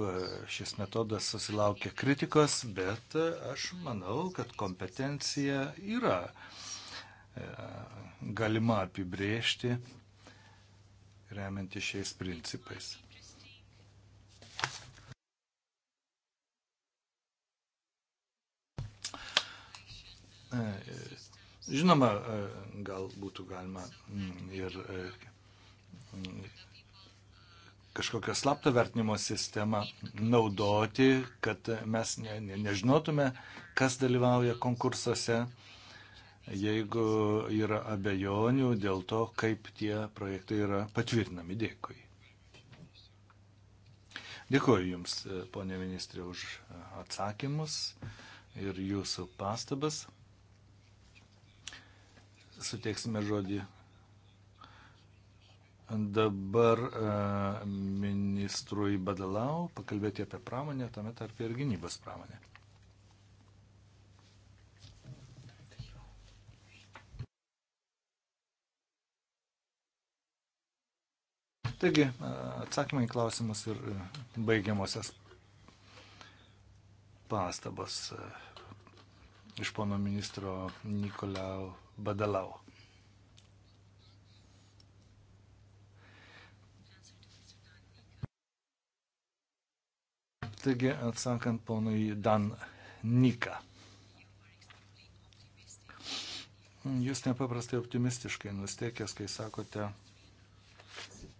šis metodas susilaukė kritikos, bet aš manau, kad kompetencija yra e, galima apibrėžti remianti šiais principais. E, žinoma, e, gal būtų galima mm, ir e, kažkokią slaptą vertinimo sistemą naudoti, kad mes ne, ne, nežinotume, kas dalyvauja konkursuose jeigu yra abejonių dėl to, kaip tie projektai yra patvirtinami. Dėkui. Dėkuoju Jums, ponė ministrė, už atsakymus ir Jūsų pastabas. Suteiksime žodį dabar e, ministrui Badalau pakalbėti apie pramonę, tame tarp ir gynybos pramonę. Taigi, atsakymai į klausimus ir e, baigiamosios pastabos e, iš pono ministro Nikolau Badalau. Taigi, atsakant ponui Dan Nika. Jūs nepaprastai optimistiškai nusteikęs, kai sakote,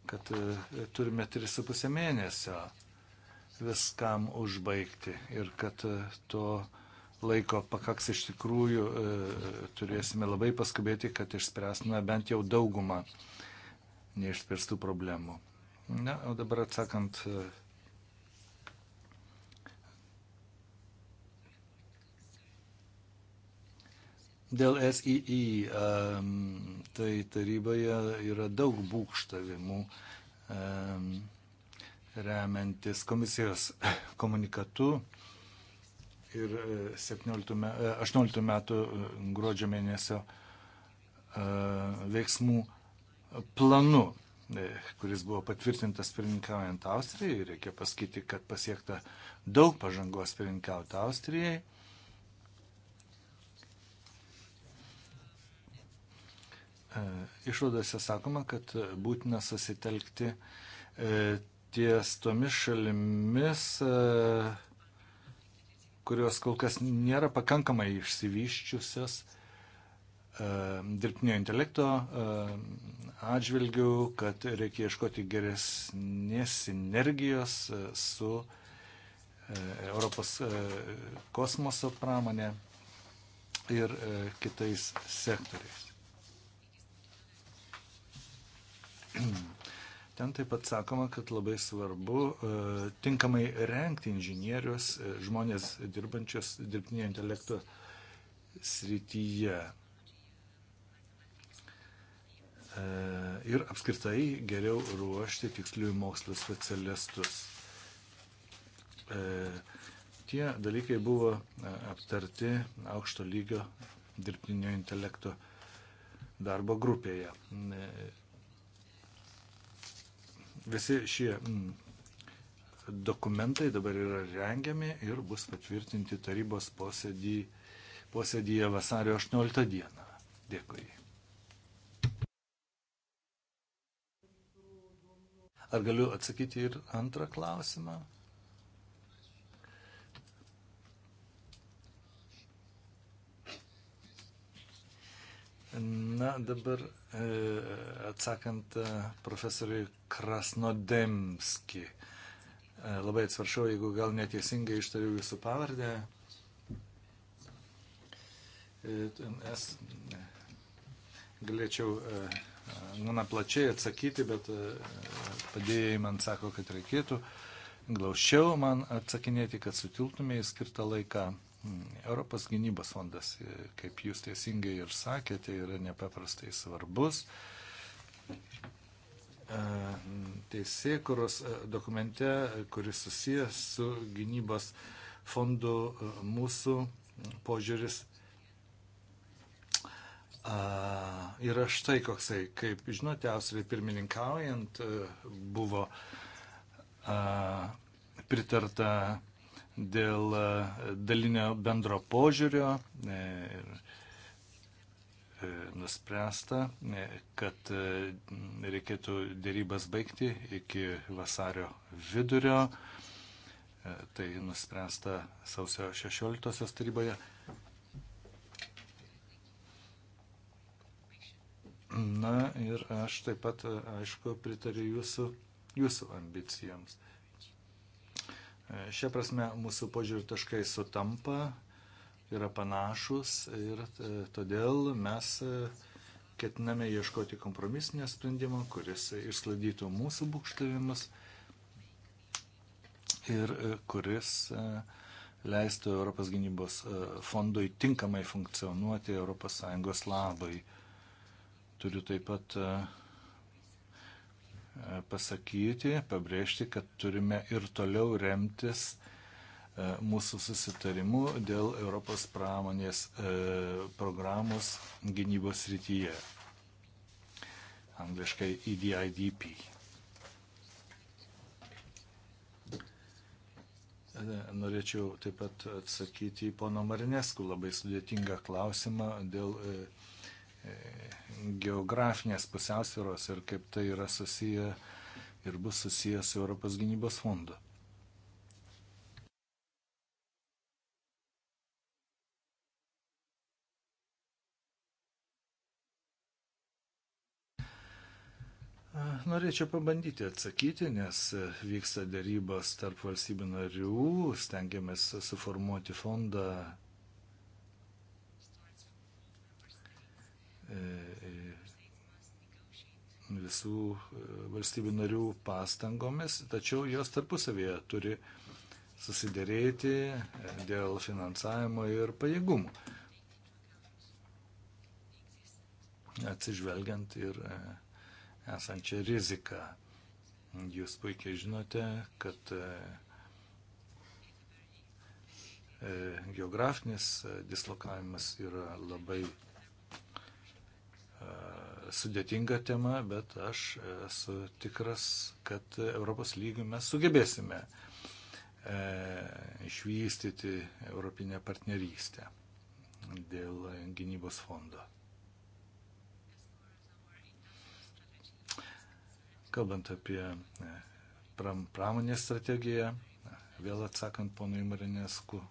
kad e, turime 3,5 mėnesio viskam užbaigti ir kad e, to laiko pakaks iš tikrųjų, e, turėsime labai paskubėti, kad išspręstume bent jau daugumą neišspręstų problemų. Na, o dabar atsakant Dėl SII tai taryboje yra daug būkštavimų remiantis komisijos komunikatu ir 17, e, 18 e, metų e, gruodžio mėnesio veiksmų planu, kuris buvo patvirtintas pirmininkaujant Austrijai. Reikia pasakyti, kad pasiekta daug pažangos pirmininkaujant Austrijai. E, išvadose sakoma, kad būtina susitelkti e, ties tomis šalimis, e, kurios kol kas nėra pakankamai išsivyščiusios dirbtinio intelekto atžvilgių, kad reikia ieškoti geresnės sinergijos su Europos kosmoso pramonė ir kitais sektoriais. Ten taip pat sakoma, kad labai svarbu e, tinkamai renkti inžinierius, e, žmonės dirbančius dirbtinio intelekto srityje. E, ir apskritai geriau ruošti tiksliųjų mokslo specialistus. Tie dalykai buvo aptarti aukšto lygio dirbtinio intelekto darbo grupėje. Visi šie mm, dokumentai dabar yra rengiami ir bus patvirtinti tarybos posėdį, posėdyje vasario 18 dieną. Dėkui. Ar galiu atsakyti ir antrą klausimą? Na, dabar E, atsakant e, profesoriui Krasnodemski. E, labai atsiprašau, jeigu gal neteisingai ištariu jūsų pavardę. Nes galėčiau gana plačiai atsakyti, bet padėjėjai man sako, kad reikėtų glaušiau man atsakinėti, kad sutiltume į skirtą laiką. Europos gynybos fondas, e, kaip jūs teisingai ir sakėte, yra nepaprastai svarbus. E, teisėkuros e, dokumente, kuris susijęs su gynybos fondu, mūsų požiūris yra štai koksai. Kaip žinote, Austrijai pirmininkaujant buvo pritarta dėl e, dalinio bendro požiūrio e, ir e, nuspręsta, kad reikėtų dėrybas baigti iki vasario vidurio. Tai nuspręsta sausio 16 taryboje. Na ir aš taip pat, aišku, pritariu jūsų, jūsų ambicijoms. Šia prasme mūsų požiūrių taškai sutampa, yra panašus ir e, todėl mes e, ketiname ieškoti kompromisinio sprendimo, kuris išsklaidytų mūsų būkštavimus ir e, kuris leistų Europos gynybos fondui tinkamai funkcionuoti ES labai. Turiu taip pat pasakyti, pabrėžti, kad turime ir toliau remtis e, mūsų susitarimu dėl Europos pramonės e, programos gynybos rytyje. Angliškai EDIDP. E, norėčiau taip pat atsakyti į pono Marinesku labai sudėtingą klausimą dėl geografinės pusiausvėros ir kaip tai yra susiję ir bus susiję su Europos gynybos fondu. Norėčiau pabandyti atsakyti, nes vyksta dėrybos tarp valstybių narių, stengiamės suformuoti fondą E, e, visų e, valstybių narių pastangomis, tačiau jos tarpusavėje turi susidėrėti dėl finansavimo ir pajėgumų. Atsižvelgiant ir esančią riziką. Jūs puikiai žinote, kad geografinis dislokavimas yra labai sudėtinga tema, bet aš esu tikras, kad Europos lygių mes sugebėsime e, išvystyti Europinę partnerystę dėl gynybos fondo. Kalbant apie e, pramonės strategiją, vėl atsakant ponui Marinesku,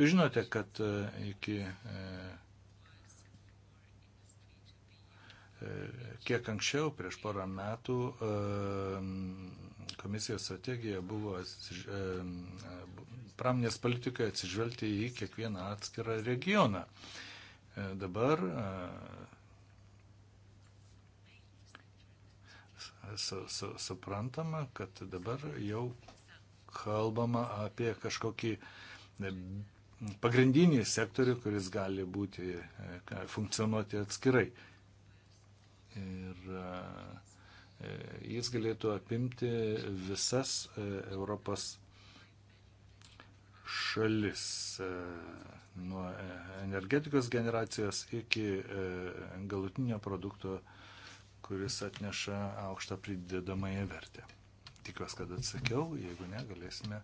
jūs žinote, kad e, iki Kiek anksčiau, prieš porą metų, komisijos strategija buvo pramonės politikai atsižvelgti į kiekvieną atskirą regioną. E, dabar e, su, su, suprantama, kad dabar jau kalbama apie kažkokį e, pagrindinį sektorių, kuris gali būti funkcionuoti atskirai ir e, e, jis galėtų apimti visas e, Europos šalis nuo energetikos generacijos iki galutinio produkto, kuris atneša aukštą pridedamąją vertę. Tikiuosi, kad atsakiau, jeigu ne, galėsime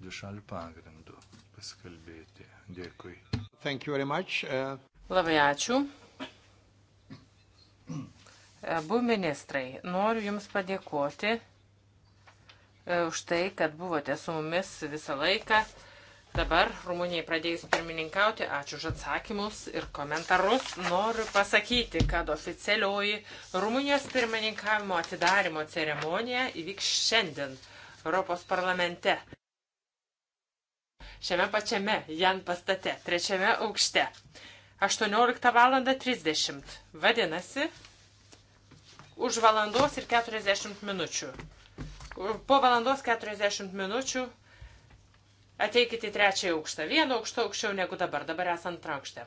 dvišalių pagrindų pasikalbėti. Dėkui. Uh... Labai ačiū. Abu ministrai, noriu Jums padėkoti e, už tai, kad buvote su mumis visą laiką. Dabar Rumunijai pradėjus pirmininkauti, ačiū už atsakymus ir komentarus. Noriu pasakyti, kad oficialioji Rumunijos pirmininkavimo atidarimo ceremonija įvyks šiandien Europos parlamente. Šiame pačiame Jan pastate, trečiame aukšte. 18 val. 30. Vadinasi, už valandos ir 40 minučių. Po valandos 40 minučių ateikite į trečiąjį aukštą. Vienu aukštu aukščiau negu dabar, dabar esant rankštė.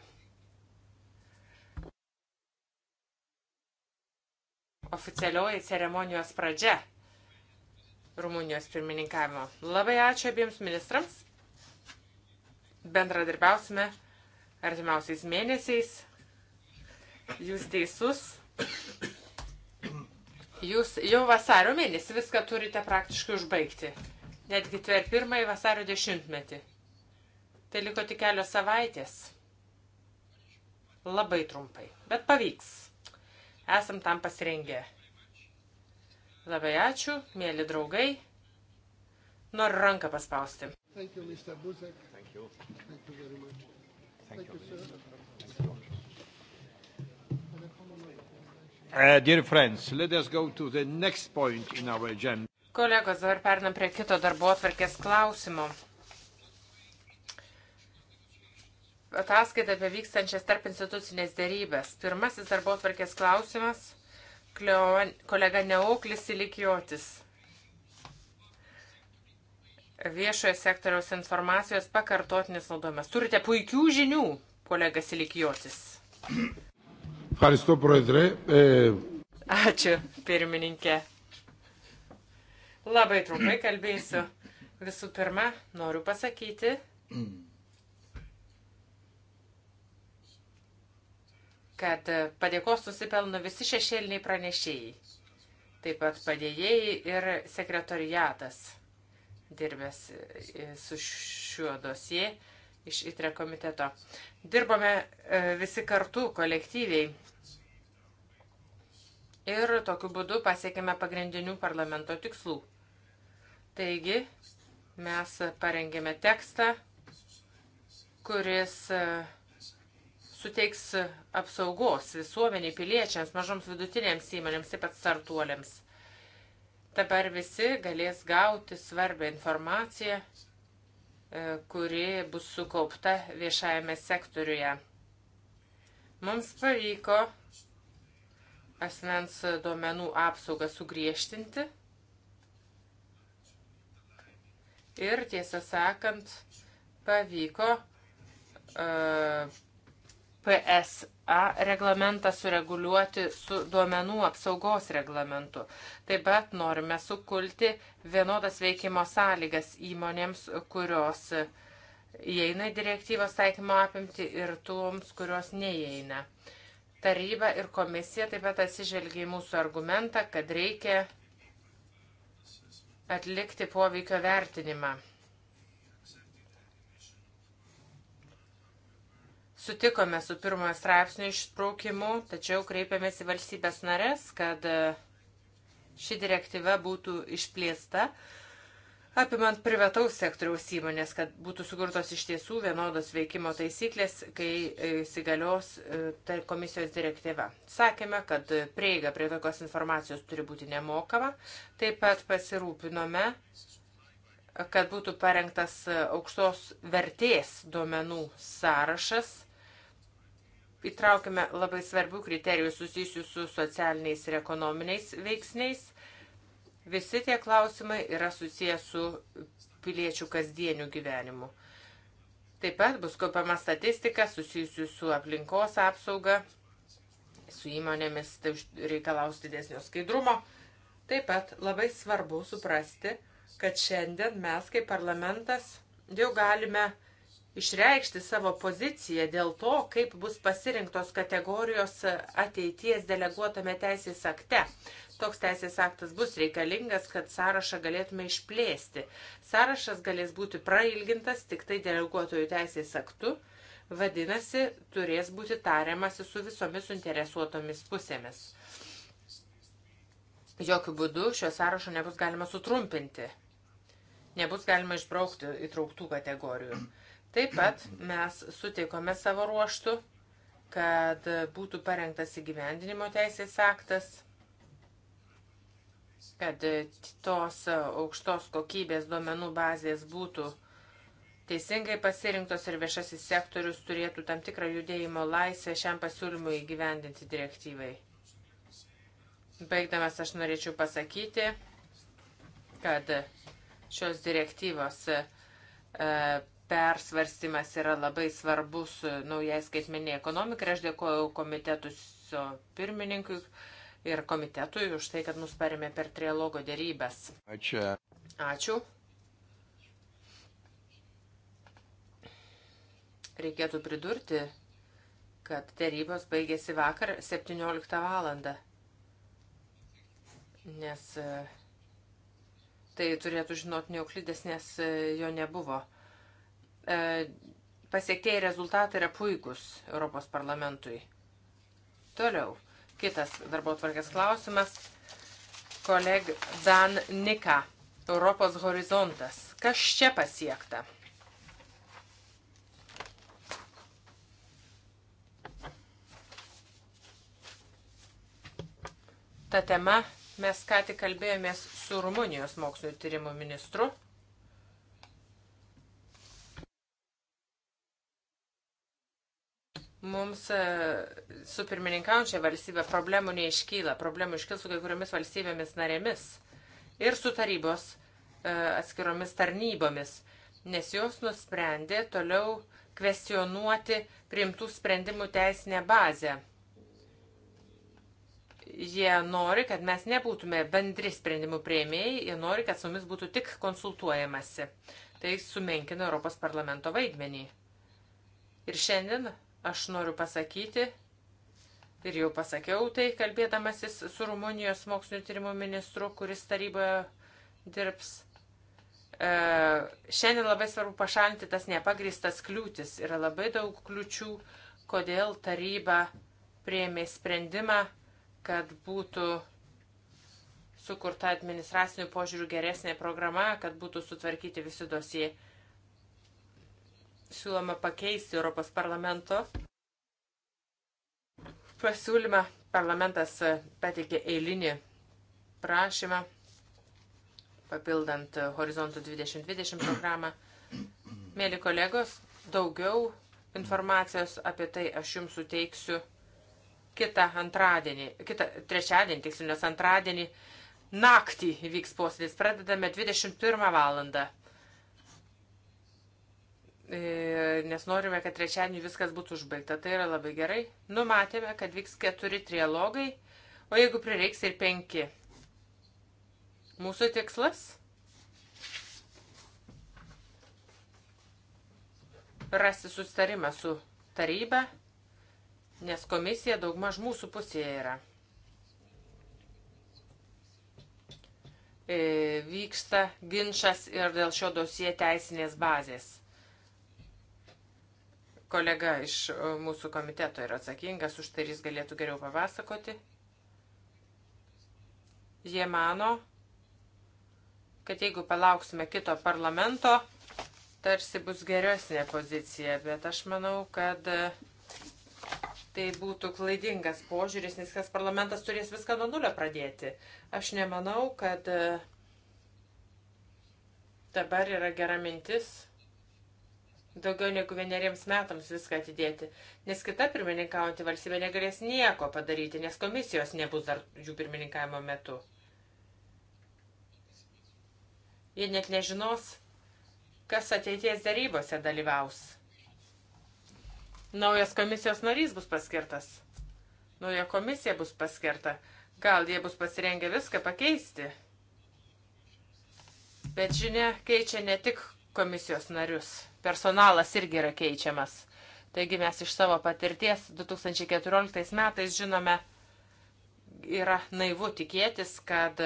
Oficialioji ceremonijos pradžia Rumunijos pirmininkavimo. Labai ačiū abiems ministrams. Bendradarbiausime artimiausiais mėnesiais. Jūs teisus. Jūs jau vasario mėnesį viską turite praktiškai užbaigti. Netgi per pirmąjį vasario dešimtmetį. Tai liko tik kelios savaitės. Labai trumpai, bet pavyks. Esam tam pasirengę. Labai ačiū, mėly draugai. Noriu ranką paspausti. Thank you, Mr. Buzek. Thank you. Thank you very much. Thank, Thank you, you sir. Uh, dear friends, let us go to the next point in our agenda. Kolegos, dabar pernam prie kito darbo atvarkės klausimo. Ataskaita apie vykstančias tarp institucinės dėrybės. Pirmasis darbo atvarkės klausimas - kolega Neuklis Ilikiotis. Viešojo sektoriaus informacijos pakartotinis naudojimas. Turite puikių žinių, kolega Ilikiotis. Haristo Proedre. Ačiū, pirmininkė. Labai trumpai kalbėsiu. Visų pirma, noriu pasakyti, kad padėkos susipelno visi šešėliniai pranešėjai. Taip pat padėjėjai ir sekretoriatas dirbęs su šiuo dosie iš ITRE komiteto. Dirbame e, visi kartu, kolektyviai. Ir tokiu būdu pasiekėme pagrindinių parlamento tikslų. Taigi, mes parengėme tekstą, kuris e, suteiks apsaugos visuomeniai, piliečiams, mažoms vidutinėms įmonėms, taip pat startuoliams. Dabar visi galės gauti svarbę informaciją E, kuri bus sukaupta viešajame sektoriuje. Mums pavyko asmens duomenų apsaugą sugriežtinti ir, tiesą sakant, pavyko uh, e, PS A reglamentą sureguliuoti su duomenų apsaugos reglamentu. Taip pat norime sukulti vienodas veikimo sąlygas įmonėms, kurios įeina į direktyvos taikymo apimti ir toms, kurios neįeina. Taryba ir komisija taip pat atsižvelgia į mūsų argumentą, kad reikia atlikti poveikio vertinimą. Sutikome su pirmojo straipsnio išbraukimu, tačiau kreipėmės į valstybės narės, kad e, ši direktyva būtų išplėsta, apimant privataus sektoriaus įmonės, kad būtų sukurtos iš tiesų vienodos veikimo taisyklės, kai įsigalios e, komisijos direktyva. Sakėme, kad prieiga prie tokios informacijos turi būti nemokama, taip pat pasirūpinome kad būtų parengtas e, aukštos vertės duomenų sąrašas įtraukime labai svarbių kriterijų susijusių su socialiniais ir ekonominiais veiksniais. Visi tie klausimai yra susiję su piliečių kasdieniu gyvenimu. Taip pat bus kopama statistika susijusi su aplinkos apsauga, su įmonėmis tai reikalaus didesnio skaidrumo. Taip pat labai svarbu suprasti, kad šiandien mes kaip parlamentas jau galime uh, išreikšti savo poziciją dėl to, kaip bus pasirinktos kategorijos ateities deleguotame teisės akte. Toks teisės aktas bus reikalingas, kad sąrašą galėtume išplėsti. Sąrašas galės būti prailgintas tik tai deleguotojų teisės aktu, vadinasi, turės būti tariamasi su visomis suinteresuotomis pusėmis. Jokių būdų šio sąrašo nebus galima sutrumpinti nebus galima išbraukti įtrauktų kategorijų. Taip pat mes sutikome savo ruoštų, kad būtų parengtas įgyvendinimo teisės aktas, kad tos aukštos kokybės duomenų bazės būtų teisingai pasirinktos ir viešasis sektorius turėtų tam tikrą judėjimo laisvę šiam pasiūlymui įgyvendinti direktyvai. Baigdamas aš norėčiau pasakyti, kad šios direktyvos e, persvarstymas yra labai svarbus naujai skaitmeniai ekonomikai. Aš dėkoju komitetus pirmininkui ir komitetui už tai, kad mus parėmė per trialogo dėrybęs. Ačiū. Ačiū. Reikėtų pridurti, kad dėrybos baigėsi vakar 17 valandą. Nes e, tai turėtų žinoti Neuklidės, nes jo nebuvo. E, pasiektieji rezultatai yra puikus Europos parlamentui. Toliau, kitas darbo tvarkės klausimas. Koleg Dan Nika, Europos horizontas. Kas čia pasiekta? Ta tema mes ką tik kalbėjomės su Rumunijos mokslinio tyrimų ministru Mums e, su pirmininkaujančia valstybė problemų neiškyla. Problemų iškils su kai kuriomis valstybėmis narėmis ir su tarybos e, atskiromis tarnybomis, nes jos nusprendė toliau kvestionuoti priimtų sprendimų teisinę bazę. Jie nori, kad mes nebūtume bendri sprendimų prieimėjai, jie nori, kad su mumis būtų tik konsultuojamasi. Tai sumenkina Europos parlamento vaidmenį. Ir šiandien Aš noriu pasakyti, ir jau pasakiau tai, kalbėdamasis su Rumunijos mokslinio tyrimų ministru, kuris taryboje dirbs. E, šiandien labai svarbu pašalinti tas nepagristas kliūtis. Yra labai daug kliučių, kodėl taryba prieimė sprendimą, kad būtų sukurta administracinių požiūrių geresnė programa, kad būtų sutvarkyti visi dosijai siūloma pakeisti Europos parlamento pasiūlymą. Parlamentas pateikė eilinį prašymą, papildant Horizontų 2020 programą. Mėly kolegos, daugiau informacijos apie tai aš jums suteiksiu kitą antradienį, kitą trečiadienį, tiksliau, nes antradienį naktį vyks posėdis. Pradedame 21 valandą. E, nes norime, kad trečiadienį viskas būtų užbaigta. Tai yra labai gerai. Numatėme, kad vyks keturi trialogai, o jeigu prireiks ir penki. Mūsų tikslas? Rasti sustarimą su taryba, nes komisija daugmaž mūsų pusėje yra. E, vyksta ginčas ir dėl šio dosie teisinės bazės kolega iš e, mūsų komiteto yra atsakingas, už tai jis galėtų geriau papasakoti. Jie mano, kad jeigu palauksime kito parlamento, tarsi bus geresnė pozicija, bet aš manau, kad e, tai būtų klaidingas požiūris, nes kas parlamentas turės viską nuo nulio pradėti. Aš nemanau, kad e, dabar yra gera mintis daugiau negu vieneriems metams viską atidėti, nes kita pirmininkaujanti valstybė negalės nieko padaryti, nes komisijos nebus dar jų pirmininkavimo metu. Jie net nežinos, kas ateities darybose dalyvaus. Naujas komisijos narys bus paskirtas. Nauja komisija bus paskirta. Gal jie bus pasirengę viską pakeisti. Bet žinia keičia ne tik komisijos narius. Personalas irgi yra keičiamas. Taigi mes iš savo patirties 2014 metais žinome, yra naivu tikėtis, kad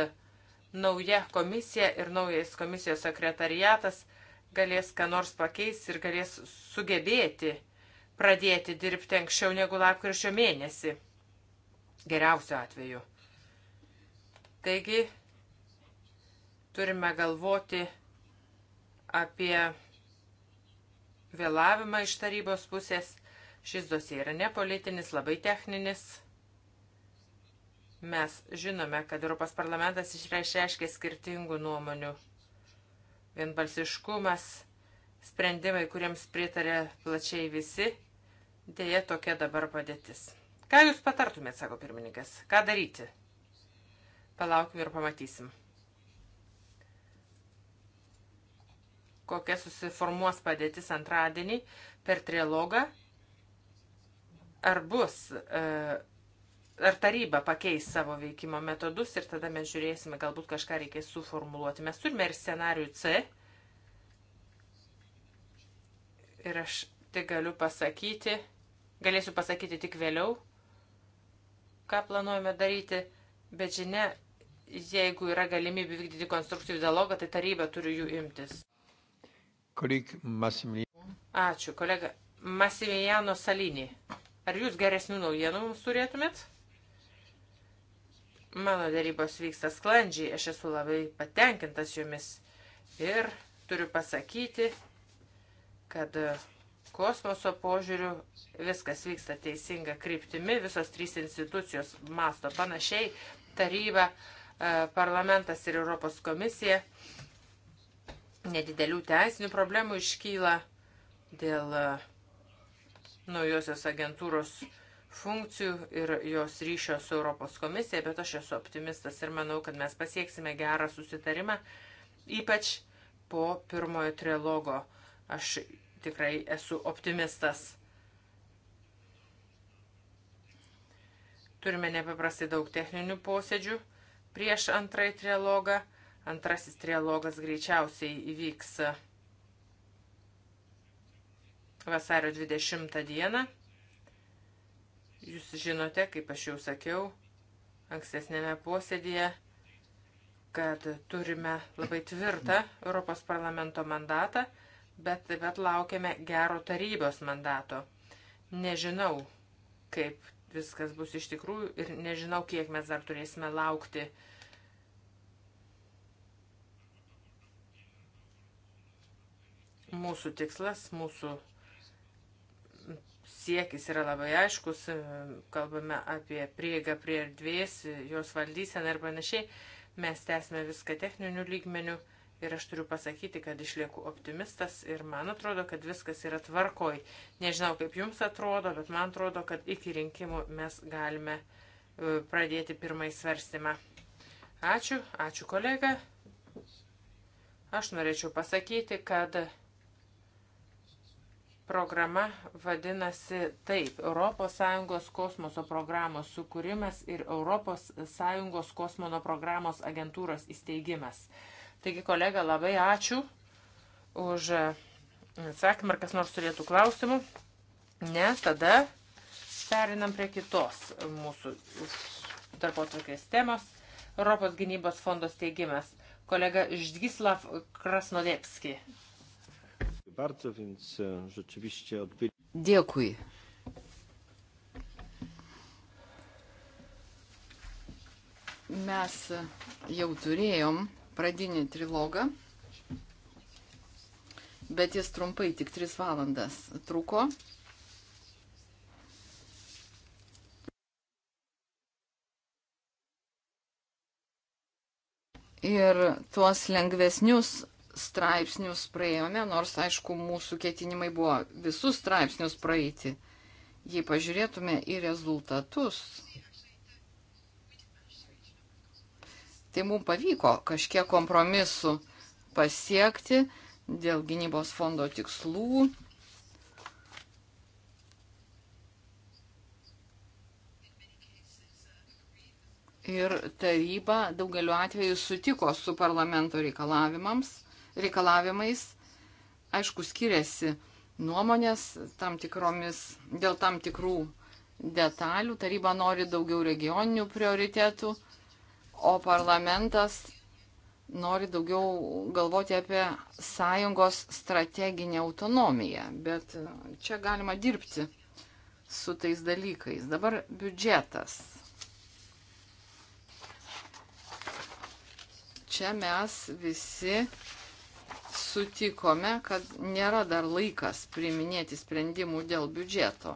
nauja komisija ir naujas komisijos sekretariatas galės ką nors pakeisti ir galės sugebėti pradėti dirbti anksčiau negu lapkričio mėnesį. Geriausiu atveju. Taigi turime galvoti apie vėlavimą iš tarybos pusės. Šis dosija yra nepolitinis, labai techninis. Mes žinome, kad Europos parlamentas išreiškė skirtingų nuomonių. Vienbalsiškumas, sprendimai, kuriems pritarė plačiai visi, dėja tokia dabar padėtis. Ką jūs patartumėt, sako pirmininkas, ką daryti? Palaukim ir pamatysim. kokia susiformuos padėtis antradienį per trilogą, ar bus, e, ar taryba pakeis savo veikimo metodus ir tada mes žiūrėsime, galbūt kažką reikės suformuluoti. Mes turime ir scenarių C. Ir aš tai galiu pasakyti, galėsiu pasakyti tik vėliau, ką planuojame daryti, bet žinia, jeigu yra galimybė vykdyti konstruktyvų dialogą, tai taryba turi jų imtis. Ačiū, kolega Masimiliano Salinį. Ar jūs geresnių naujienų mums turėtumėt? Mano dėrybos vyksta sklandžiai, aš esu labai patenkintas jumis ir turiu pasakyti, kad e, kosmoso požiūriu viskas vyksta teisinga kryptimi, visos trys institucijos masto panašiai, taryba, e, parlamentas ir Europos komisija. Nedidelių teisinių problemų iškyla dėl e, naujosios agentūros funkcijų ir jos ryšio su Europos komisija, bet aš esu optimistas ir manau, kad mes pasieksime gerą susitarimą, ypač po pirmojo trilogo. Aš tikrai esu optimistas. Turime nepaprastai daug techninių posėdžių prieš antrąjį trilogą Antrasis trialogas greičiausiai įvyks vasario 20 dieną. Jūs žinote, kaip aš jau sakiau ankstesnėme posėdėje, kad turime labai tvirtą Europos parlamento mandatą, bet taip pat laukiame gero tarybos mandato. Nežinau, kaip viskas bus iš tikrųjų ir nežinau, kiek mes dar turėsime laukti uh, Mūsų tikslas, mūsų siekis yra labai aiškus, e, kalbame apie prieigą prie erdvės, jos valdyseną ir panašiai. Mes tęsime viską techniniu lygmeniu ir aš turiu pasakyti, kad išlieku optimistas ir man atrodo, kad viskas yra tvarkoj. Nežinau, kaip jums atrodo, bet man atrodo, kad iki rinkimų mes galime e, pradėti pirmąjį svarstymą. Ačiū, ačiū kolega. Aš norėčiau pasakyti, kad Programa vadinasi taip - ES kosmoso programos sukūrimas ir ES kosmono programos agentūros įsteigimas. Taigi, kolega, labai ačiū už e, atsakymą, ar kas nors turėtų klausimų. Ne, tada perinam prie kitos mūsų darbo tokios temos - Europos gynybos fondos teigimas. Kolega Ždislav Krasnodepski bardzo, więc e, rzeczywiście odbyli. Dziękuję. Mes jau turėjom pradinį trilogą, bet jis trumpai tik 3 valandas truko. ir tuos lengvesnius straipsnius praėjome, nors aišku, mūsų ketinimai buvo visus straipsnius praeiti. Jei pažiūrėtume į rezultatus, tai mums pavyko kažkiek kompromisų pasiekti dėl gynybos fondo tikslų. Ir taryba daugeliu atveju sutiko su parlamento reikalavimams reikalavimais. Aišku, skiriasi nuomonės tam tikromis, dėl tam tikrų detalių. Taryba nori daugiau regioninių prioritetų, o parlamentas nori daugiau galvoti apie sąjungos strateginę autonomiją. Bet e, čia galima dirbti su tais dalykais. Dabar biudžetas. Čia mes visi sutikome, kad nėra dar laikas priiminėti sprendimų dėl biudžeto.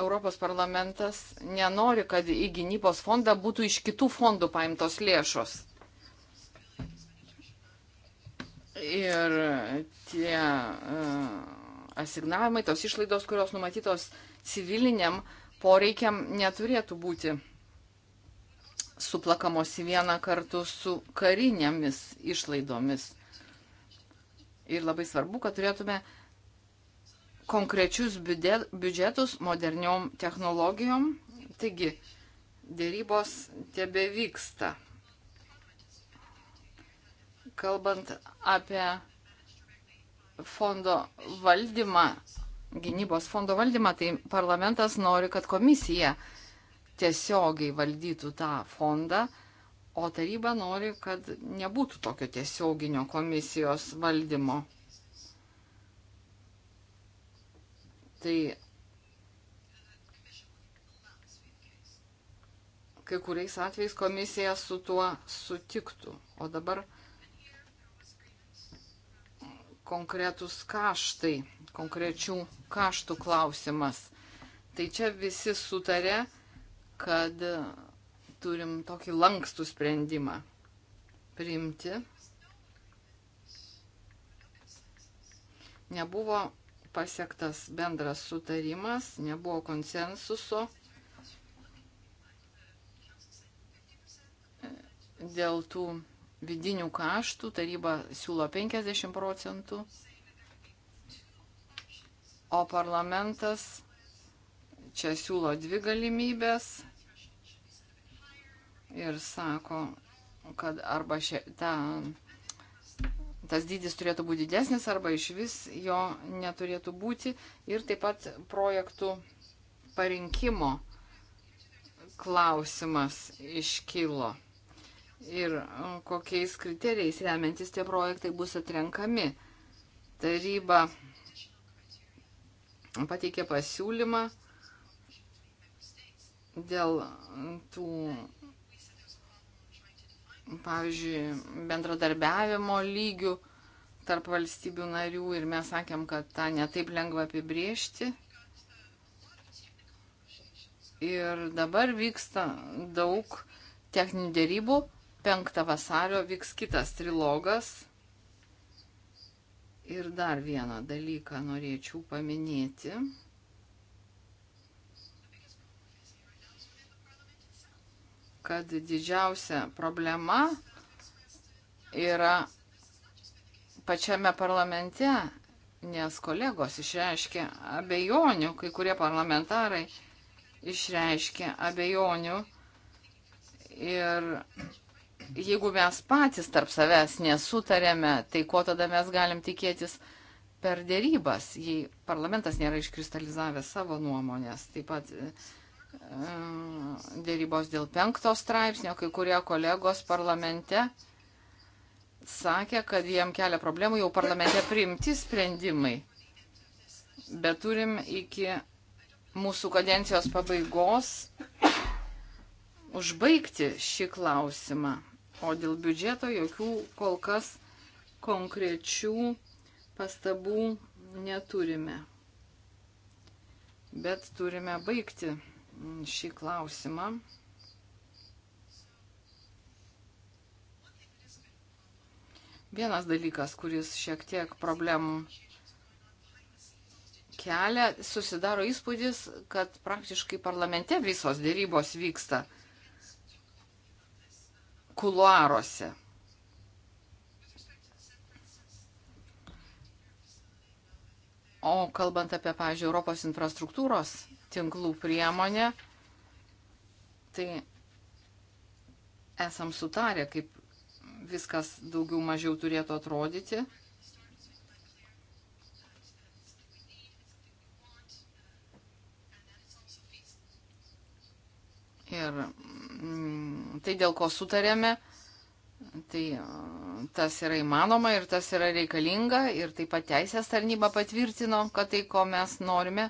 Europos parlamentas nenori, kad į gynybos fondą būtų iš kitų fondų paimtos lėšos. Ir tie uh, asignavimai, tos išlaidos, kurios numatytos civiliniam uh, poreikiam neturėtų būti suplakamos į vieną kartu su karinėmis išlaidomis. Ir labai svarbu, kad turėtume konkrečius biudžetus moderniom technologijom. Taigi, dėrybos tebe vyksta. Kalbant apie fondo valdymą, gynybos fondo valdymą, tai parlamentas nori, kad komisija tiesiogiai valdytų tą fondą, o taryba nori, kad nebūtų tokio tiesioginio komisijos valdymo. Tai kai kuriais atvejais komisija su tuo sutiktų. O dabar konkretus kaštai konkrečių kaštų klausimas. Tai čia visi sutarė, kad turim tokį lankstų sprendimą priimti. Nebuvo pasiektas bendras sutarimas, nebuvo konsensuso dėl tų vidinių kaštų. Taryba siūlo 50 procentų o parlamentas čia siūlo dvi galimybės ir sako, kad arba šia, ta, tas dydis turėtų būti didesnis, arba iš vis jo neturėtų būti ir taip pat projektų parinkimo klausimas iškilo ir e, kokiais kriterijais remiantis tie projektai bus atrenkami. Taryba pateikė pasiūlymą dėl tų, pavyzdžiui, bendradarbiavimo lygių tarp valstybių narių ir mes sakėm, kad tą netaip lengva apibriežti. Ir dabar vyksta daug techninių dėrybų. 5 vasario vyks kitas trilogas Ir dar vieną dalyką norėčiau paminėti. kad didžiausia problema yra pačiame parlamente, nes kolegos išreiškė abejonių, kai kurie parlamentarai išreiškė abejonių ir jeigu mes patys tarp savęs nesutarėme, tai ko tada mes galim tikėtis per dėrybas, jei parlamentas nėra iškristalizavęs savo nuomonės. Taip pat e, e, dėrybos dėl penkto straipsnio, kai kurie kolegos parlamente sakė, kad jiem kelia problemų jau parlamente priimti sprendimai. Bet turim iki mūsų kadencijos pabaigos užbaigti šį klausimą. O dėl biudžeto jokių kol kas konkrečių pastabų neturime. Bet turime baigti šį klausimą. Vienas dalykas, kuris šiek tiek problemų kelia, susidaro įspūdis, kad praktiškai parlamente visos dėrybos vyksta kuluaruose. O kalbant apie, pavyzdžiui, Europos infrastruktūros tinklų priemonę, tai esam sutarę, kaip viskas daugiau mažiau turėtų atrodyti. Ir mm, Tai dėl ko sutarėme, tai e, tas yra įmanoma ir tas yra reikalinga ir taip pat teisės tarnyba patvirtino, kad tai, ko mes norime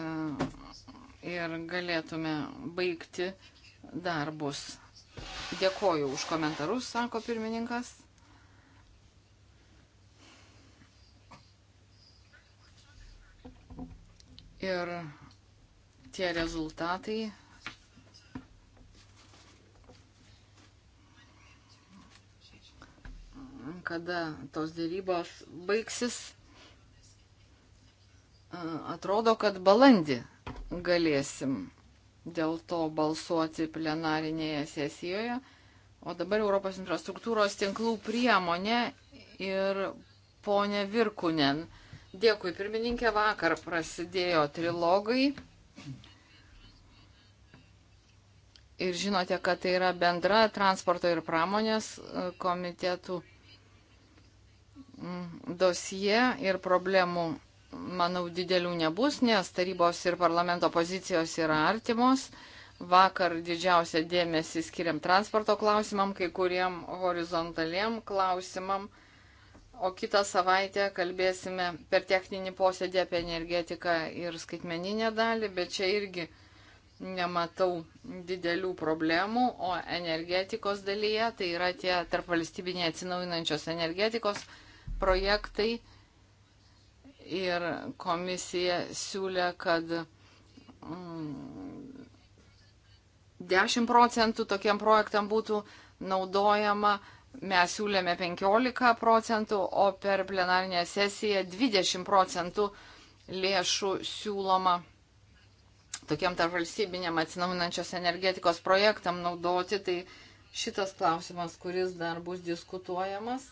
e, ir galėtume baigti darbus. Dėkoju už komentarus, sako pirmininkas. Ir tie rezultatai kada tos dėrybos baigsis. Atrodo, kad balandį galėsim dėl to balsuoti plenarinėje sesijoje. O dabar Europos infrastruktūros tinklų priemonė ir ponė Virkunen. Dėkui, pirmininkė, vakar prasidėjo trilogai. Ir žinote, kad tai yra bendra transporto ir pramonės e, komitetų dosie ir problemų, manau, didelių nebus, nes tarybos ir parlamento pozicijos yra artimos. Vakar didžiausią dėmesį skiriam transporto klausimam, kai kuriem horizontaliem klausimam, o kitą savaitę kalbėsime per techninį posėdį apie energetiką ir skaitmeninę dalį, bet čia irgi nematau didelių problemų, o energetikos dalyje tai yra tie tarp valstybiniai atsinaujinančios energetikos projektai ir komisija siūlė, kad 10 mm, procentų tokiem projektam būtų naudojama, mes siūlėme 15 procentų, o per plenarinę sesiją 20 procentų lėšų siūloma tokiem tarpvalstybiniam atsinaujinančios energetikos projektam naudoti. Tai šitas klausimas, kuris dar bus diskutuojamas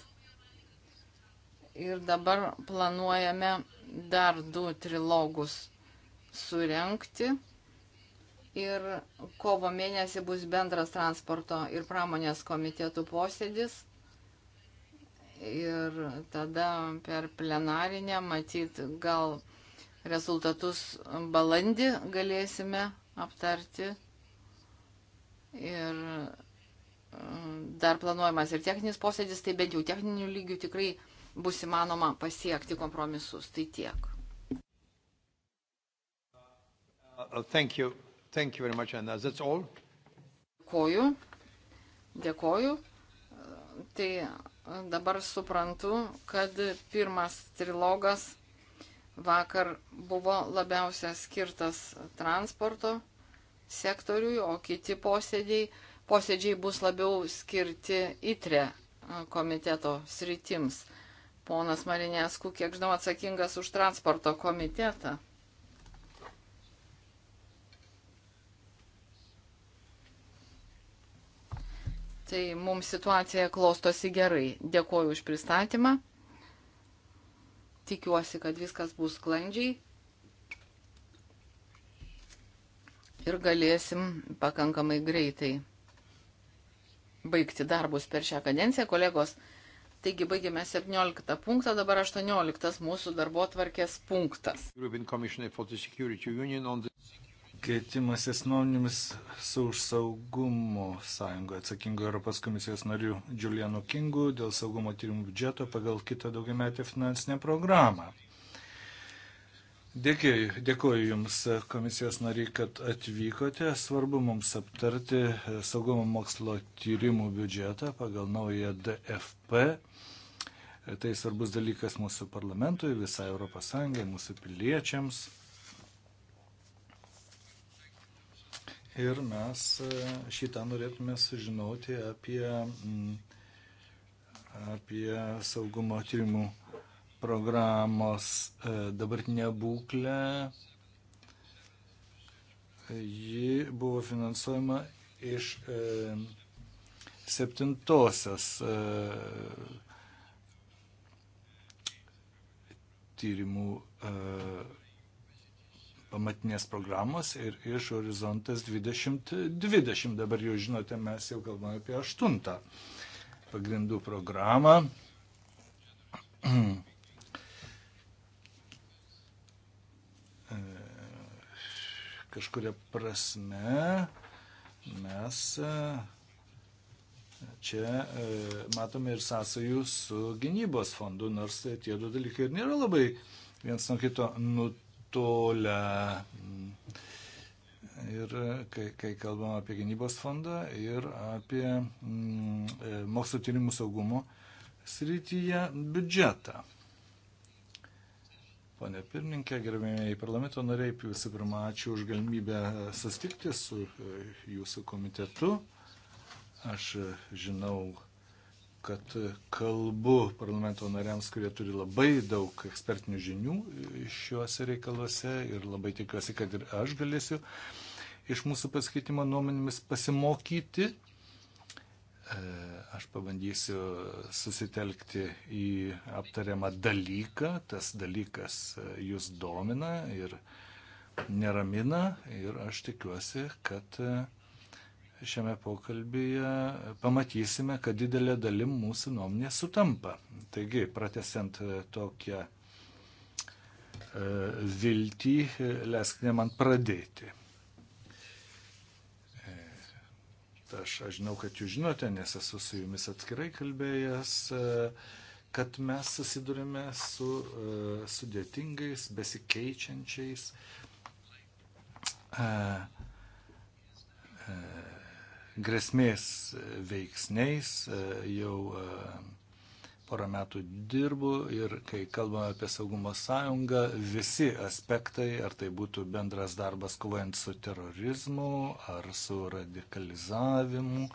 ir dabar planuojame dar du trilogus surenkti. Ir kovo mėnesį bus bendras transporto ir pramonės komitetų posėdis. Ir tada per plenarinę, matyt, gal rezultatus balandį galėsime aptarti. Ir mm, dar planuojamas ir techninis posėdis, tai bent jau techninių lygių tikrai bus įmanoma pasiekti kompromisus. Tai tiek. Uh, uh, thank you. Thank you very much, Anna. That's all. Dėkoju. Dėkoju. Uh, tai dabar suprantu, kad pirmas trilogas vakar buvo labiausia skirtas transporto sektoriui, o kiti posėdžiai, posėdžiai bus labiau skirti ITRE komiteto sritims. Ponas Marinesku, kiek žinau, atsakingas už transporto komitetą. Tai mums situacija klostosi gerai. Dėkuoju už pristatymą. Tikiuosi, kad viskas bus sklandžiai. Ir galėsim pakankamai greitai baigti darbus per šią kadenciją. Kolegos, Taigi baigėme 17 punktą, dabar 18 mūsų darbo tvarkės punktas. Keitimasis nuomonėmis su už saugumo sąjungo atsakingo Europos komisijos nariu Julianu Kingu dėl saugumo tyrimų biudžeto pagal kitą daugiametę finansinę programą. Dėkėju, dėkuoju Jums, komisijos nariai, kad atvykote. Svarbu mums aptarti saugumo mokslo tyrimų biudžetą pagal naują DFP. Tai svarbus dalykas mūsų parlamentui, visai ES, mūsų piliečiams. Ir mes šitą norėtume sužinoti apie, mm, apie saugumo tyrimų biudžetą programos e, dabartinę būklę. Ji buvo finansuojama iš e, septintosios e, tyrimų pamatinės programos ir iš horizontas 2020. Dabar jau žinote, mes jau kalbame apie aštuntą pagrindų programą. [CLEARS THROAT] kažkuria prasme mes e, čia e, matome ir sąsajų su gynybos fondu, nors e, tie du dalykai ir nėra labai viens nuo kito nutolę. Ir kai, kai kalbam apie gynybos fondą ir apie mm, mokslo tyrimų saugumo srityje biudžetą. Pone pirmininkė, gerbėmiai parlamento nariai, visų pirma, ačiū už galimybę sustikti su e, jūsų komitetu. Aš e, žinau, kad kalbu parlamento nariams, kurie turi labai daug ekspertinių žinių e, šiuose reikaluose ir labai tikiuosi, kad ir aš galėsiu iš mūsų pasikeitimo nuomonėmis pasimokyti E, aš pabandysiu susitelkti į aptariamą dalyką, tas dalykas e, jūs domina ir neramina ir aš tikiuosi, kad e, šiame pokalbėje pamatysime, kad didelė dalim mūsų nuomonė sutampa. Taigi, pratesiant tokią viltį, leiskite man pradėti. aš, aš žinau, kad jūs žinote, nes esu su jumis atskirai kalbėjęs, e, kad mes susidurime su e, sudėtingais, besikeičiančiais e, grėsmės veiksniais. Jau porą metų dirbu ir kai kalbame apie saugumo sąjungą, visi aspektai, ar tai būtų bendras darbas kovojant su terorizmu, ar su radikalizavimu,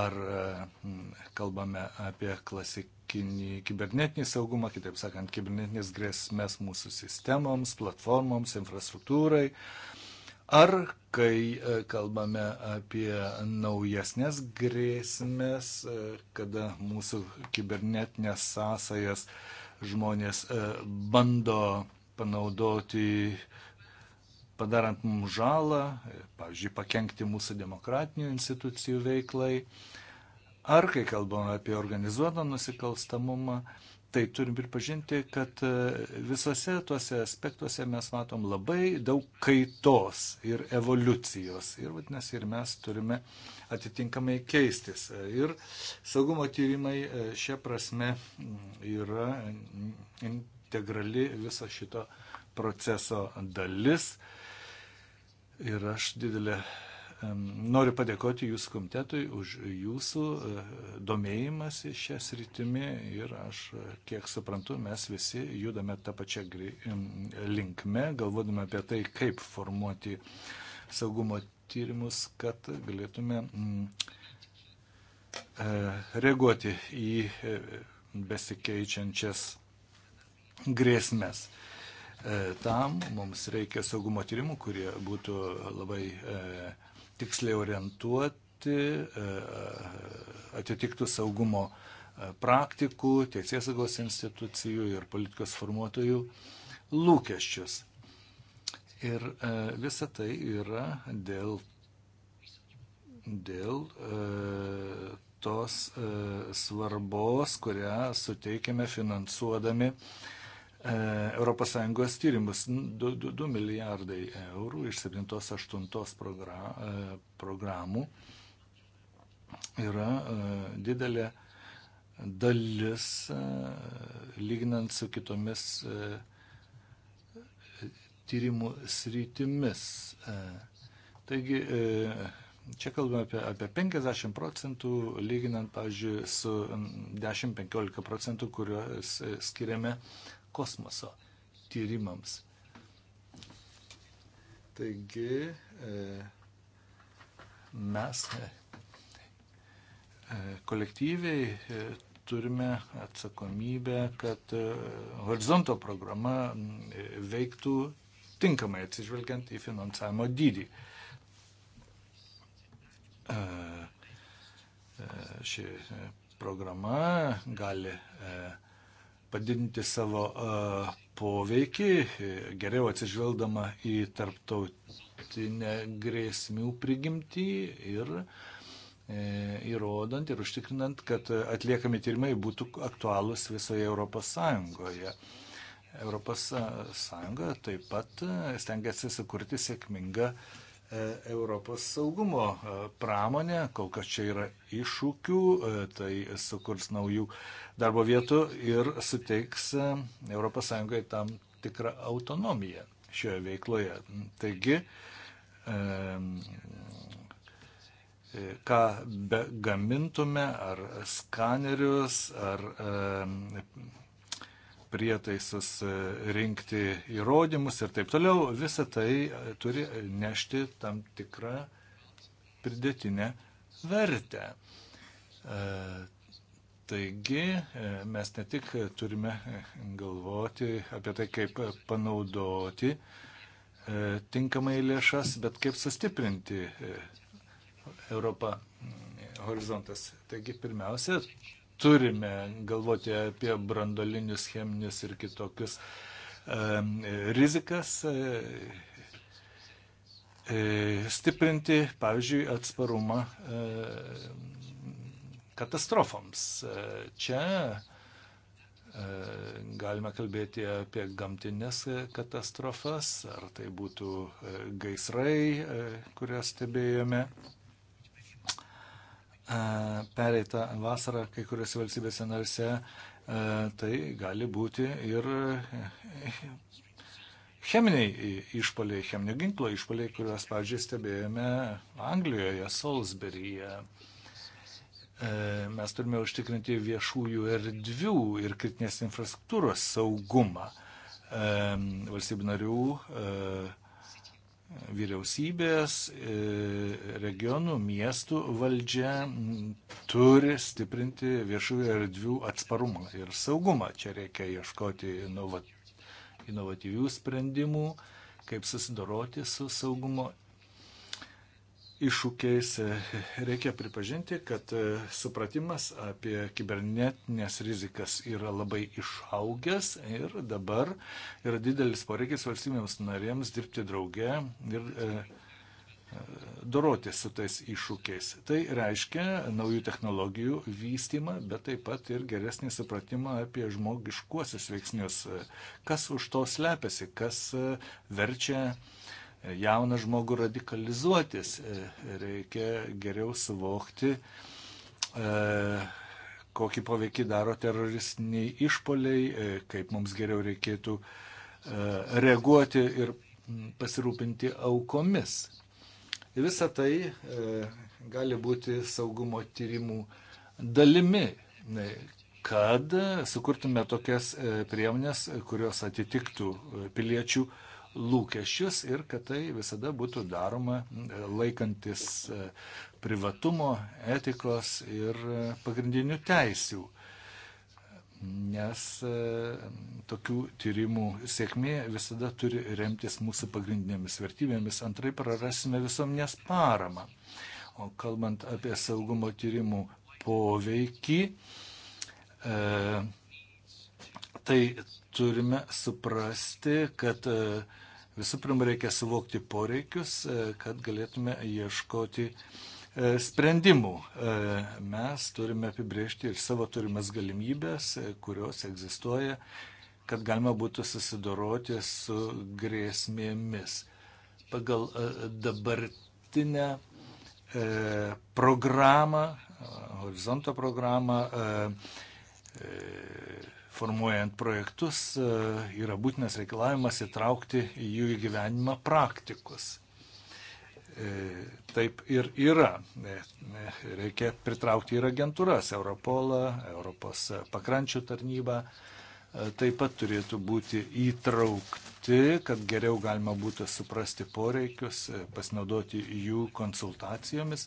ar mm, kalbame apie klasikinį kibernetinį saugumą, kitaip sakant, kibernetinės grėsmės mūsų sistemoms, platformoms, infrastruktūrai, ar kai e, kalbame apie naujesnės grėsmės, e, kada mūsų kibernetinės sąsajas žmonės e, bando panaudoti, padarant mums žalą, pavyzdžiui, pakengti mūsų demokratinių institucijų veiklai, ar kai kalbame apie organizuotą nusikalstamumą, tai turim pripažinti, kad e, visose tuose aspektuose mes matom labai daug kaitos ir evoliucijos. Ir vadinasi, ir mes turime atitinkamai keistis. E, ir saugumo tyrimai e, šia prasme mm, yra integrali viso šito proceso dalis. Ir aš didelę Noriu padėkoti Jūsų komitetui už Jūsų e, domėjimąsi šią sritimį ir aš, e, kiek suprantu, mes visi judame tą pačią linkme, galvodami apie tai, kaip formuoti saugumo tyrimus, kad galėtume e, reaguoti į besikeičiančias grėsmės. Tam mums reikia saugumo tyrimų, kurie būtų labai e, tiksliai orientuoti, e, e, atitiktų saugumo e, praktikų, teisėsaugos institucijų ir politikos formuotojų lūkesčius. Ir visa tai yra dėl, dėl tos svarbos, kurią suteikėme finansuodami uh, ES tyrimus. 2, 2, 2 milijardai eurų iš 7-8 e, programų yra e, didelė dalis e, lyginant su kitomis tyrimų sritimis. Taigi, čia kalbame apie, apie 50 procentų, lyginant, pavyzdžiui, su 10-15 procentų, kuriuos skiriame kosmoso tyrimams. Taigi e, mes e, kolektyviai e, turime atsakomybę, kad horizonto programa veiktų tinkamai atsižvelgiant į finansavimo dydį. Ši programa gali padidinti savo poveikį, geriau atsižvelgdama į tarptautinę grėsmių prigimtį ir e, įrodant ir užtikrinant, kad atliekami tyrimai būtų aktualūs visoje Europos Sąjungoje. Europos Sąjunga taip pat e, stengiasi sukurti sėkmingą uh, E, Europos saugumo e, pramonė, kol kas čia yra iššūkių, e, tai sukurs naujų darbo vietų ir suteiks ES tam tikrą autonomiją šioje veikloje. Taigi, ką be gamintume, ar skanerius, ar prietaisus, e, rinkti įrodymus ir taip toliau. Visa tai e, turi nešti tam tikrą pridėtinę vertę. E, taigi mes ne tik turime galvoti apie tai, kaip panaudoti tinkamai lėšas, bet kaip sustiprinti Europą mm, horizontas. Taigi pirmiausia, turime galvoti apie brandolinius, cheminius ir kitokius rizikas e, e, stiprinti, pavyzdžiui, atsparumą e, katastrofoms. Čia galime kalbėti apie gamtinės katastrofas, ar tai būtų gaisrai, kurias stebėjome, pereitą vasarą kai kuriuose valstybėse narse, tai gali būti ir e, cheminiai išpoliai, cheminio ginklo išpoliai, kuriuos, pavyzdžiui, stebėjome Anglijoje, Salisburyje. E, mes turime užtikrinti viešųjų erdvių ir kritinės infrastruktūros saugumą e, valstybių narių vyriausybės, e, regionų, miestų valdžia turi stiprinti viešųjų erdvių atsparumą ir saugumą. Čia reikia ieškoti inovatyvių sprendimų, kaip susidoroti su saugumo iššūkiais. E, reikia pripažinti, kad e, supratimas apie kibernetinės rizikas yra labai išaugęs ir dabar yra didelis poreikis valstybėms narėms dirbti drauge ir e, doroti su tais iššūkiais. Tai reiškia naujų technologijų vystymą, bet taip pat ir geresnį supratimą apie žmogiškuosius veiksnius, kas už to slepiasi, kas verčia uh, E, jauną žmogų radikalizuotis. E, reikia geriau suvokti, e, kokį poveikį daro teroristiniai išpoliai, kaip mums geriau reikėtų reaguoti ir pasirūpinti aukomis. Visa tai gali būti saugumo tyrimų dalimi, kad sukurtume tokias priemonės, kurios atitiktų piliečių lūkesčius ir kad tai visada būtų daroma e, laikantis e, privatumo, etikos ir e, pagrindinių teisių. Nes tokių tyrimų sėkmė visada turi remtis mūsų pagrindinėmis vertybėmis, antrai prarasime visuomenės paramą. O kalbant apie saugumo tyrimų poveikį, tai turime suprasti, kad Visų pirma, reikia suvokti poreikius, e, kad galėtume ieškoti e, sprendimų. E, mes turime apibriežti ir savo turimas galimybės, kurios egzistuoja, kad galima būtų susidoroti su grėsmėmis. Pagal dabartinę programą, horizonto programą, formuojant projektus, e, yra būtinas reikalavimas įtraukti į jų įgyvenimą praktikus. E, taip ir yra. E, reikia pritraukti ir agentūras, Europolą, Europos pakrančių tarnybą. Taip pat turėtų būti įtraukti, kad geriau galima būtų suprasti poreikius, pasinaudoti jų konsultacijomis.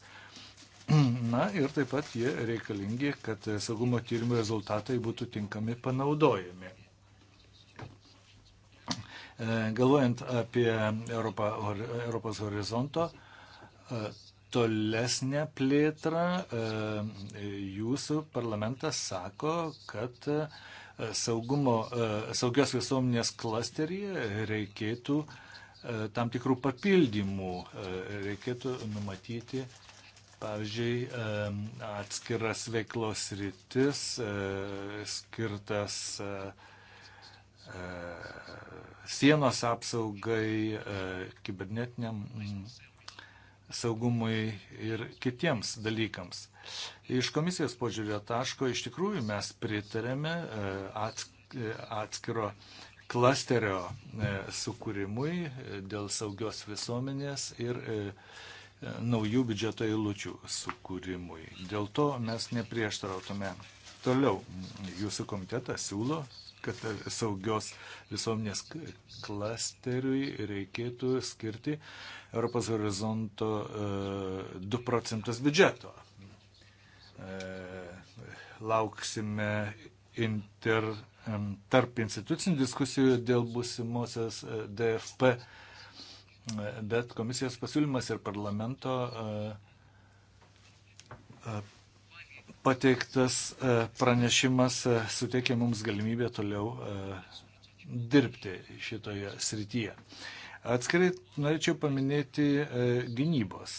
Na ir taip pat jie reikalingi, kad saugumo tyrimų rezultatai būtų tinkami panaudojami. E, galvojant apie Europą, Europos horizonto e, tolesnę plėtrą, e, jūsų parlamentas sako, kad saugumo, saugios visuomenės klasteryje reikėtų tam tikrų papildymų, reikėtų numatyti Pavyzdžiui, atskiras veiklos rytis e, skirtas e, e, sienos apsaugai, kibernetiniam saugumui ir kitiems dalykams. Iš komisijos požiūrio taško iš tikrųjų mes pritarėme atskiro klasterio sukūrimui dėl saugios visuomenės ir naujų biudžeto eilučių sukūrimui. Dėl to mes neprieštarautume. Toliau jūsų komitetas siūlo, kad saugios visuomenės klasteriui reikėtų skirti Europos horizonto 2 e, procentus biudžeto. E, lauksime inter, tarp institucinių diskusijų dėl būsimosios e, DFP bet komisijos pasiūlymas ir parlamento e, e, pateiktas e, pranešimas suteikia mums galimybę toliau dirbti šitoje srityje. Atskirai norėčiau paminėti gynybos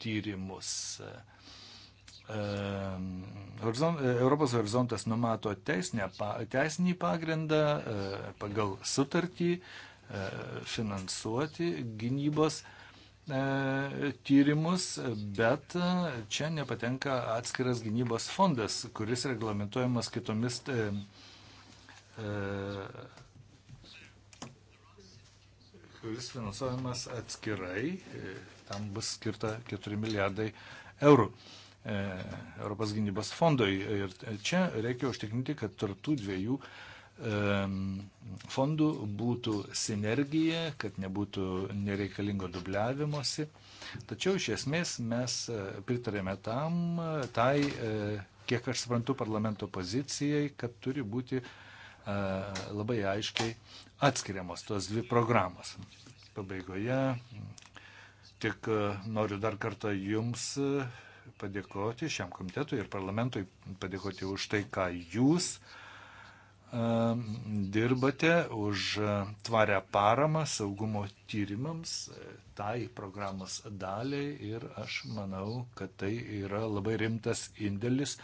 tyrimus. Europos horizontas numato teisinę, teisinį pagrindą pagal sutartį, finansuoti gynybos e, tyrimus, bet čia nepatenka atskiras gynybos fondas, kuris reglamentuojamas kitomis e, e, kuris finansuojamas atskirai, tam bus skirta 4 milijardai eurų. Europos gynybos fondui. Ir čia reikia užtikrinti, kad tarp tų dviejų uh, fondų būtų sinergija, kad nebūtų nereikalingo dubliavimosi. Tačiau iš esmės mes e, pritarėme tam, e, tai, e, kiek aš suprantu, parlamento pozicijai, kad turi būti labai aiškiai atskiriamos tos dvi programos. Pabaigoje tik noriu dar kartą Jums padėkoti šiam komitetui ir parlamentui padėkoti už tai, ką Jūs uh, dirbate už e, tvarę paramą saugumo tyrimams, e, tai programos daliai ir aš manau, kad tai yra labai rimtas indėlis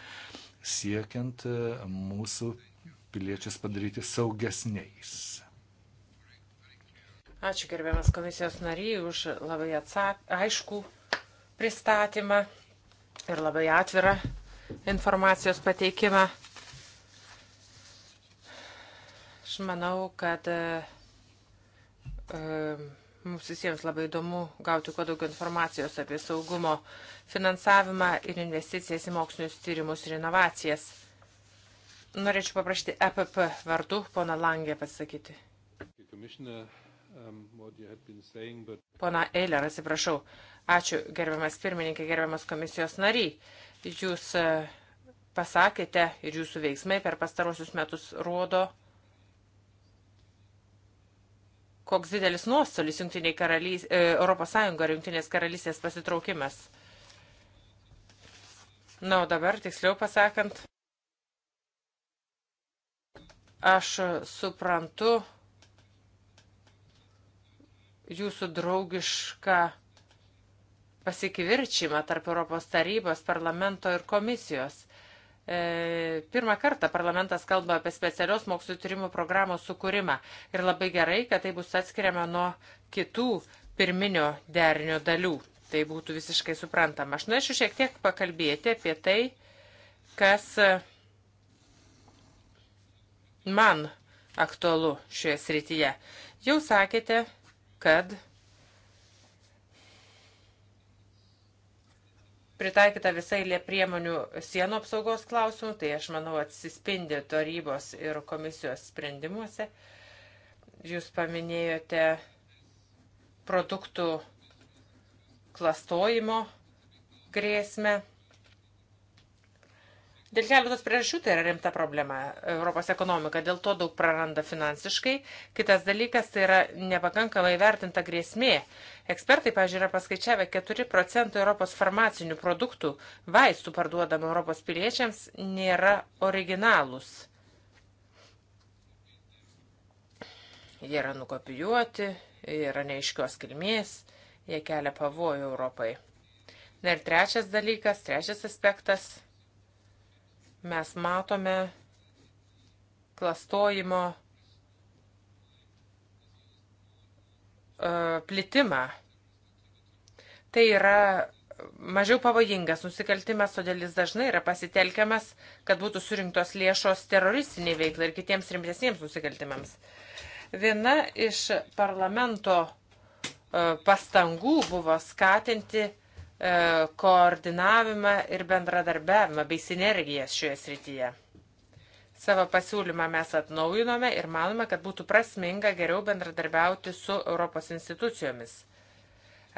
siekiant e, mūsų piliečius padaryti saugesniais. Ačiū gerbiamas komisijos nariai už labai atsak, aišku pristatymą ir labai atvirą informacijos pateikimą. Aš manau, kad e, e, mums visiems labai įdomu gauti kuo daugiau informacijos apie saugumo finansavimą ir investicijas į mokslinius tyrimus ir inovacijas. Norėčiau paprašyti EPP vardu poną Langę pasakyti. Pona Eiler, atsiprašau. Ačiū, gerbiamas pirmininkai, gerbiamas komisijos nariai. Jūs e, pasakėte ir jūsų veiksmai per pastarosius metus rodo, koks didelis nuostolis Junktiniai karalys, e, Europos Sąjunga ir Junktinės karalystės pasitraukimas. Na, o dabar, tiksliau pasakant, aš suprantu jūsų draugišką pasikvirčimą tarp Europos tarybos, parlamento ir komisijos. E, pirmą kartą parlamentas kalba apie specialios mokslo tyrimų programos sukūrimą ir labai gerai, kad tai bus atskiriama nuo kitų pirminio derinio dalių. Tai būtų visiškai suprantama. Aš norėčiau šiek tiek pakalbėti apie tai, kas e, man aktualu šioje srityje. Jau sakėte, kad pritaikyta visai lė priemonių sienų apsaugos klausimų, tai aš manau atsispindi tarybos ir komisijos sprendimuose. Jūs paminėjote produktų klastojimo grėsmę. Dėl keletos priežasčių tai yra rimta problema Europos ekonomika, dėl to daug praranda finansiškai. Kitas dalykas tai yra nepakankamai vertinta grėsmė. Ekspertai, pažiūrėjau, yra paskaičiavę 4 procentų Europos farmacinių produktų vaistų parduodamų Europos piliečiams nėra originalūs. Jie yra nukopijuoti, yra neiškios kilmės, jie kelia pavojų Europai. Na ir trečias dalykas, trečias aspektas mes matome klastojimo e, plitimą. Tai yra mažiau pavojingas nusikaltimas, todėl jis dažnai yra pasitelkiamas, kad būtų surinktos lėšos teroristiniai veiklai ir kitiems rimtesniems nusikaltimams. Viena iš parlamento e, pastangų buvo skatinti uh, E, koordinavimą ir bendradarbiavimą bei sinergijas šioje srityje. Savo pasiūlymą mes atnaujinome ir manome, kad būtų prasminga geriau bendradarbiauti su Europos institucijomis.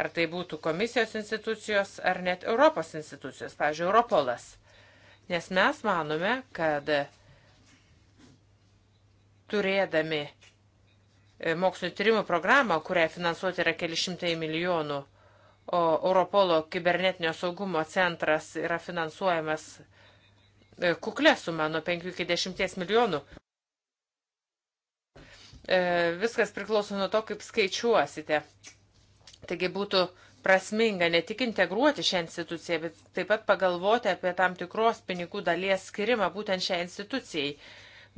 Ar tai būtų komisijos institucijos, ar net Europos institucijos, pavyzdžiui, Europolas. Nes mes manome, kad turėdami e, mokslinio tyrimų programą, kurią finansuoti yra keli šimtai milijonų, O Europolo kibernetinio saugumo centras yra finansuojamas e, kuklę sumą nuo 5 iki 10 milijonų. E, viskas priklauso nuo to, kaip skaičiuosite. Taigi būtų prasminga ne tik integruoti šią instituciją, bet taip pat pagalvoti apie tam tikros pinigų dalies skirimą būtent šią institucijai.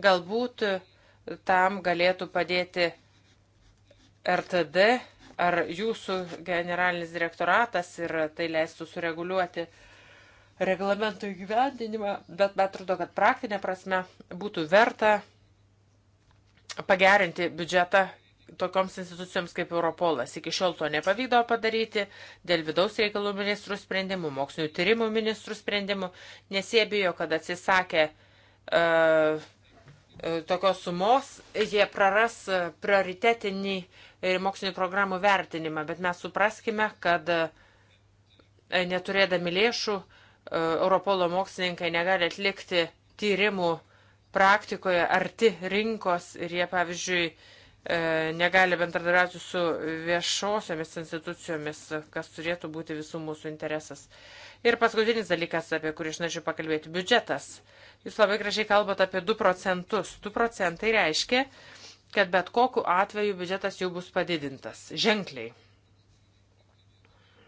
Galbūt tam galėtų padėti RTD Ar jūsų generalinis direktoratas ir tai leistų sureguliuoti reglamento įgyvendinimą, bet man atrodo, kad praktinė prasme būtų verta pagerinti biudžetą tokioms institucijoms kaip Europolas. Iki šiol to nepavyko padaryti dėl vidaus reikalų ministrų sprendimų, mokslinio tyrimų ministrų sprendimų, nes jie bijo, kad atsisakė uh, tokios sumos, jie praras prioritetinį uh, ir mokslinio programų vertinimą, bet mes supraskime, kad e, neturėdami lėšų e, Europolo mokslininkai negali atlikti tyrimų praktikoje arti rinkos ir jie, pavyzdžiui, e, negali bendradarbiauti su viešosiomis institucijomis, kas turėtų būti visų mūsų interesas. Ir paskutinis dalykas, apie kurį aš norėčiau pakalbėti - biudžetas. Jūs labai gražiai kalbate apie 2 procentus. 2 procentai reiškia, kad bet kokiu atveju biudžetas jau bus padidintas ženkliai.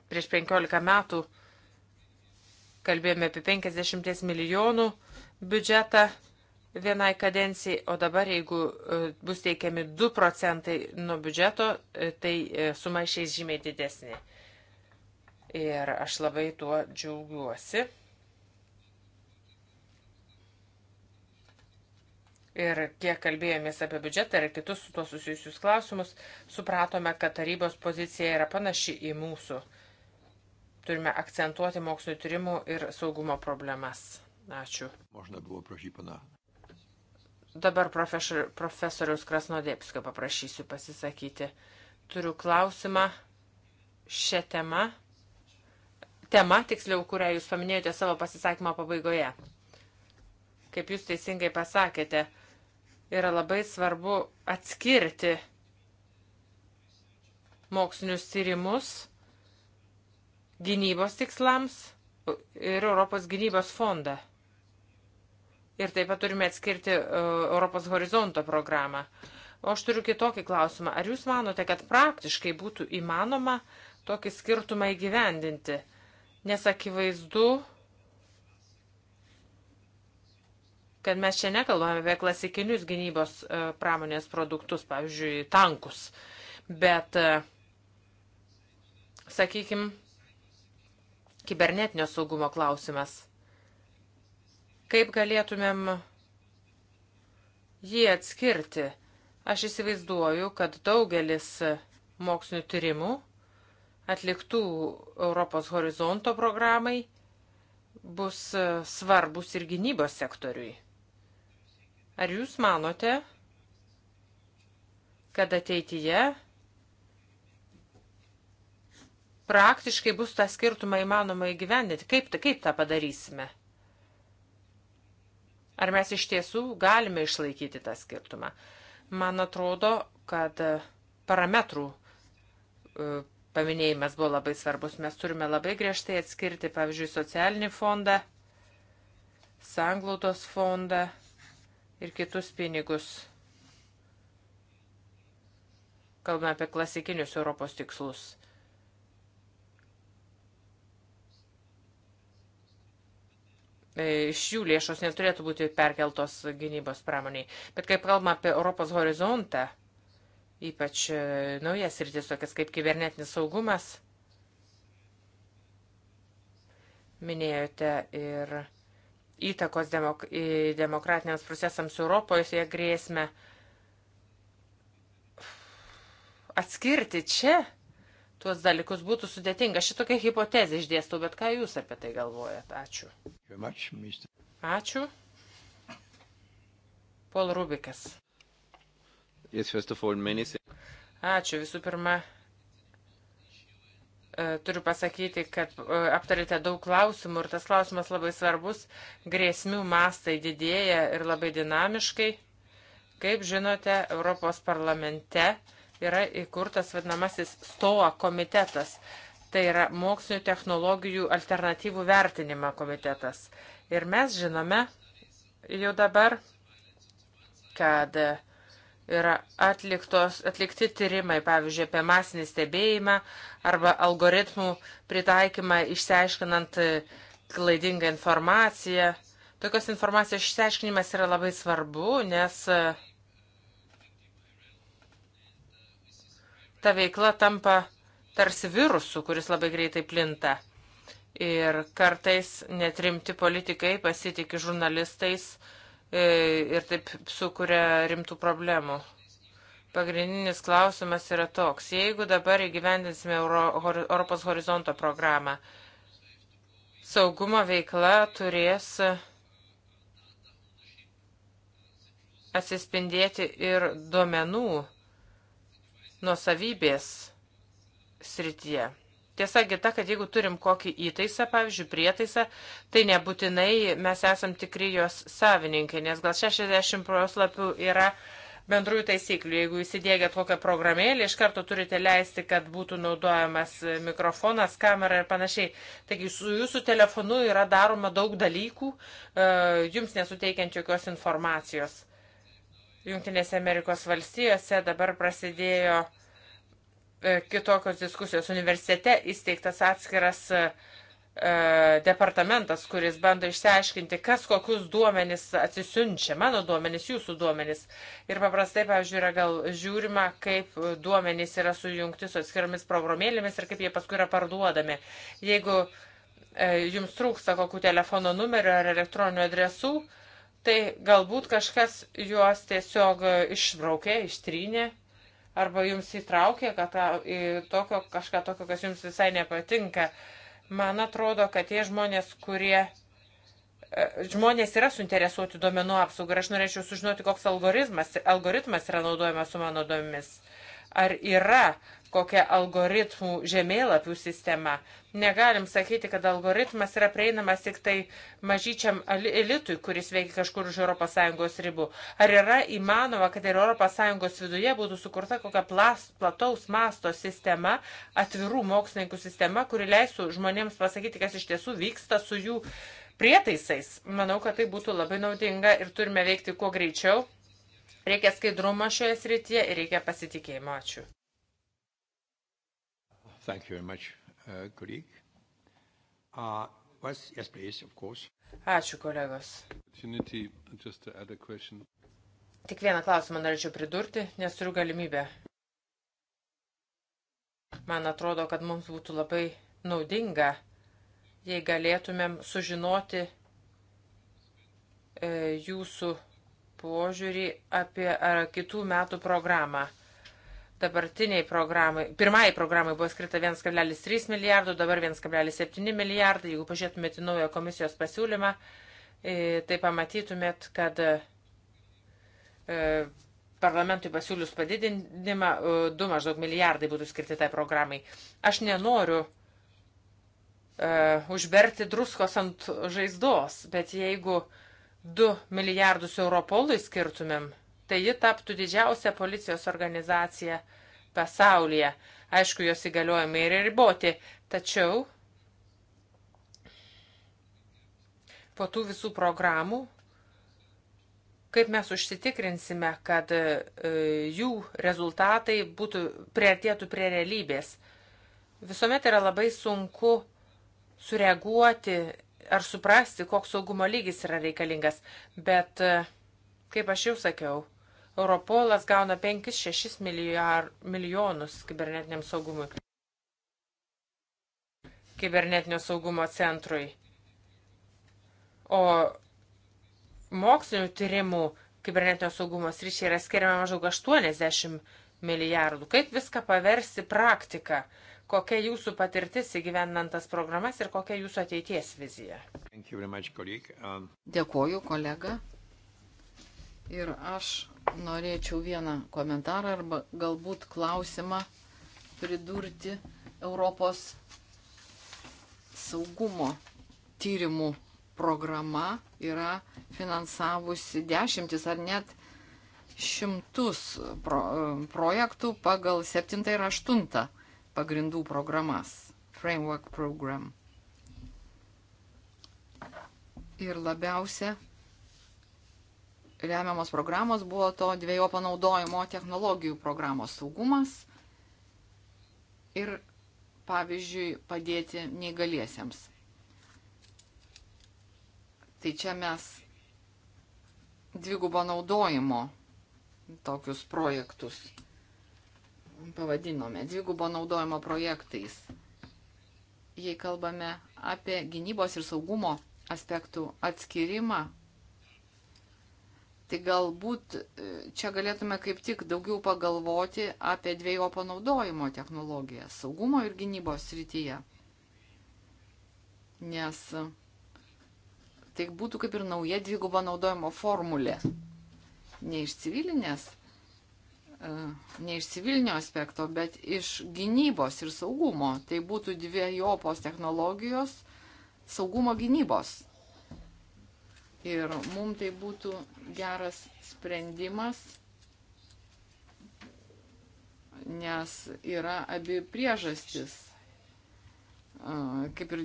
Prieš 15 metų kalbėjome apie 50 milijonų biudžetą vienai kadencijai, o dabar jeigu e, bus teikiami 2 procentai nuo biudžeto, e, tai e, suma išeis žymiai didesnė. Ir aš labai tuo džiaugiuosi. ir kiek kalbėjomės apie biudžetą ir kitus su tuo susijusius klausimus, supratome, kad tarybos pozicija yra panaši į mūsų. Turime akcentuoti mokslinio tyrimų ir saugumo problemas. Ačiū. Možda buvo prašypana. Dabar profesor, profesorius Krasnodėpskio paprašysiu pasisakyti. Turiu klausimą šią temą. Tema, tiksliau, kurią jūs paminėjote savo pasisakymo pabaigoje. Kaip jūs teisingai pasakėte, yra labai svarbu atskirti mokslinius tyrimus gynybos tikslams ir Europos gynybos fondą. Ir taip pat turime atskirti e, Europos horizonto programą. O aš turiu kitokį klausimą. Ar jūs manote, kad praktiškai būtų įmanoma tokį skirtumą įgyvendinti? Nes akivaizdu, kad mes čia nekalbame apie klasikinius gynybos e, pramonės produktus, pavyzdžiui, tankus, bet, e, sakykime, kibernetinio saugumo klausimas. Kaip galėtumėm jį atskirti? Aš įsivaizduoju, kad daugelis mokslinių tyrimų atliktų Europos horizonto programai bus e, svarbus ir gynybos sektoriui. Ar jūs manote, kad ateityje praktiškai bus tą skirtumą įmanoma įgyvendinti? Kaip, kaip tą padarysime? Ar mes iš tiesų galime išlaikyti tą skirtumą? Man atrodo, kad e, parametrų e, paminėjimas buvo labai svarbus. Mes turime labai griežtai atskirti, pavyzdžiui, socialinį fondą, sanglautos fondą ir kitus pinigus. Kalbame apie klasikinius Europos tikslus. E, iš jų lėšos neturėtų būti perkeltos gynybos pramoniai. Bet kaip kalbame apie Europos horizontą, ypač e, naujas rytis tokias kaip kibernetinis saugumas, minėjote ir įtakos demok demokratiniams procesams Europoje, jie grėsmę atskirti čia tuos dalykus būtų sudėtinga. Šitokia hipotezė išdėstau, bet ką Jūs apie tai galvojat? Ačiū. Ačiū. Paul Rubikas. Ačiū visų pirma, E, turiu pasakyti, kad e, aptarėte daug klausimų ir tas klausimas labai svarbus. Grėsmių mastai didėja ir labai dinamiškai. Kaip žinote, Europos parlamente yra įkurtas vadinamasis STOA komitetas. Tai yra mokslinio technologijų alternatyvų vertinimo komitetas. Ir mes žinome jau dabar, kad uh, yra atliktos, atlikti tyrimai, pavyzdžiui, apie masinį stebėjimą arba algoritmų pritaikymą išsiaiškinant e, klaidingą informaciją. Tokios informacijos išsiaiškinimas yra labai svarbu, nes e, ta veikla tampa tarsi virusu, kuris labai greitai plinta. Ir kartais netrimti politikai pasitikė žurnalistais, uh, E, ir taip sukuria rimtų problemų. Pagrindinis klausimas yra toks. Jeigu dabar įgyvendinsime Euro, Europos horizonto programą, saugumo veikla turės atsispindėti ir duomenų nuosavybės srityje. Tiesa kita, kad jeigu turim kokį įtaisą, pavyzdžiui, prietaisą, tai nebūtinai mes esam tikri jos savininkai, nes gal 60 proslapių yra bendrųjų taisyklių. Jeigu įsidėgėt kokią programėlį, iš karto turite leisti, kad būtų naudojamas mikrofonas, kamera ir panašiai. Taigi su jūsų telefonu yra daroma daug dalykų, e, jums nesuteikiant jokios informacijos. Junktinėse Amerikos valstijose dabar prasidėjo uh, E, kitokios diskusijos. Universitete įsteigtas atskiras e, e, departamentas, kuris bando išsiaiškinti, kas kokius duomenis atsisiunčia, mano duomenis, jūsų duomenis. Ir paprastai, pavyzdžiui, yra gal žiūrima, kaip duomenys yra sujungti su atskiromis programėlėmis ir kaip jie paskui yra parduodami. Jeigu e, jums trūksta kokių telefono numerio ar elektroninių adresų, tai galbūt kažkas juos tiesiog išbraukė, ištrynė arba jums įtraukė kad ta, į tokio, kažką tokio, kas jums visai nepatinka. Man atrodo, kad tie žmonės, kurie. E, žmonės yra suinteresuoti duomenų apsaugą ir aš norėčiau sužinoti, koks algoritmas, algoritmas yra naudojamas su mano duomenimis. Ar yra kokia algoritmų žemėlapių sistema. Negalim sakyti, kad algoritmas yra prieinamas tik tai mažyčiam elitui, kuris veikia kažkur už ES ribų. Ar yra įmanoma, kad ir ES viduje būtų sukurta kokia plas, plataus masto sistema, atvirų mokslininkų sistema, kuri leistų žmonėms pasakyti, kas iš tiesų vyksta su jų prietaisais? Manau, kad tai būtų labai naudinga ir turime veikti kuo greičiau. Reikia skaidrumo šioje srityje ir reikia pasitikėjimo. Ačiū. Thank you very much, uh, colleague. Uh, was, yes, please, of course. Ačiū, kolegos. Tik vieną klausimą norėčiau pridurti, nes turiu galimybę. Man atrodo, kad mums būtų labai naudinga, jei galėtumėm sužinoti e, jūsų požiūrį apie kitų metų programą. Dabartiniai programai, pirmai programai buvo skirta 1,3 milijardų, dabar 1,7 milijardai. Jeigu pažiūrėtumėte naują komisijos pasiūlymą, e, tai pamatytumėt, kad e, parlamentui pasiūlius padidinimą, 2 e, maždaug milijardai būtų skirti tai programai. Aš nenoriu uh, užberti druskos ant žaizdos, bet jeigu 2 milijardus Europolui skirtumėm, tai ji taptų didžiausia policijos organizacija pasaulyje. Aišku, jos įgaliojimai yra riboti, tačiau po tų visų programų, kaip mes užsitikrinsime, kad e, jų rezultatai būtų prieartėtų prie realybės. Visuomet yra labai sunku sureaguoti ar suprasti, koks saugumo lygis yra reikalingas, bet, e, kaip aš jau sakiau, Europolas gauna 5-6 milijonus kibernetiniam saugumui. Kibernetinio saugumo centrui. O mokslinių tyrimų kibernetinio saugumo sričiai yra skiriama maždaug 80 milijardų. Kaip viską paversi praktiką? Kokia jūsų patirtis įgyvendinantas programas ir kokia jūsų ateities vizija? Much, um... Dėkuoju, kolega. Ir aš norėčiau vieną komentarą arba galbūt klausimą pridurti Europos saugumo tyrimų programa yra finansavusi dešimtis ar net šimtus pro, projektų pagal 7 ir 8 pagrindų programas, framework program. Ir labiausia remiamos programos buvo to dviejo panaudojimo technologijų programos saugumas ir, pavyzdžiui, padėti neįgaliesiems. Tai čia mes dvigubo naudojimo tokius projektus pavadinome dvigubo naudojimo projektais. Jei kalbame apie gynybos ir saugumo aspektų atskirimą, Tai galbūt e, čia galėtume kaip tik daugiau pagalvoti apie dviejo panaudojimo technologiją saugumo ir gynybos srityje. Nes e, tai būtų kaip ir nauja dvigubo naudojimo formulė. Ne iš civilinės, e, ne iš civilinio aspekto, bet iš gynybos ir saugumo. Tai būtų dviejopos technologijos saugumo gynybos Ir mums tai būtų geras sprendimas, nes yra abi priežastis. Kaip ir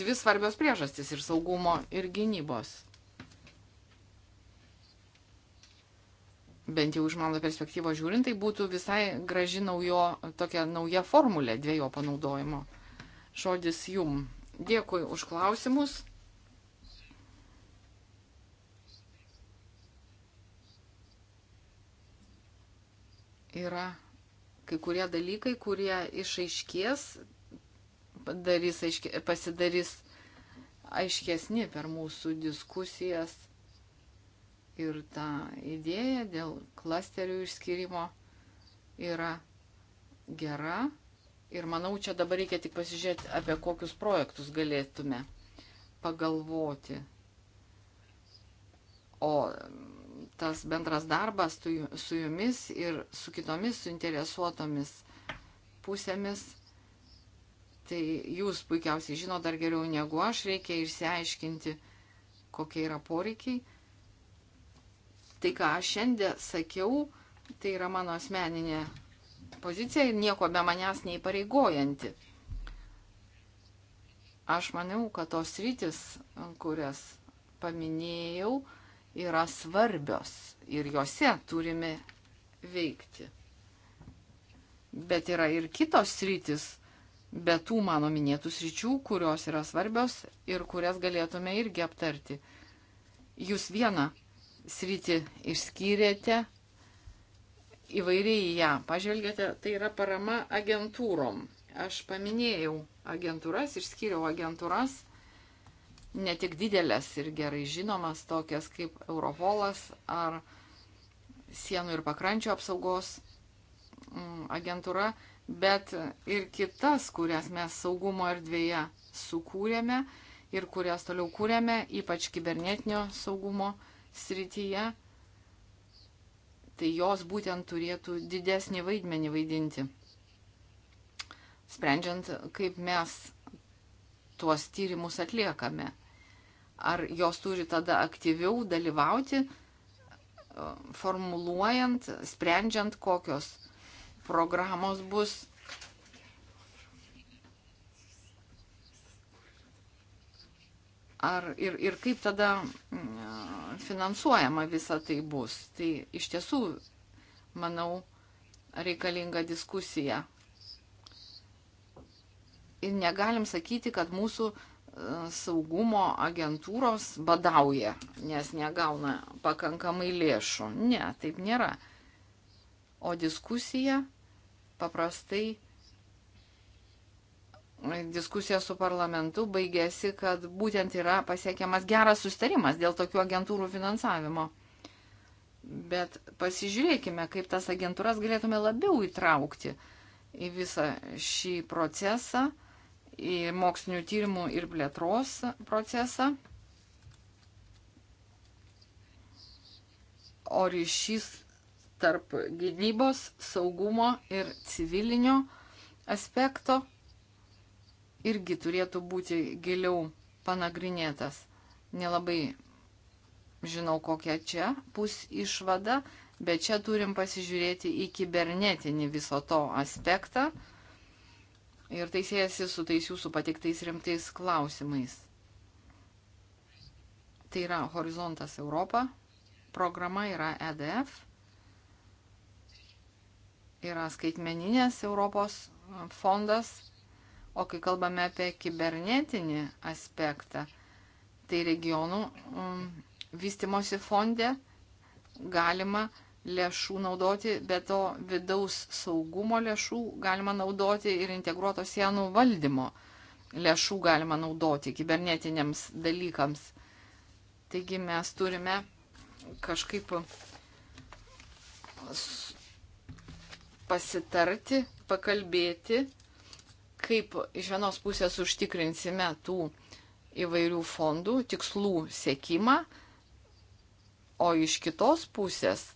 dvi svarbios priežastis ir saugumo, ir gynybos. Bent jau iš mano perspektyvos žiūrint, tai būtų visai graži naujo, tokia nauja formulė dviejo panaudojimo. Žodis jum. Dėkui už klausimus. yra kai kurie dalykai, kurie išaiškės, padarys, aiškė, pasidarys aiškesni per mūsų diskusijas ir ta idėja dėl klasterių išskirimo yra gera. Ir manau, čia dabar reikia tik pasižiūrėti, apie kokius projektus galėtume pagalvoti. O tas bendras darbas su jumis ir su kitomis suinteresuotomis pusėmis. Tai jūs puikiausiai žino dar geriau negu aš, reikia išsiaiškinti, kokie yra poreikiai. Tai, ką aš šiandien sakiau, tai yra mano asmeninė pozicija ir nieko be manęs neįpareigojanti. Aš maniau, kad tos rytis, kurias paminėjau, yra svarbios ir juose turime veikti. Bet yra ir kitos rytis, be tų mano minėtų sričių, kurios yra svarbios ir kurias galėtume irgi aptarti. Jūs vieną sritį išskyrėte, įvairiai ją pažvelgėte, tai yra parama agentūrom. Aš paminėjau agentūras, išskyriau agentūras ne tik didelės ir gerai žinomas, tokias kaip Europolas ar sienų ir pakrančio apsaugos mm, agentūra, bet ir kitas, kurias mes saugumo erdvėje sukūrėme ir kurias toliau kūrėme, ypač kibernetinio saugumo srityje, tai jos būtent turėtų didesnį vaidmenį vaidinti. Sprendžiant, kaip mes tuos tyrimus atliekame ar jos turi tada aktyviau dalyvauti, e, formuluojant, sprendžiant, kokios programos bus. Ar ir, ir kaip tada e, finansuojama visa tai bus. Tai iš tiesų, manau, reikalinga diskusija. Ir negalim sakyti, kad mūsų uh, saugumo agentūros badauja, nes negauna pakankamai lėšų. Ne, taip nėra. O diskusija paprastai diskusija su parlamentu baigėsi, kad būtent yra pasiekiamas geras sustarimas dėl tokių agentūrų finansavimo. Bet pasižiūrėkime, kaip tas agentūras galėtume labiau įtraukti į visą šį procesą į mokslinių tyrimų ir plėtros procesą. O ryšys tarp gynybos, saugumo ir civilinio aspekto irgi turėtų būti giliau panagrinėtas. Nelabai žinau, kokia čia bus išvada, bet čia turim pasižiūrėti į kibernetinį viso to aspektą ir tai siejasi su tais jūsų patiktais rimtais klausimais. Tai yra Horizontas Europa, programa yra EDF, yra skaitmeninės Europos fondas, o kai kalbame apie kibernetinį aspektą, tai regionų um, vystimosi fonde galima uh, lėšų naudoti, bet to vidaus saugumo lėšų galima naudoti ir integruotos sienų valdymo lėšų galima naudoti kibernetiniams dalykams. Taigi mes turime kažkaip pasitarti, pakalbėti, kaip iš vienos pusės užtikrinsime tų įvairių fondų tikslų sėkimą, o iš kitos pusės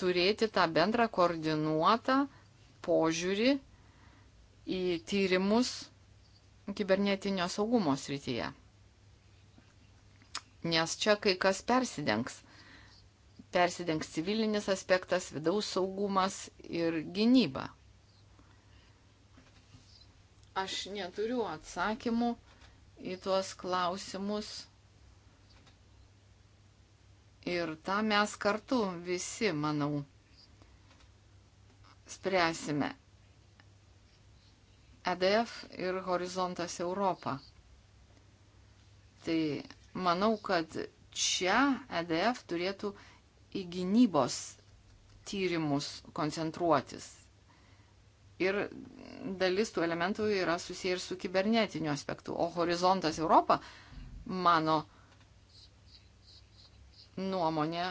turėti tą bendrą koordinuotą požiūrį į tyrimus kibernetinio saugumo srityje. Nes čia kai kas persidengs. Persidengs civilinis aspektas, vidaus saugumas ir gynyba. Aš neturiu atsakymų į tuos klausimus Ir tą mes kartu visi, manau, spręsime. EDF ir Horizontas Europą. Tai manau, kad čia EDF turėtų į gynybos tyrimus koncentruotis. Ir dalis tų elementų yra susiję ir su kibernetiniu aspektu. O horizontas Europą, mano nuomonė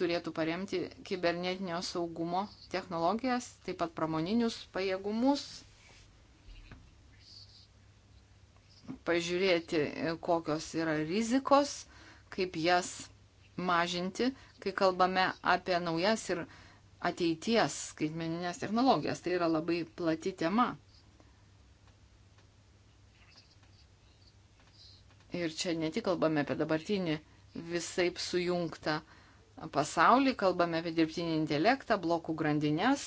turėtų paremti kibernetinio saugumo technologijas, taip pat pramoninius pajėgumus, pažiūrėti, kokios yra rizikos, kaip jas mažinti, kai kalbame apie naujas ir ateities skaitmeninės technologijas. Tai yra labai plati tema. Ir čia ne tik kalbame apie dabartinį visaip sujungtą pasaulį, kalbame apie dirbtinį intelektą, blokų grandinės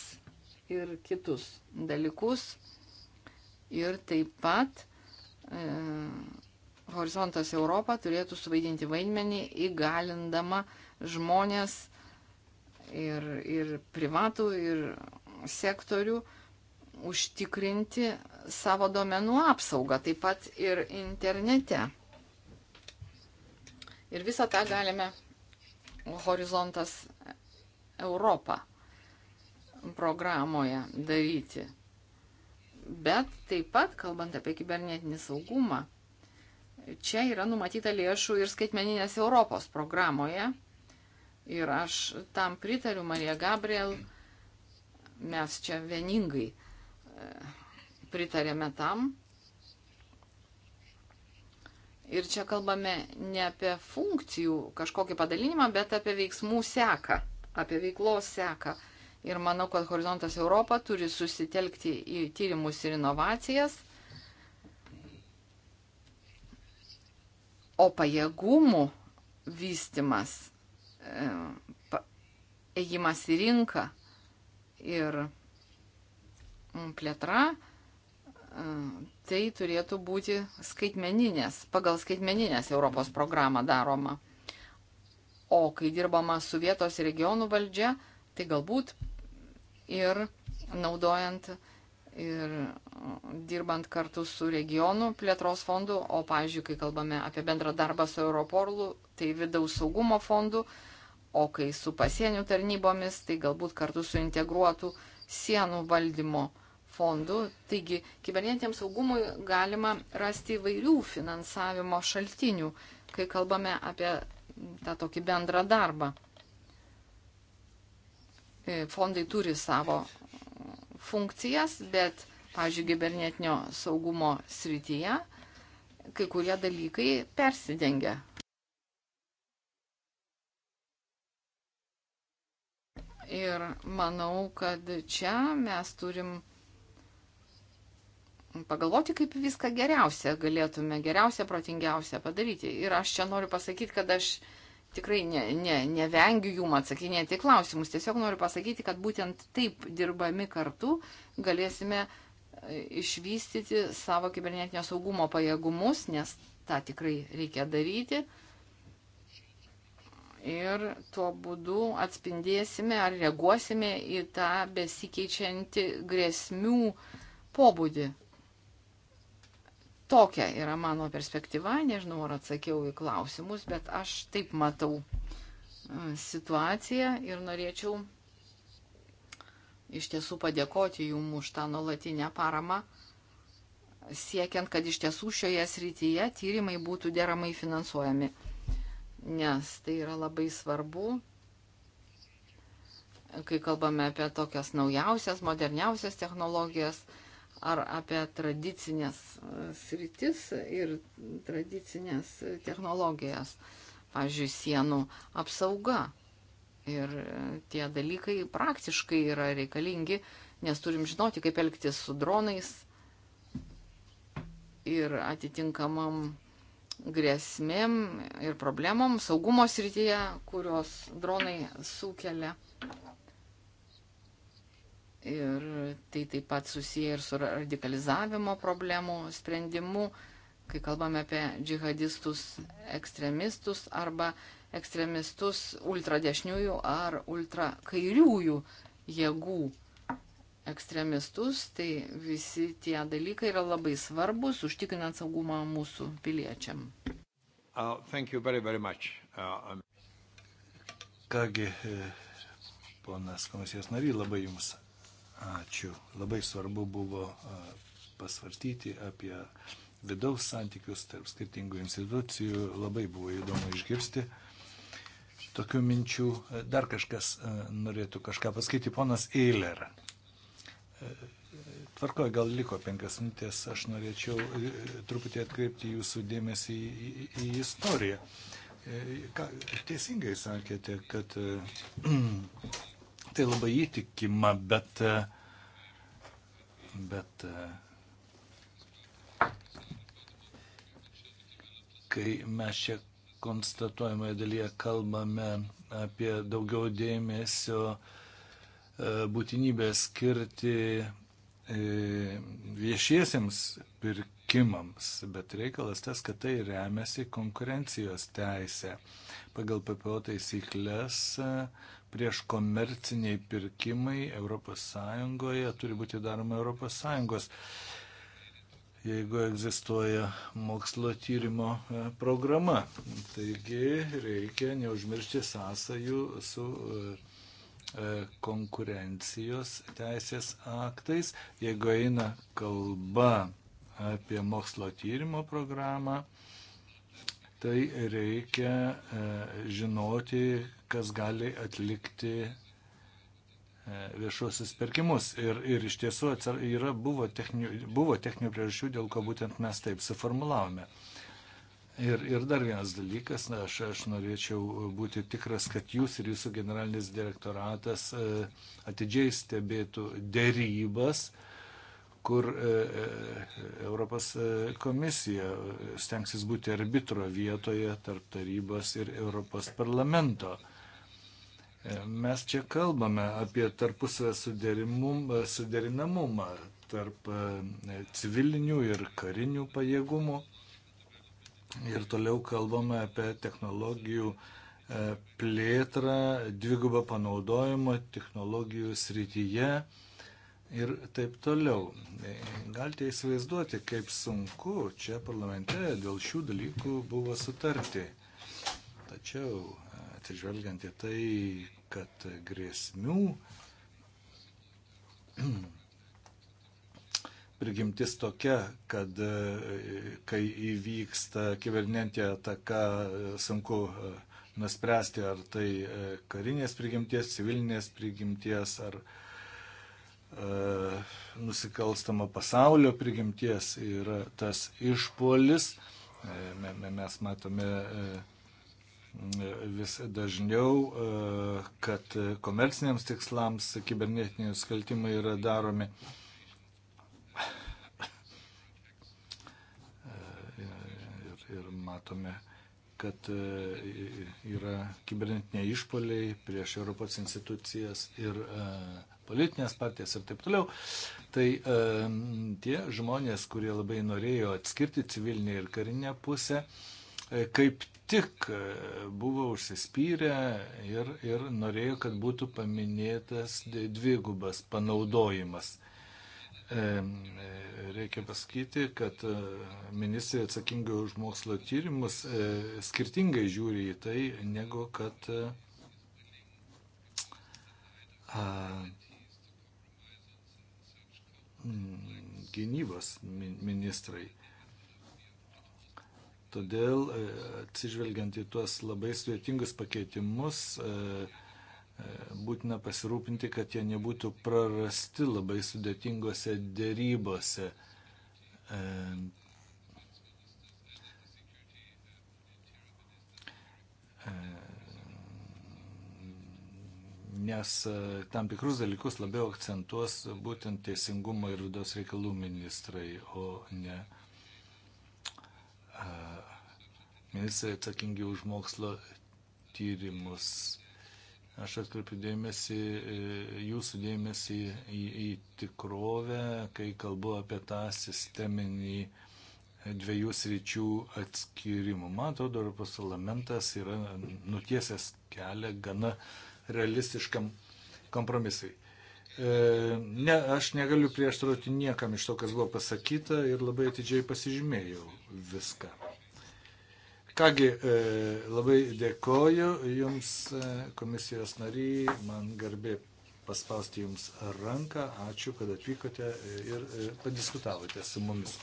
ir kitus dalykus. Ir taip pat e, Horizontas Europa turėtų suvaidinti vaidmenį įgalindama žmonės ir, ir privatų, ir sektorių užtikrinti savo domenų apsaugą, taip pat ir internete. Ir visą tą galime horizontas Europą programoje daryti. Bet taip pat, kalbant apie kibernetinį saugumą, čia yra numatyta lėšų ir skaitmeninės Europos programoje. Ir aš tam pritariu, Marija Gabriel, mes čia vieningai e, pritarėme tam. Ir čia kalbame ne apie funkcijų kažkokį padalinimą, bet apie veiksmų seką, apie veiklos seką. Ir manau, kad Horizontas Europa turi susitelkti į tyrimus ir inovacijas, o pajėgumų vystimas, e, ėjimas į rinką ir mm, plėtra tai turėtų būti skaitmeninės, pagal skaitmeninės Europos programą daroma. O kai dirbama su vietos regionų valdžia, tai galbūt ir naudojant ir dirbant kartu su regionų plėtros fondu, o pavyzdžiui, kai kalbame apie bendrą darbą su Europorlu, tai vidaus saugumo fondu, o kai su pasienio tarnybomis, tai galbūt kartu su integruotų sienų valdymo fondu fondų. Taigi, kibernetiniam saugumui galima rasti įvairių finansavimo šaltinių, kai kalbame apie tą tokį bendrą darbą. E, fondai turi savo funkcijas, bet, pavyzdžiui, kibernetinio saugumo srityje kai kurie dalykai persidengia. Ir manau, kad čia mes turim pagalvoti, kaip viską geriausia galėtume, geriausia, protingiausia padaryti. Ir aš čia noriu pasakyti, kad aš tikrai ne, ne, nevengiu jum atsakinėti klausimus. Tiesiog noriu pasakyti, kad būtent taip dirbami kartu galėsime e, išvystyti savo kibernetinio saugumo pajėgumus, nes tą tikrai reikia daryti. Ir tuo būdu atspindėsime ar reaguosime į tą besikeičiantį grėsmių pobūdį. Tokia yra mano perspektyva, nežinau ar atsakiau į klausimus, bet aš taip matau e, situaciją ir norėčiau iš tiesų padėkoti jum už tą nuolatinę paramą, siekiant, kad iš tiesų šioje srityje tyrimai būtų deramai finansuojami, nes tai yra labai svarbu, kai kalbame apie tokias naujausias, moderniausias technologijas ar apie tradicinės e, sritis ir tradicinės technologijas, pavyzdžiui, sienų apsauga. Ir e, tie dalykai praktiškai yra reikalingi, nes turim žinoti, kaip elgtis su dronais ir atitinkamam grėsmėm ir problemom saugumo srityje, kurios dronai sukelia. Ir tai taip pat susiję ir su radikalizavimo problemų sprendimu, kai kalbame apie džihadistus ekstremistus arba ekstremistus ultradešniųjų ar ultrakairiųjų jėgų ekstremistus, tai visi tie dalykai yra labai svarbus, užtikrinant saugumą mūsų piliečiam. Uh, very, very much. uh, um... Kągi, e, ponas komisijos nary, labai jums Ačiū. Labai svarbu buvo pasvartyti apie vidaus santykius tarp skirtingų institucijų. Labai buvo įdomu išgirsti tokių minčių. Dar kažkas norėtų kažką pasakyti. Ponas Eiler. Tvarkoje gal liko penkias minutės. Aš norėčiau truputį atkreipti jūsų dėmesį į, į, į istoriją. E, ką, teisingai sakėte, kad [CLEARS THROAT] tai labai įtikima, bet, bet kai mes čia konstatuojamoje dalyje kalbame apie daugiau dėmesio e, būtinybę skirti e, viešiesiems pirkimams, bet reikalas tas, kad tai remiasi konkurencijos teisė. Pagal PPO taisyklės prieš komerciniai pirkimai ES turi būti daroma ES. Jeigu egzistuoja mokslo tyrimo e, programa. Taigi reikia neužmiršti sąsajų su e, e, konkurencijos teisės aktais. Jeigu eina kalba apie mokslo tyrimo programą, tai reikia e, žinoti, kas gali atlikti e, viešuosius pirkimus. Ir, ir iš tiesų atsar, yra, buvo, techninių, buvo techninių priežasčių, dėl ko būtent mes taip suformulavome. Ir, ir dar vienas dalykas, na, aš, aš norėčiau būti tikras, kad jūs ir jūsų generalinis direktoratas e, atidžiai stebėtų dėrybas, uh, kur e, e, Europos e, komisija stengsis būti arbitro vietoje tarp tarybos ir Europos parlamento. Mes čia kalbame apie tarpusavę suderinamumą tarp civilinių ir karinių pajėgumų. Ir toliau kalbame apie technologijų plėtrą dvigubą panaudojimo technologijų srityje ir taip toliau. Galite įsivaizduoti, kaip sunku čia parlamente dėl šių dalykų buvo sutarti. Tačiau atsižvelgiant į tai, kad grėsmių [CLEARS THROAT] prigimtis tokia, kad kai įvyksta kibernetė ataka, sunku e, nuspręsti, ar tai e, karinės prigimties, civilinės prigimties, ar uh, E, nusikalstamo pasaulio prigimties yra tas išpolis. E, mes matome e, vis dažniau, kad komerciniams tikslams kibernetiniai nusikaltimai yra daromi. Ir, ir matome, kad yra kibernetiniai išpoliai prieš Europos institucijas ir uh, politinės partijas ir taip toliau. Tai e, tie žmonės, kurie labai norėjo atskirti civilinę ir karinę pusę, e, kaip tik e, buvo užsispyrę ir, ir norėjo, kad būtų paminėtas dvigubas panaudojimas. E, reikia pasakyti, kad e, ministrai atsakingi už mokslo tyrimus skirtingai žiūri į tai, negu kad Mm, gynybos ministrai. Todėl, e, atsižvelgiant į tuos labai sudėtingus pakeitimus, e, e, būtina pasirūpinti, kad jie nebūtų prarasti labai sudėtingose dėrybose nes e, tam tikrus dalykus labiau akcentuos būtent teisingumo ir vidaus reikalų ministrai, o ne e, ministrai atsakingi už mokslo tyrimus. Aš atkreipiu dėmesį, e, jūsų dėmesį į, į tikrovę, kai kalbu apie tą sisteminį dviejų sričių atskirimą. Man atrodo, Europos parlamentas yra nutiesęs kelią gana uh, realistiškam kompromisui. E, ne, aš negaliu prieštarauti niekam iš to, kas buvo pasakyta ir labai atidžiai pasižymėjau viską. Kągi, e, labai dėkoju Jums, e, komisijos nariai, man garbė paspausti Jums ranką, ačiū, kad atvykote ir padiskutavote su mumis.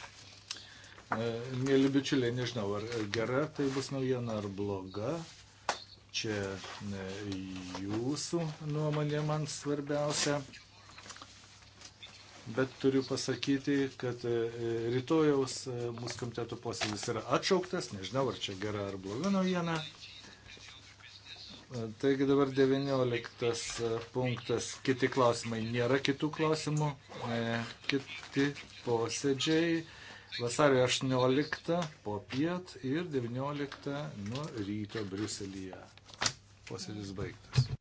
Mėly bičiuliai, nežinau, ar gera tai bus naujiena, ar bloga. Čia e, jūsų nuomonė man svarbiausia. Bet turiu pasakyti, kad e, rytojaus e, mūsų komiteto posėdis yra atšauktas. Nežinau, ar čia gera ar bloga naujiena. Taigi dabar 19 punktas. Kiti klausimai. Nėra kitų klausimų. Kiti posėdžiai. Vasario 18 po piet ir 19 nuo ryto Briuselyje. Posėdis baigtas.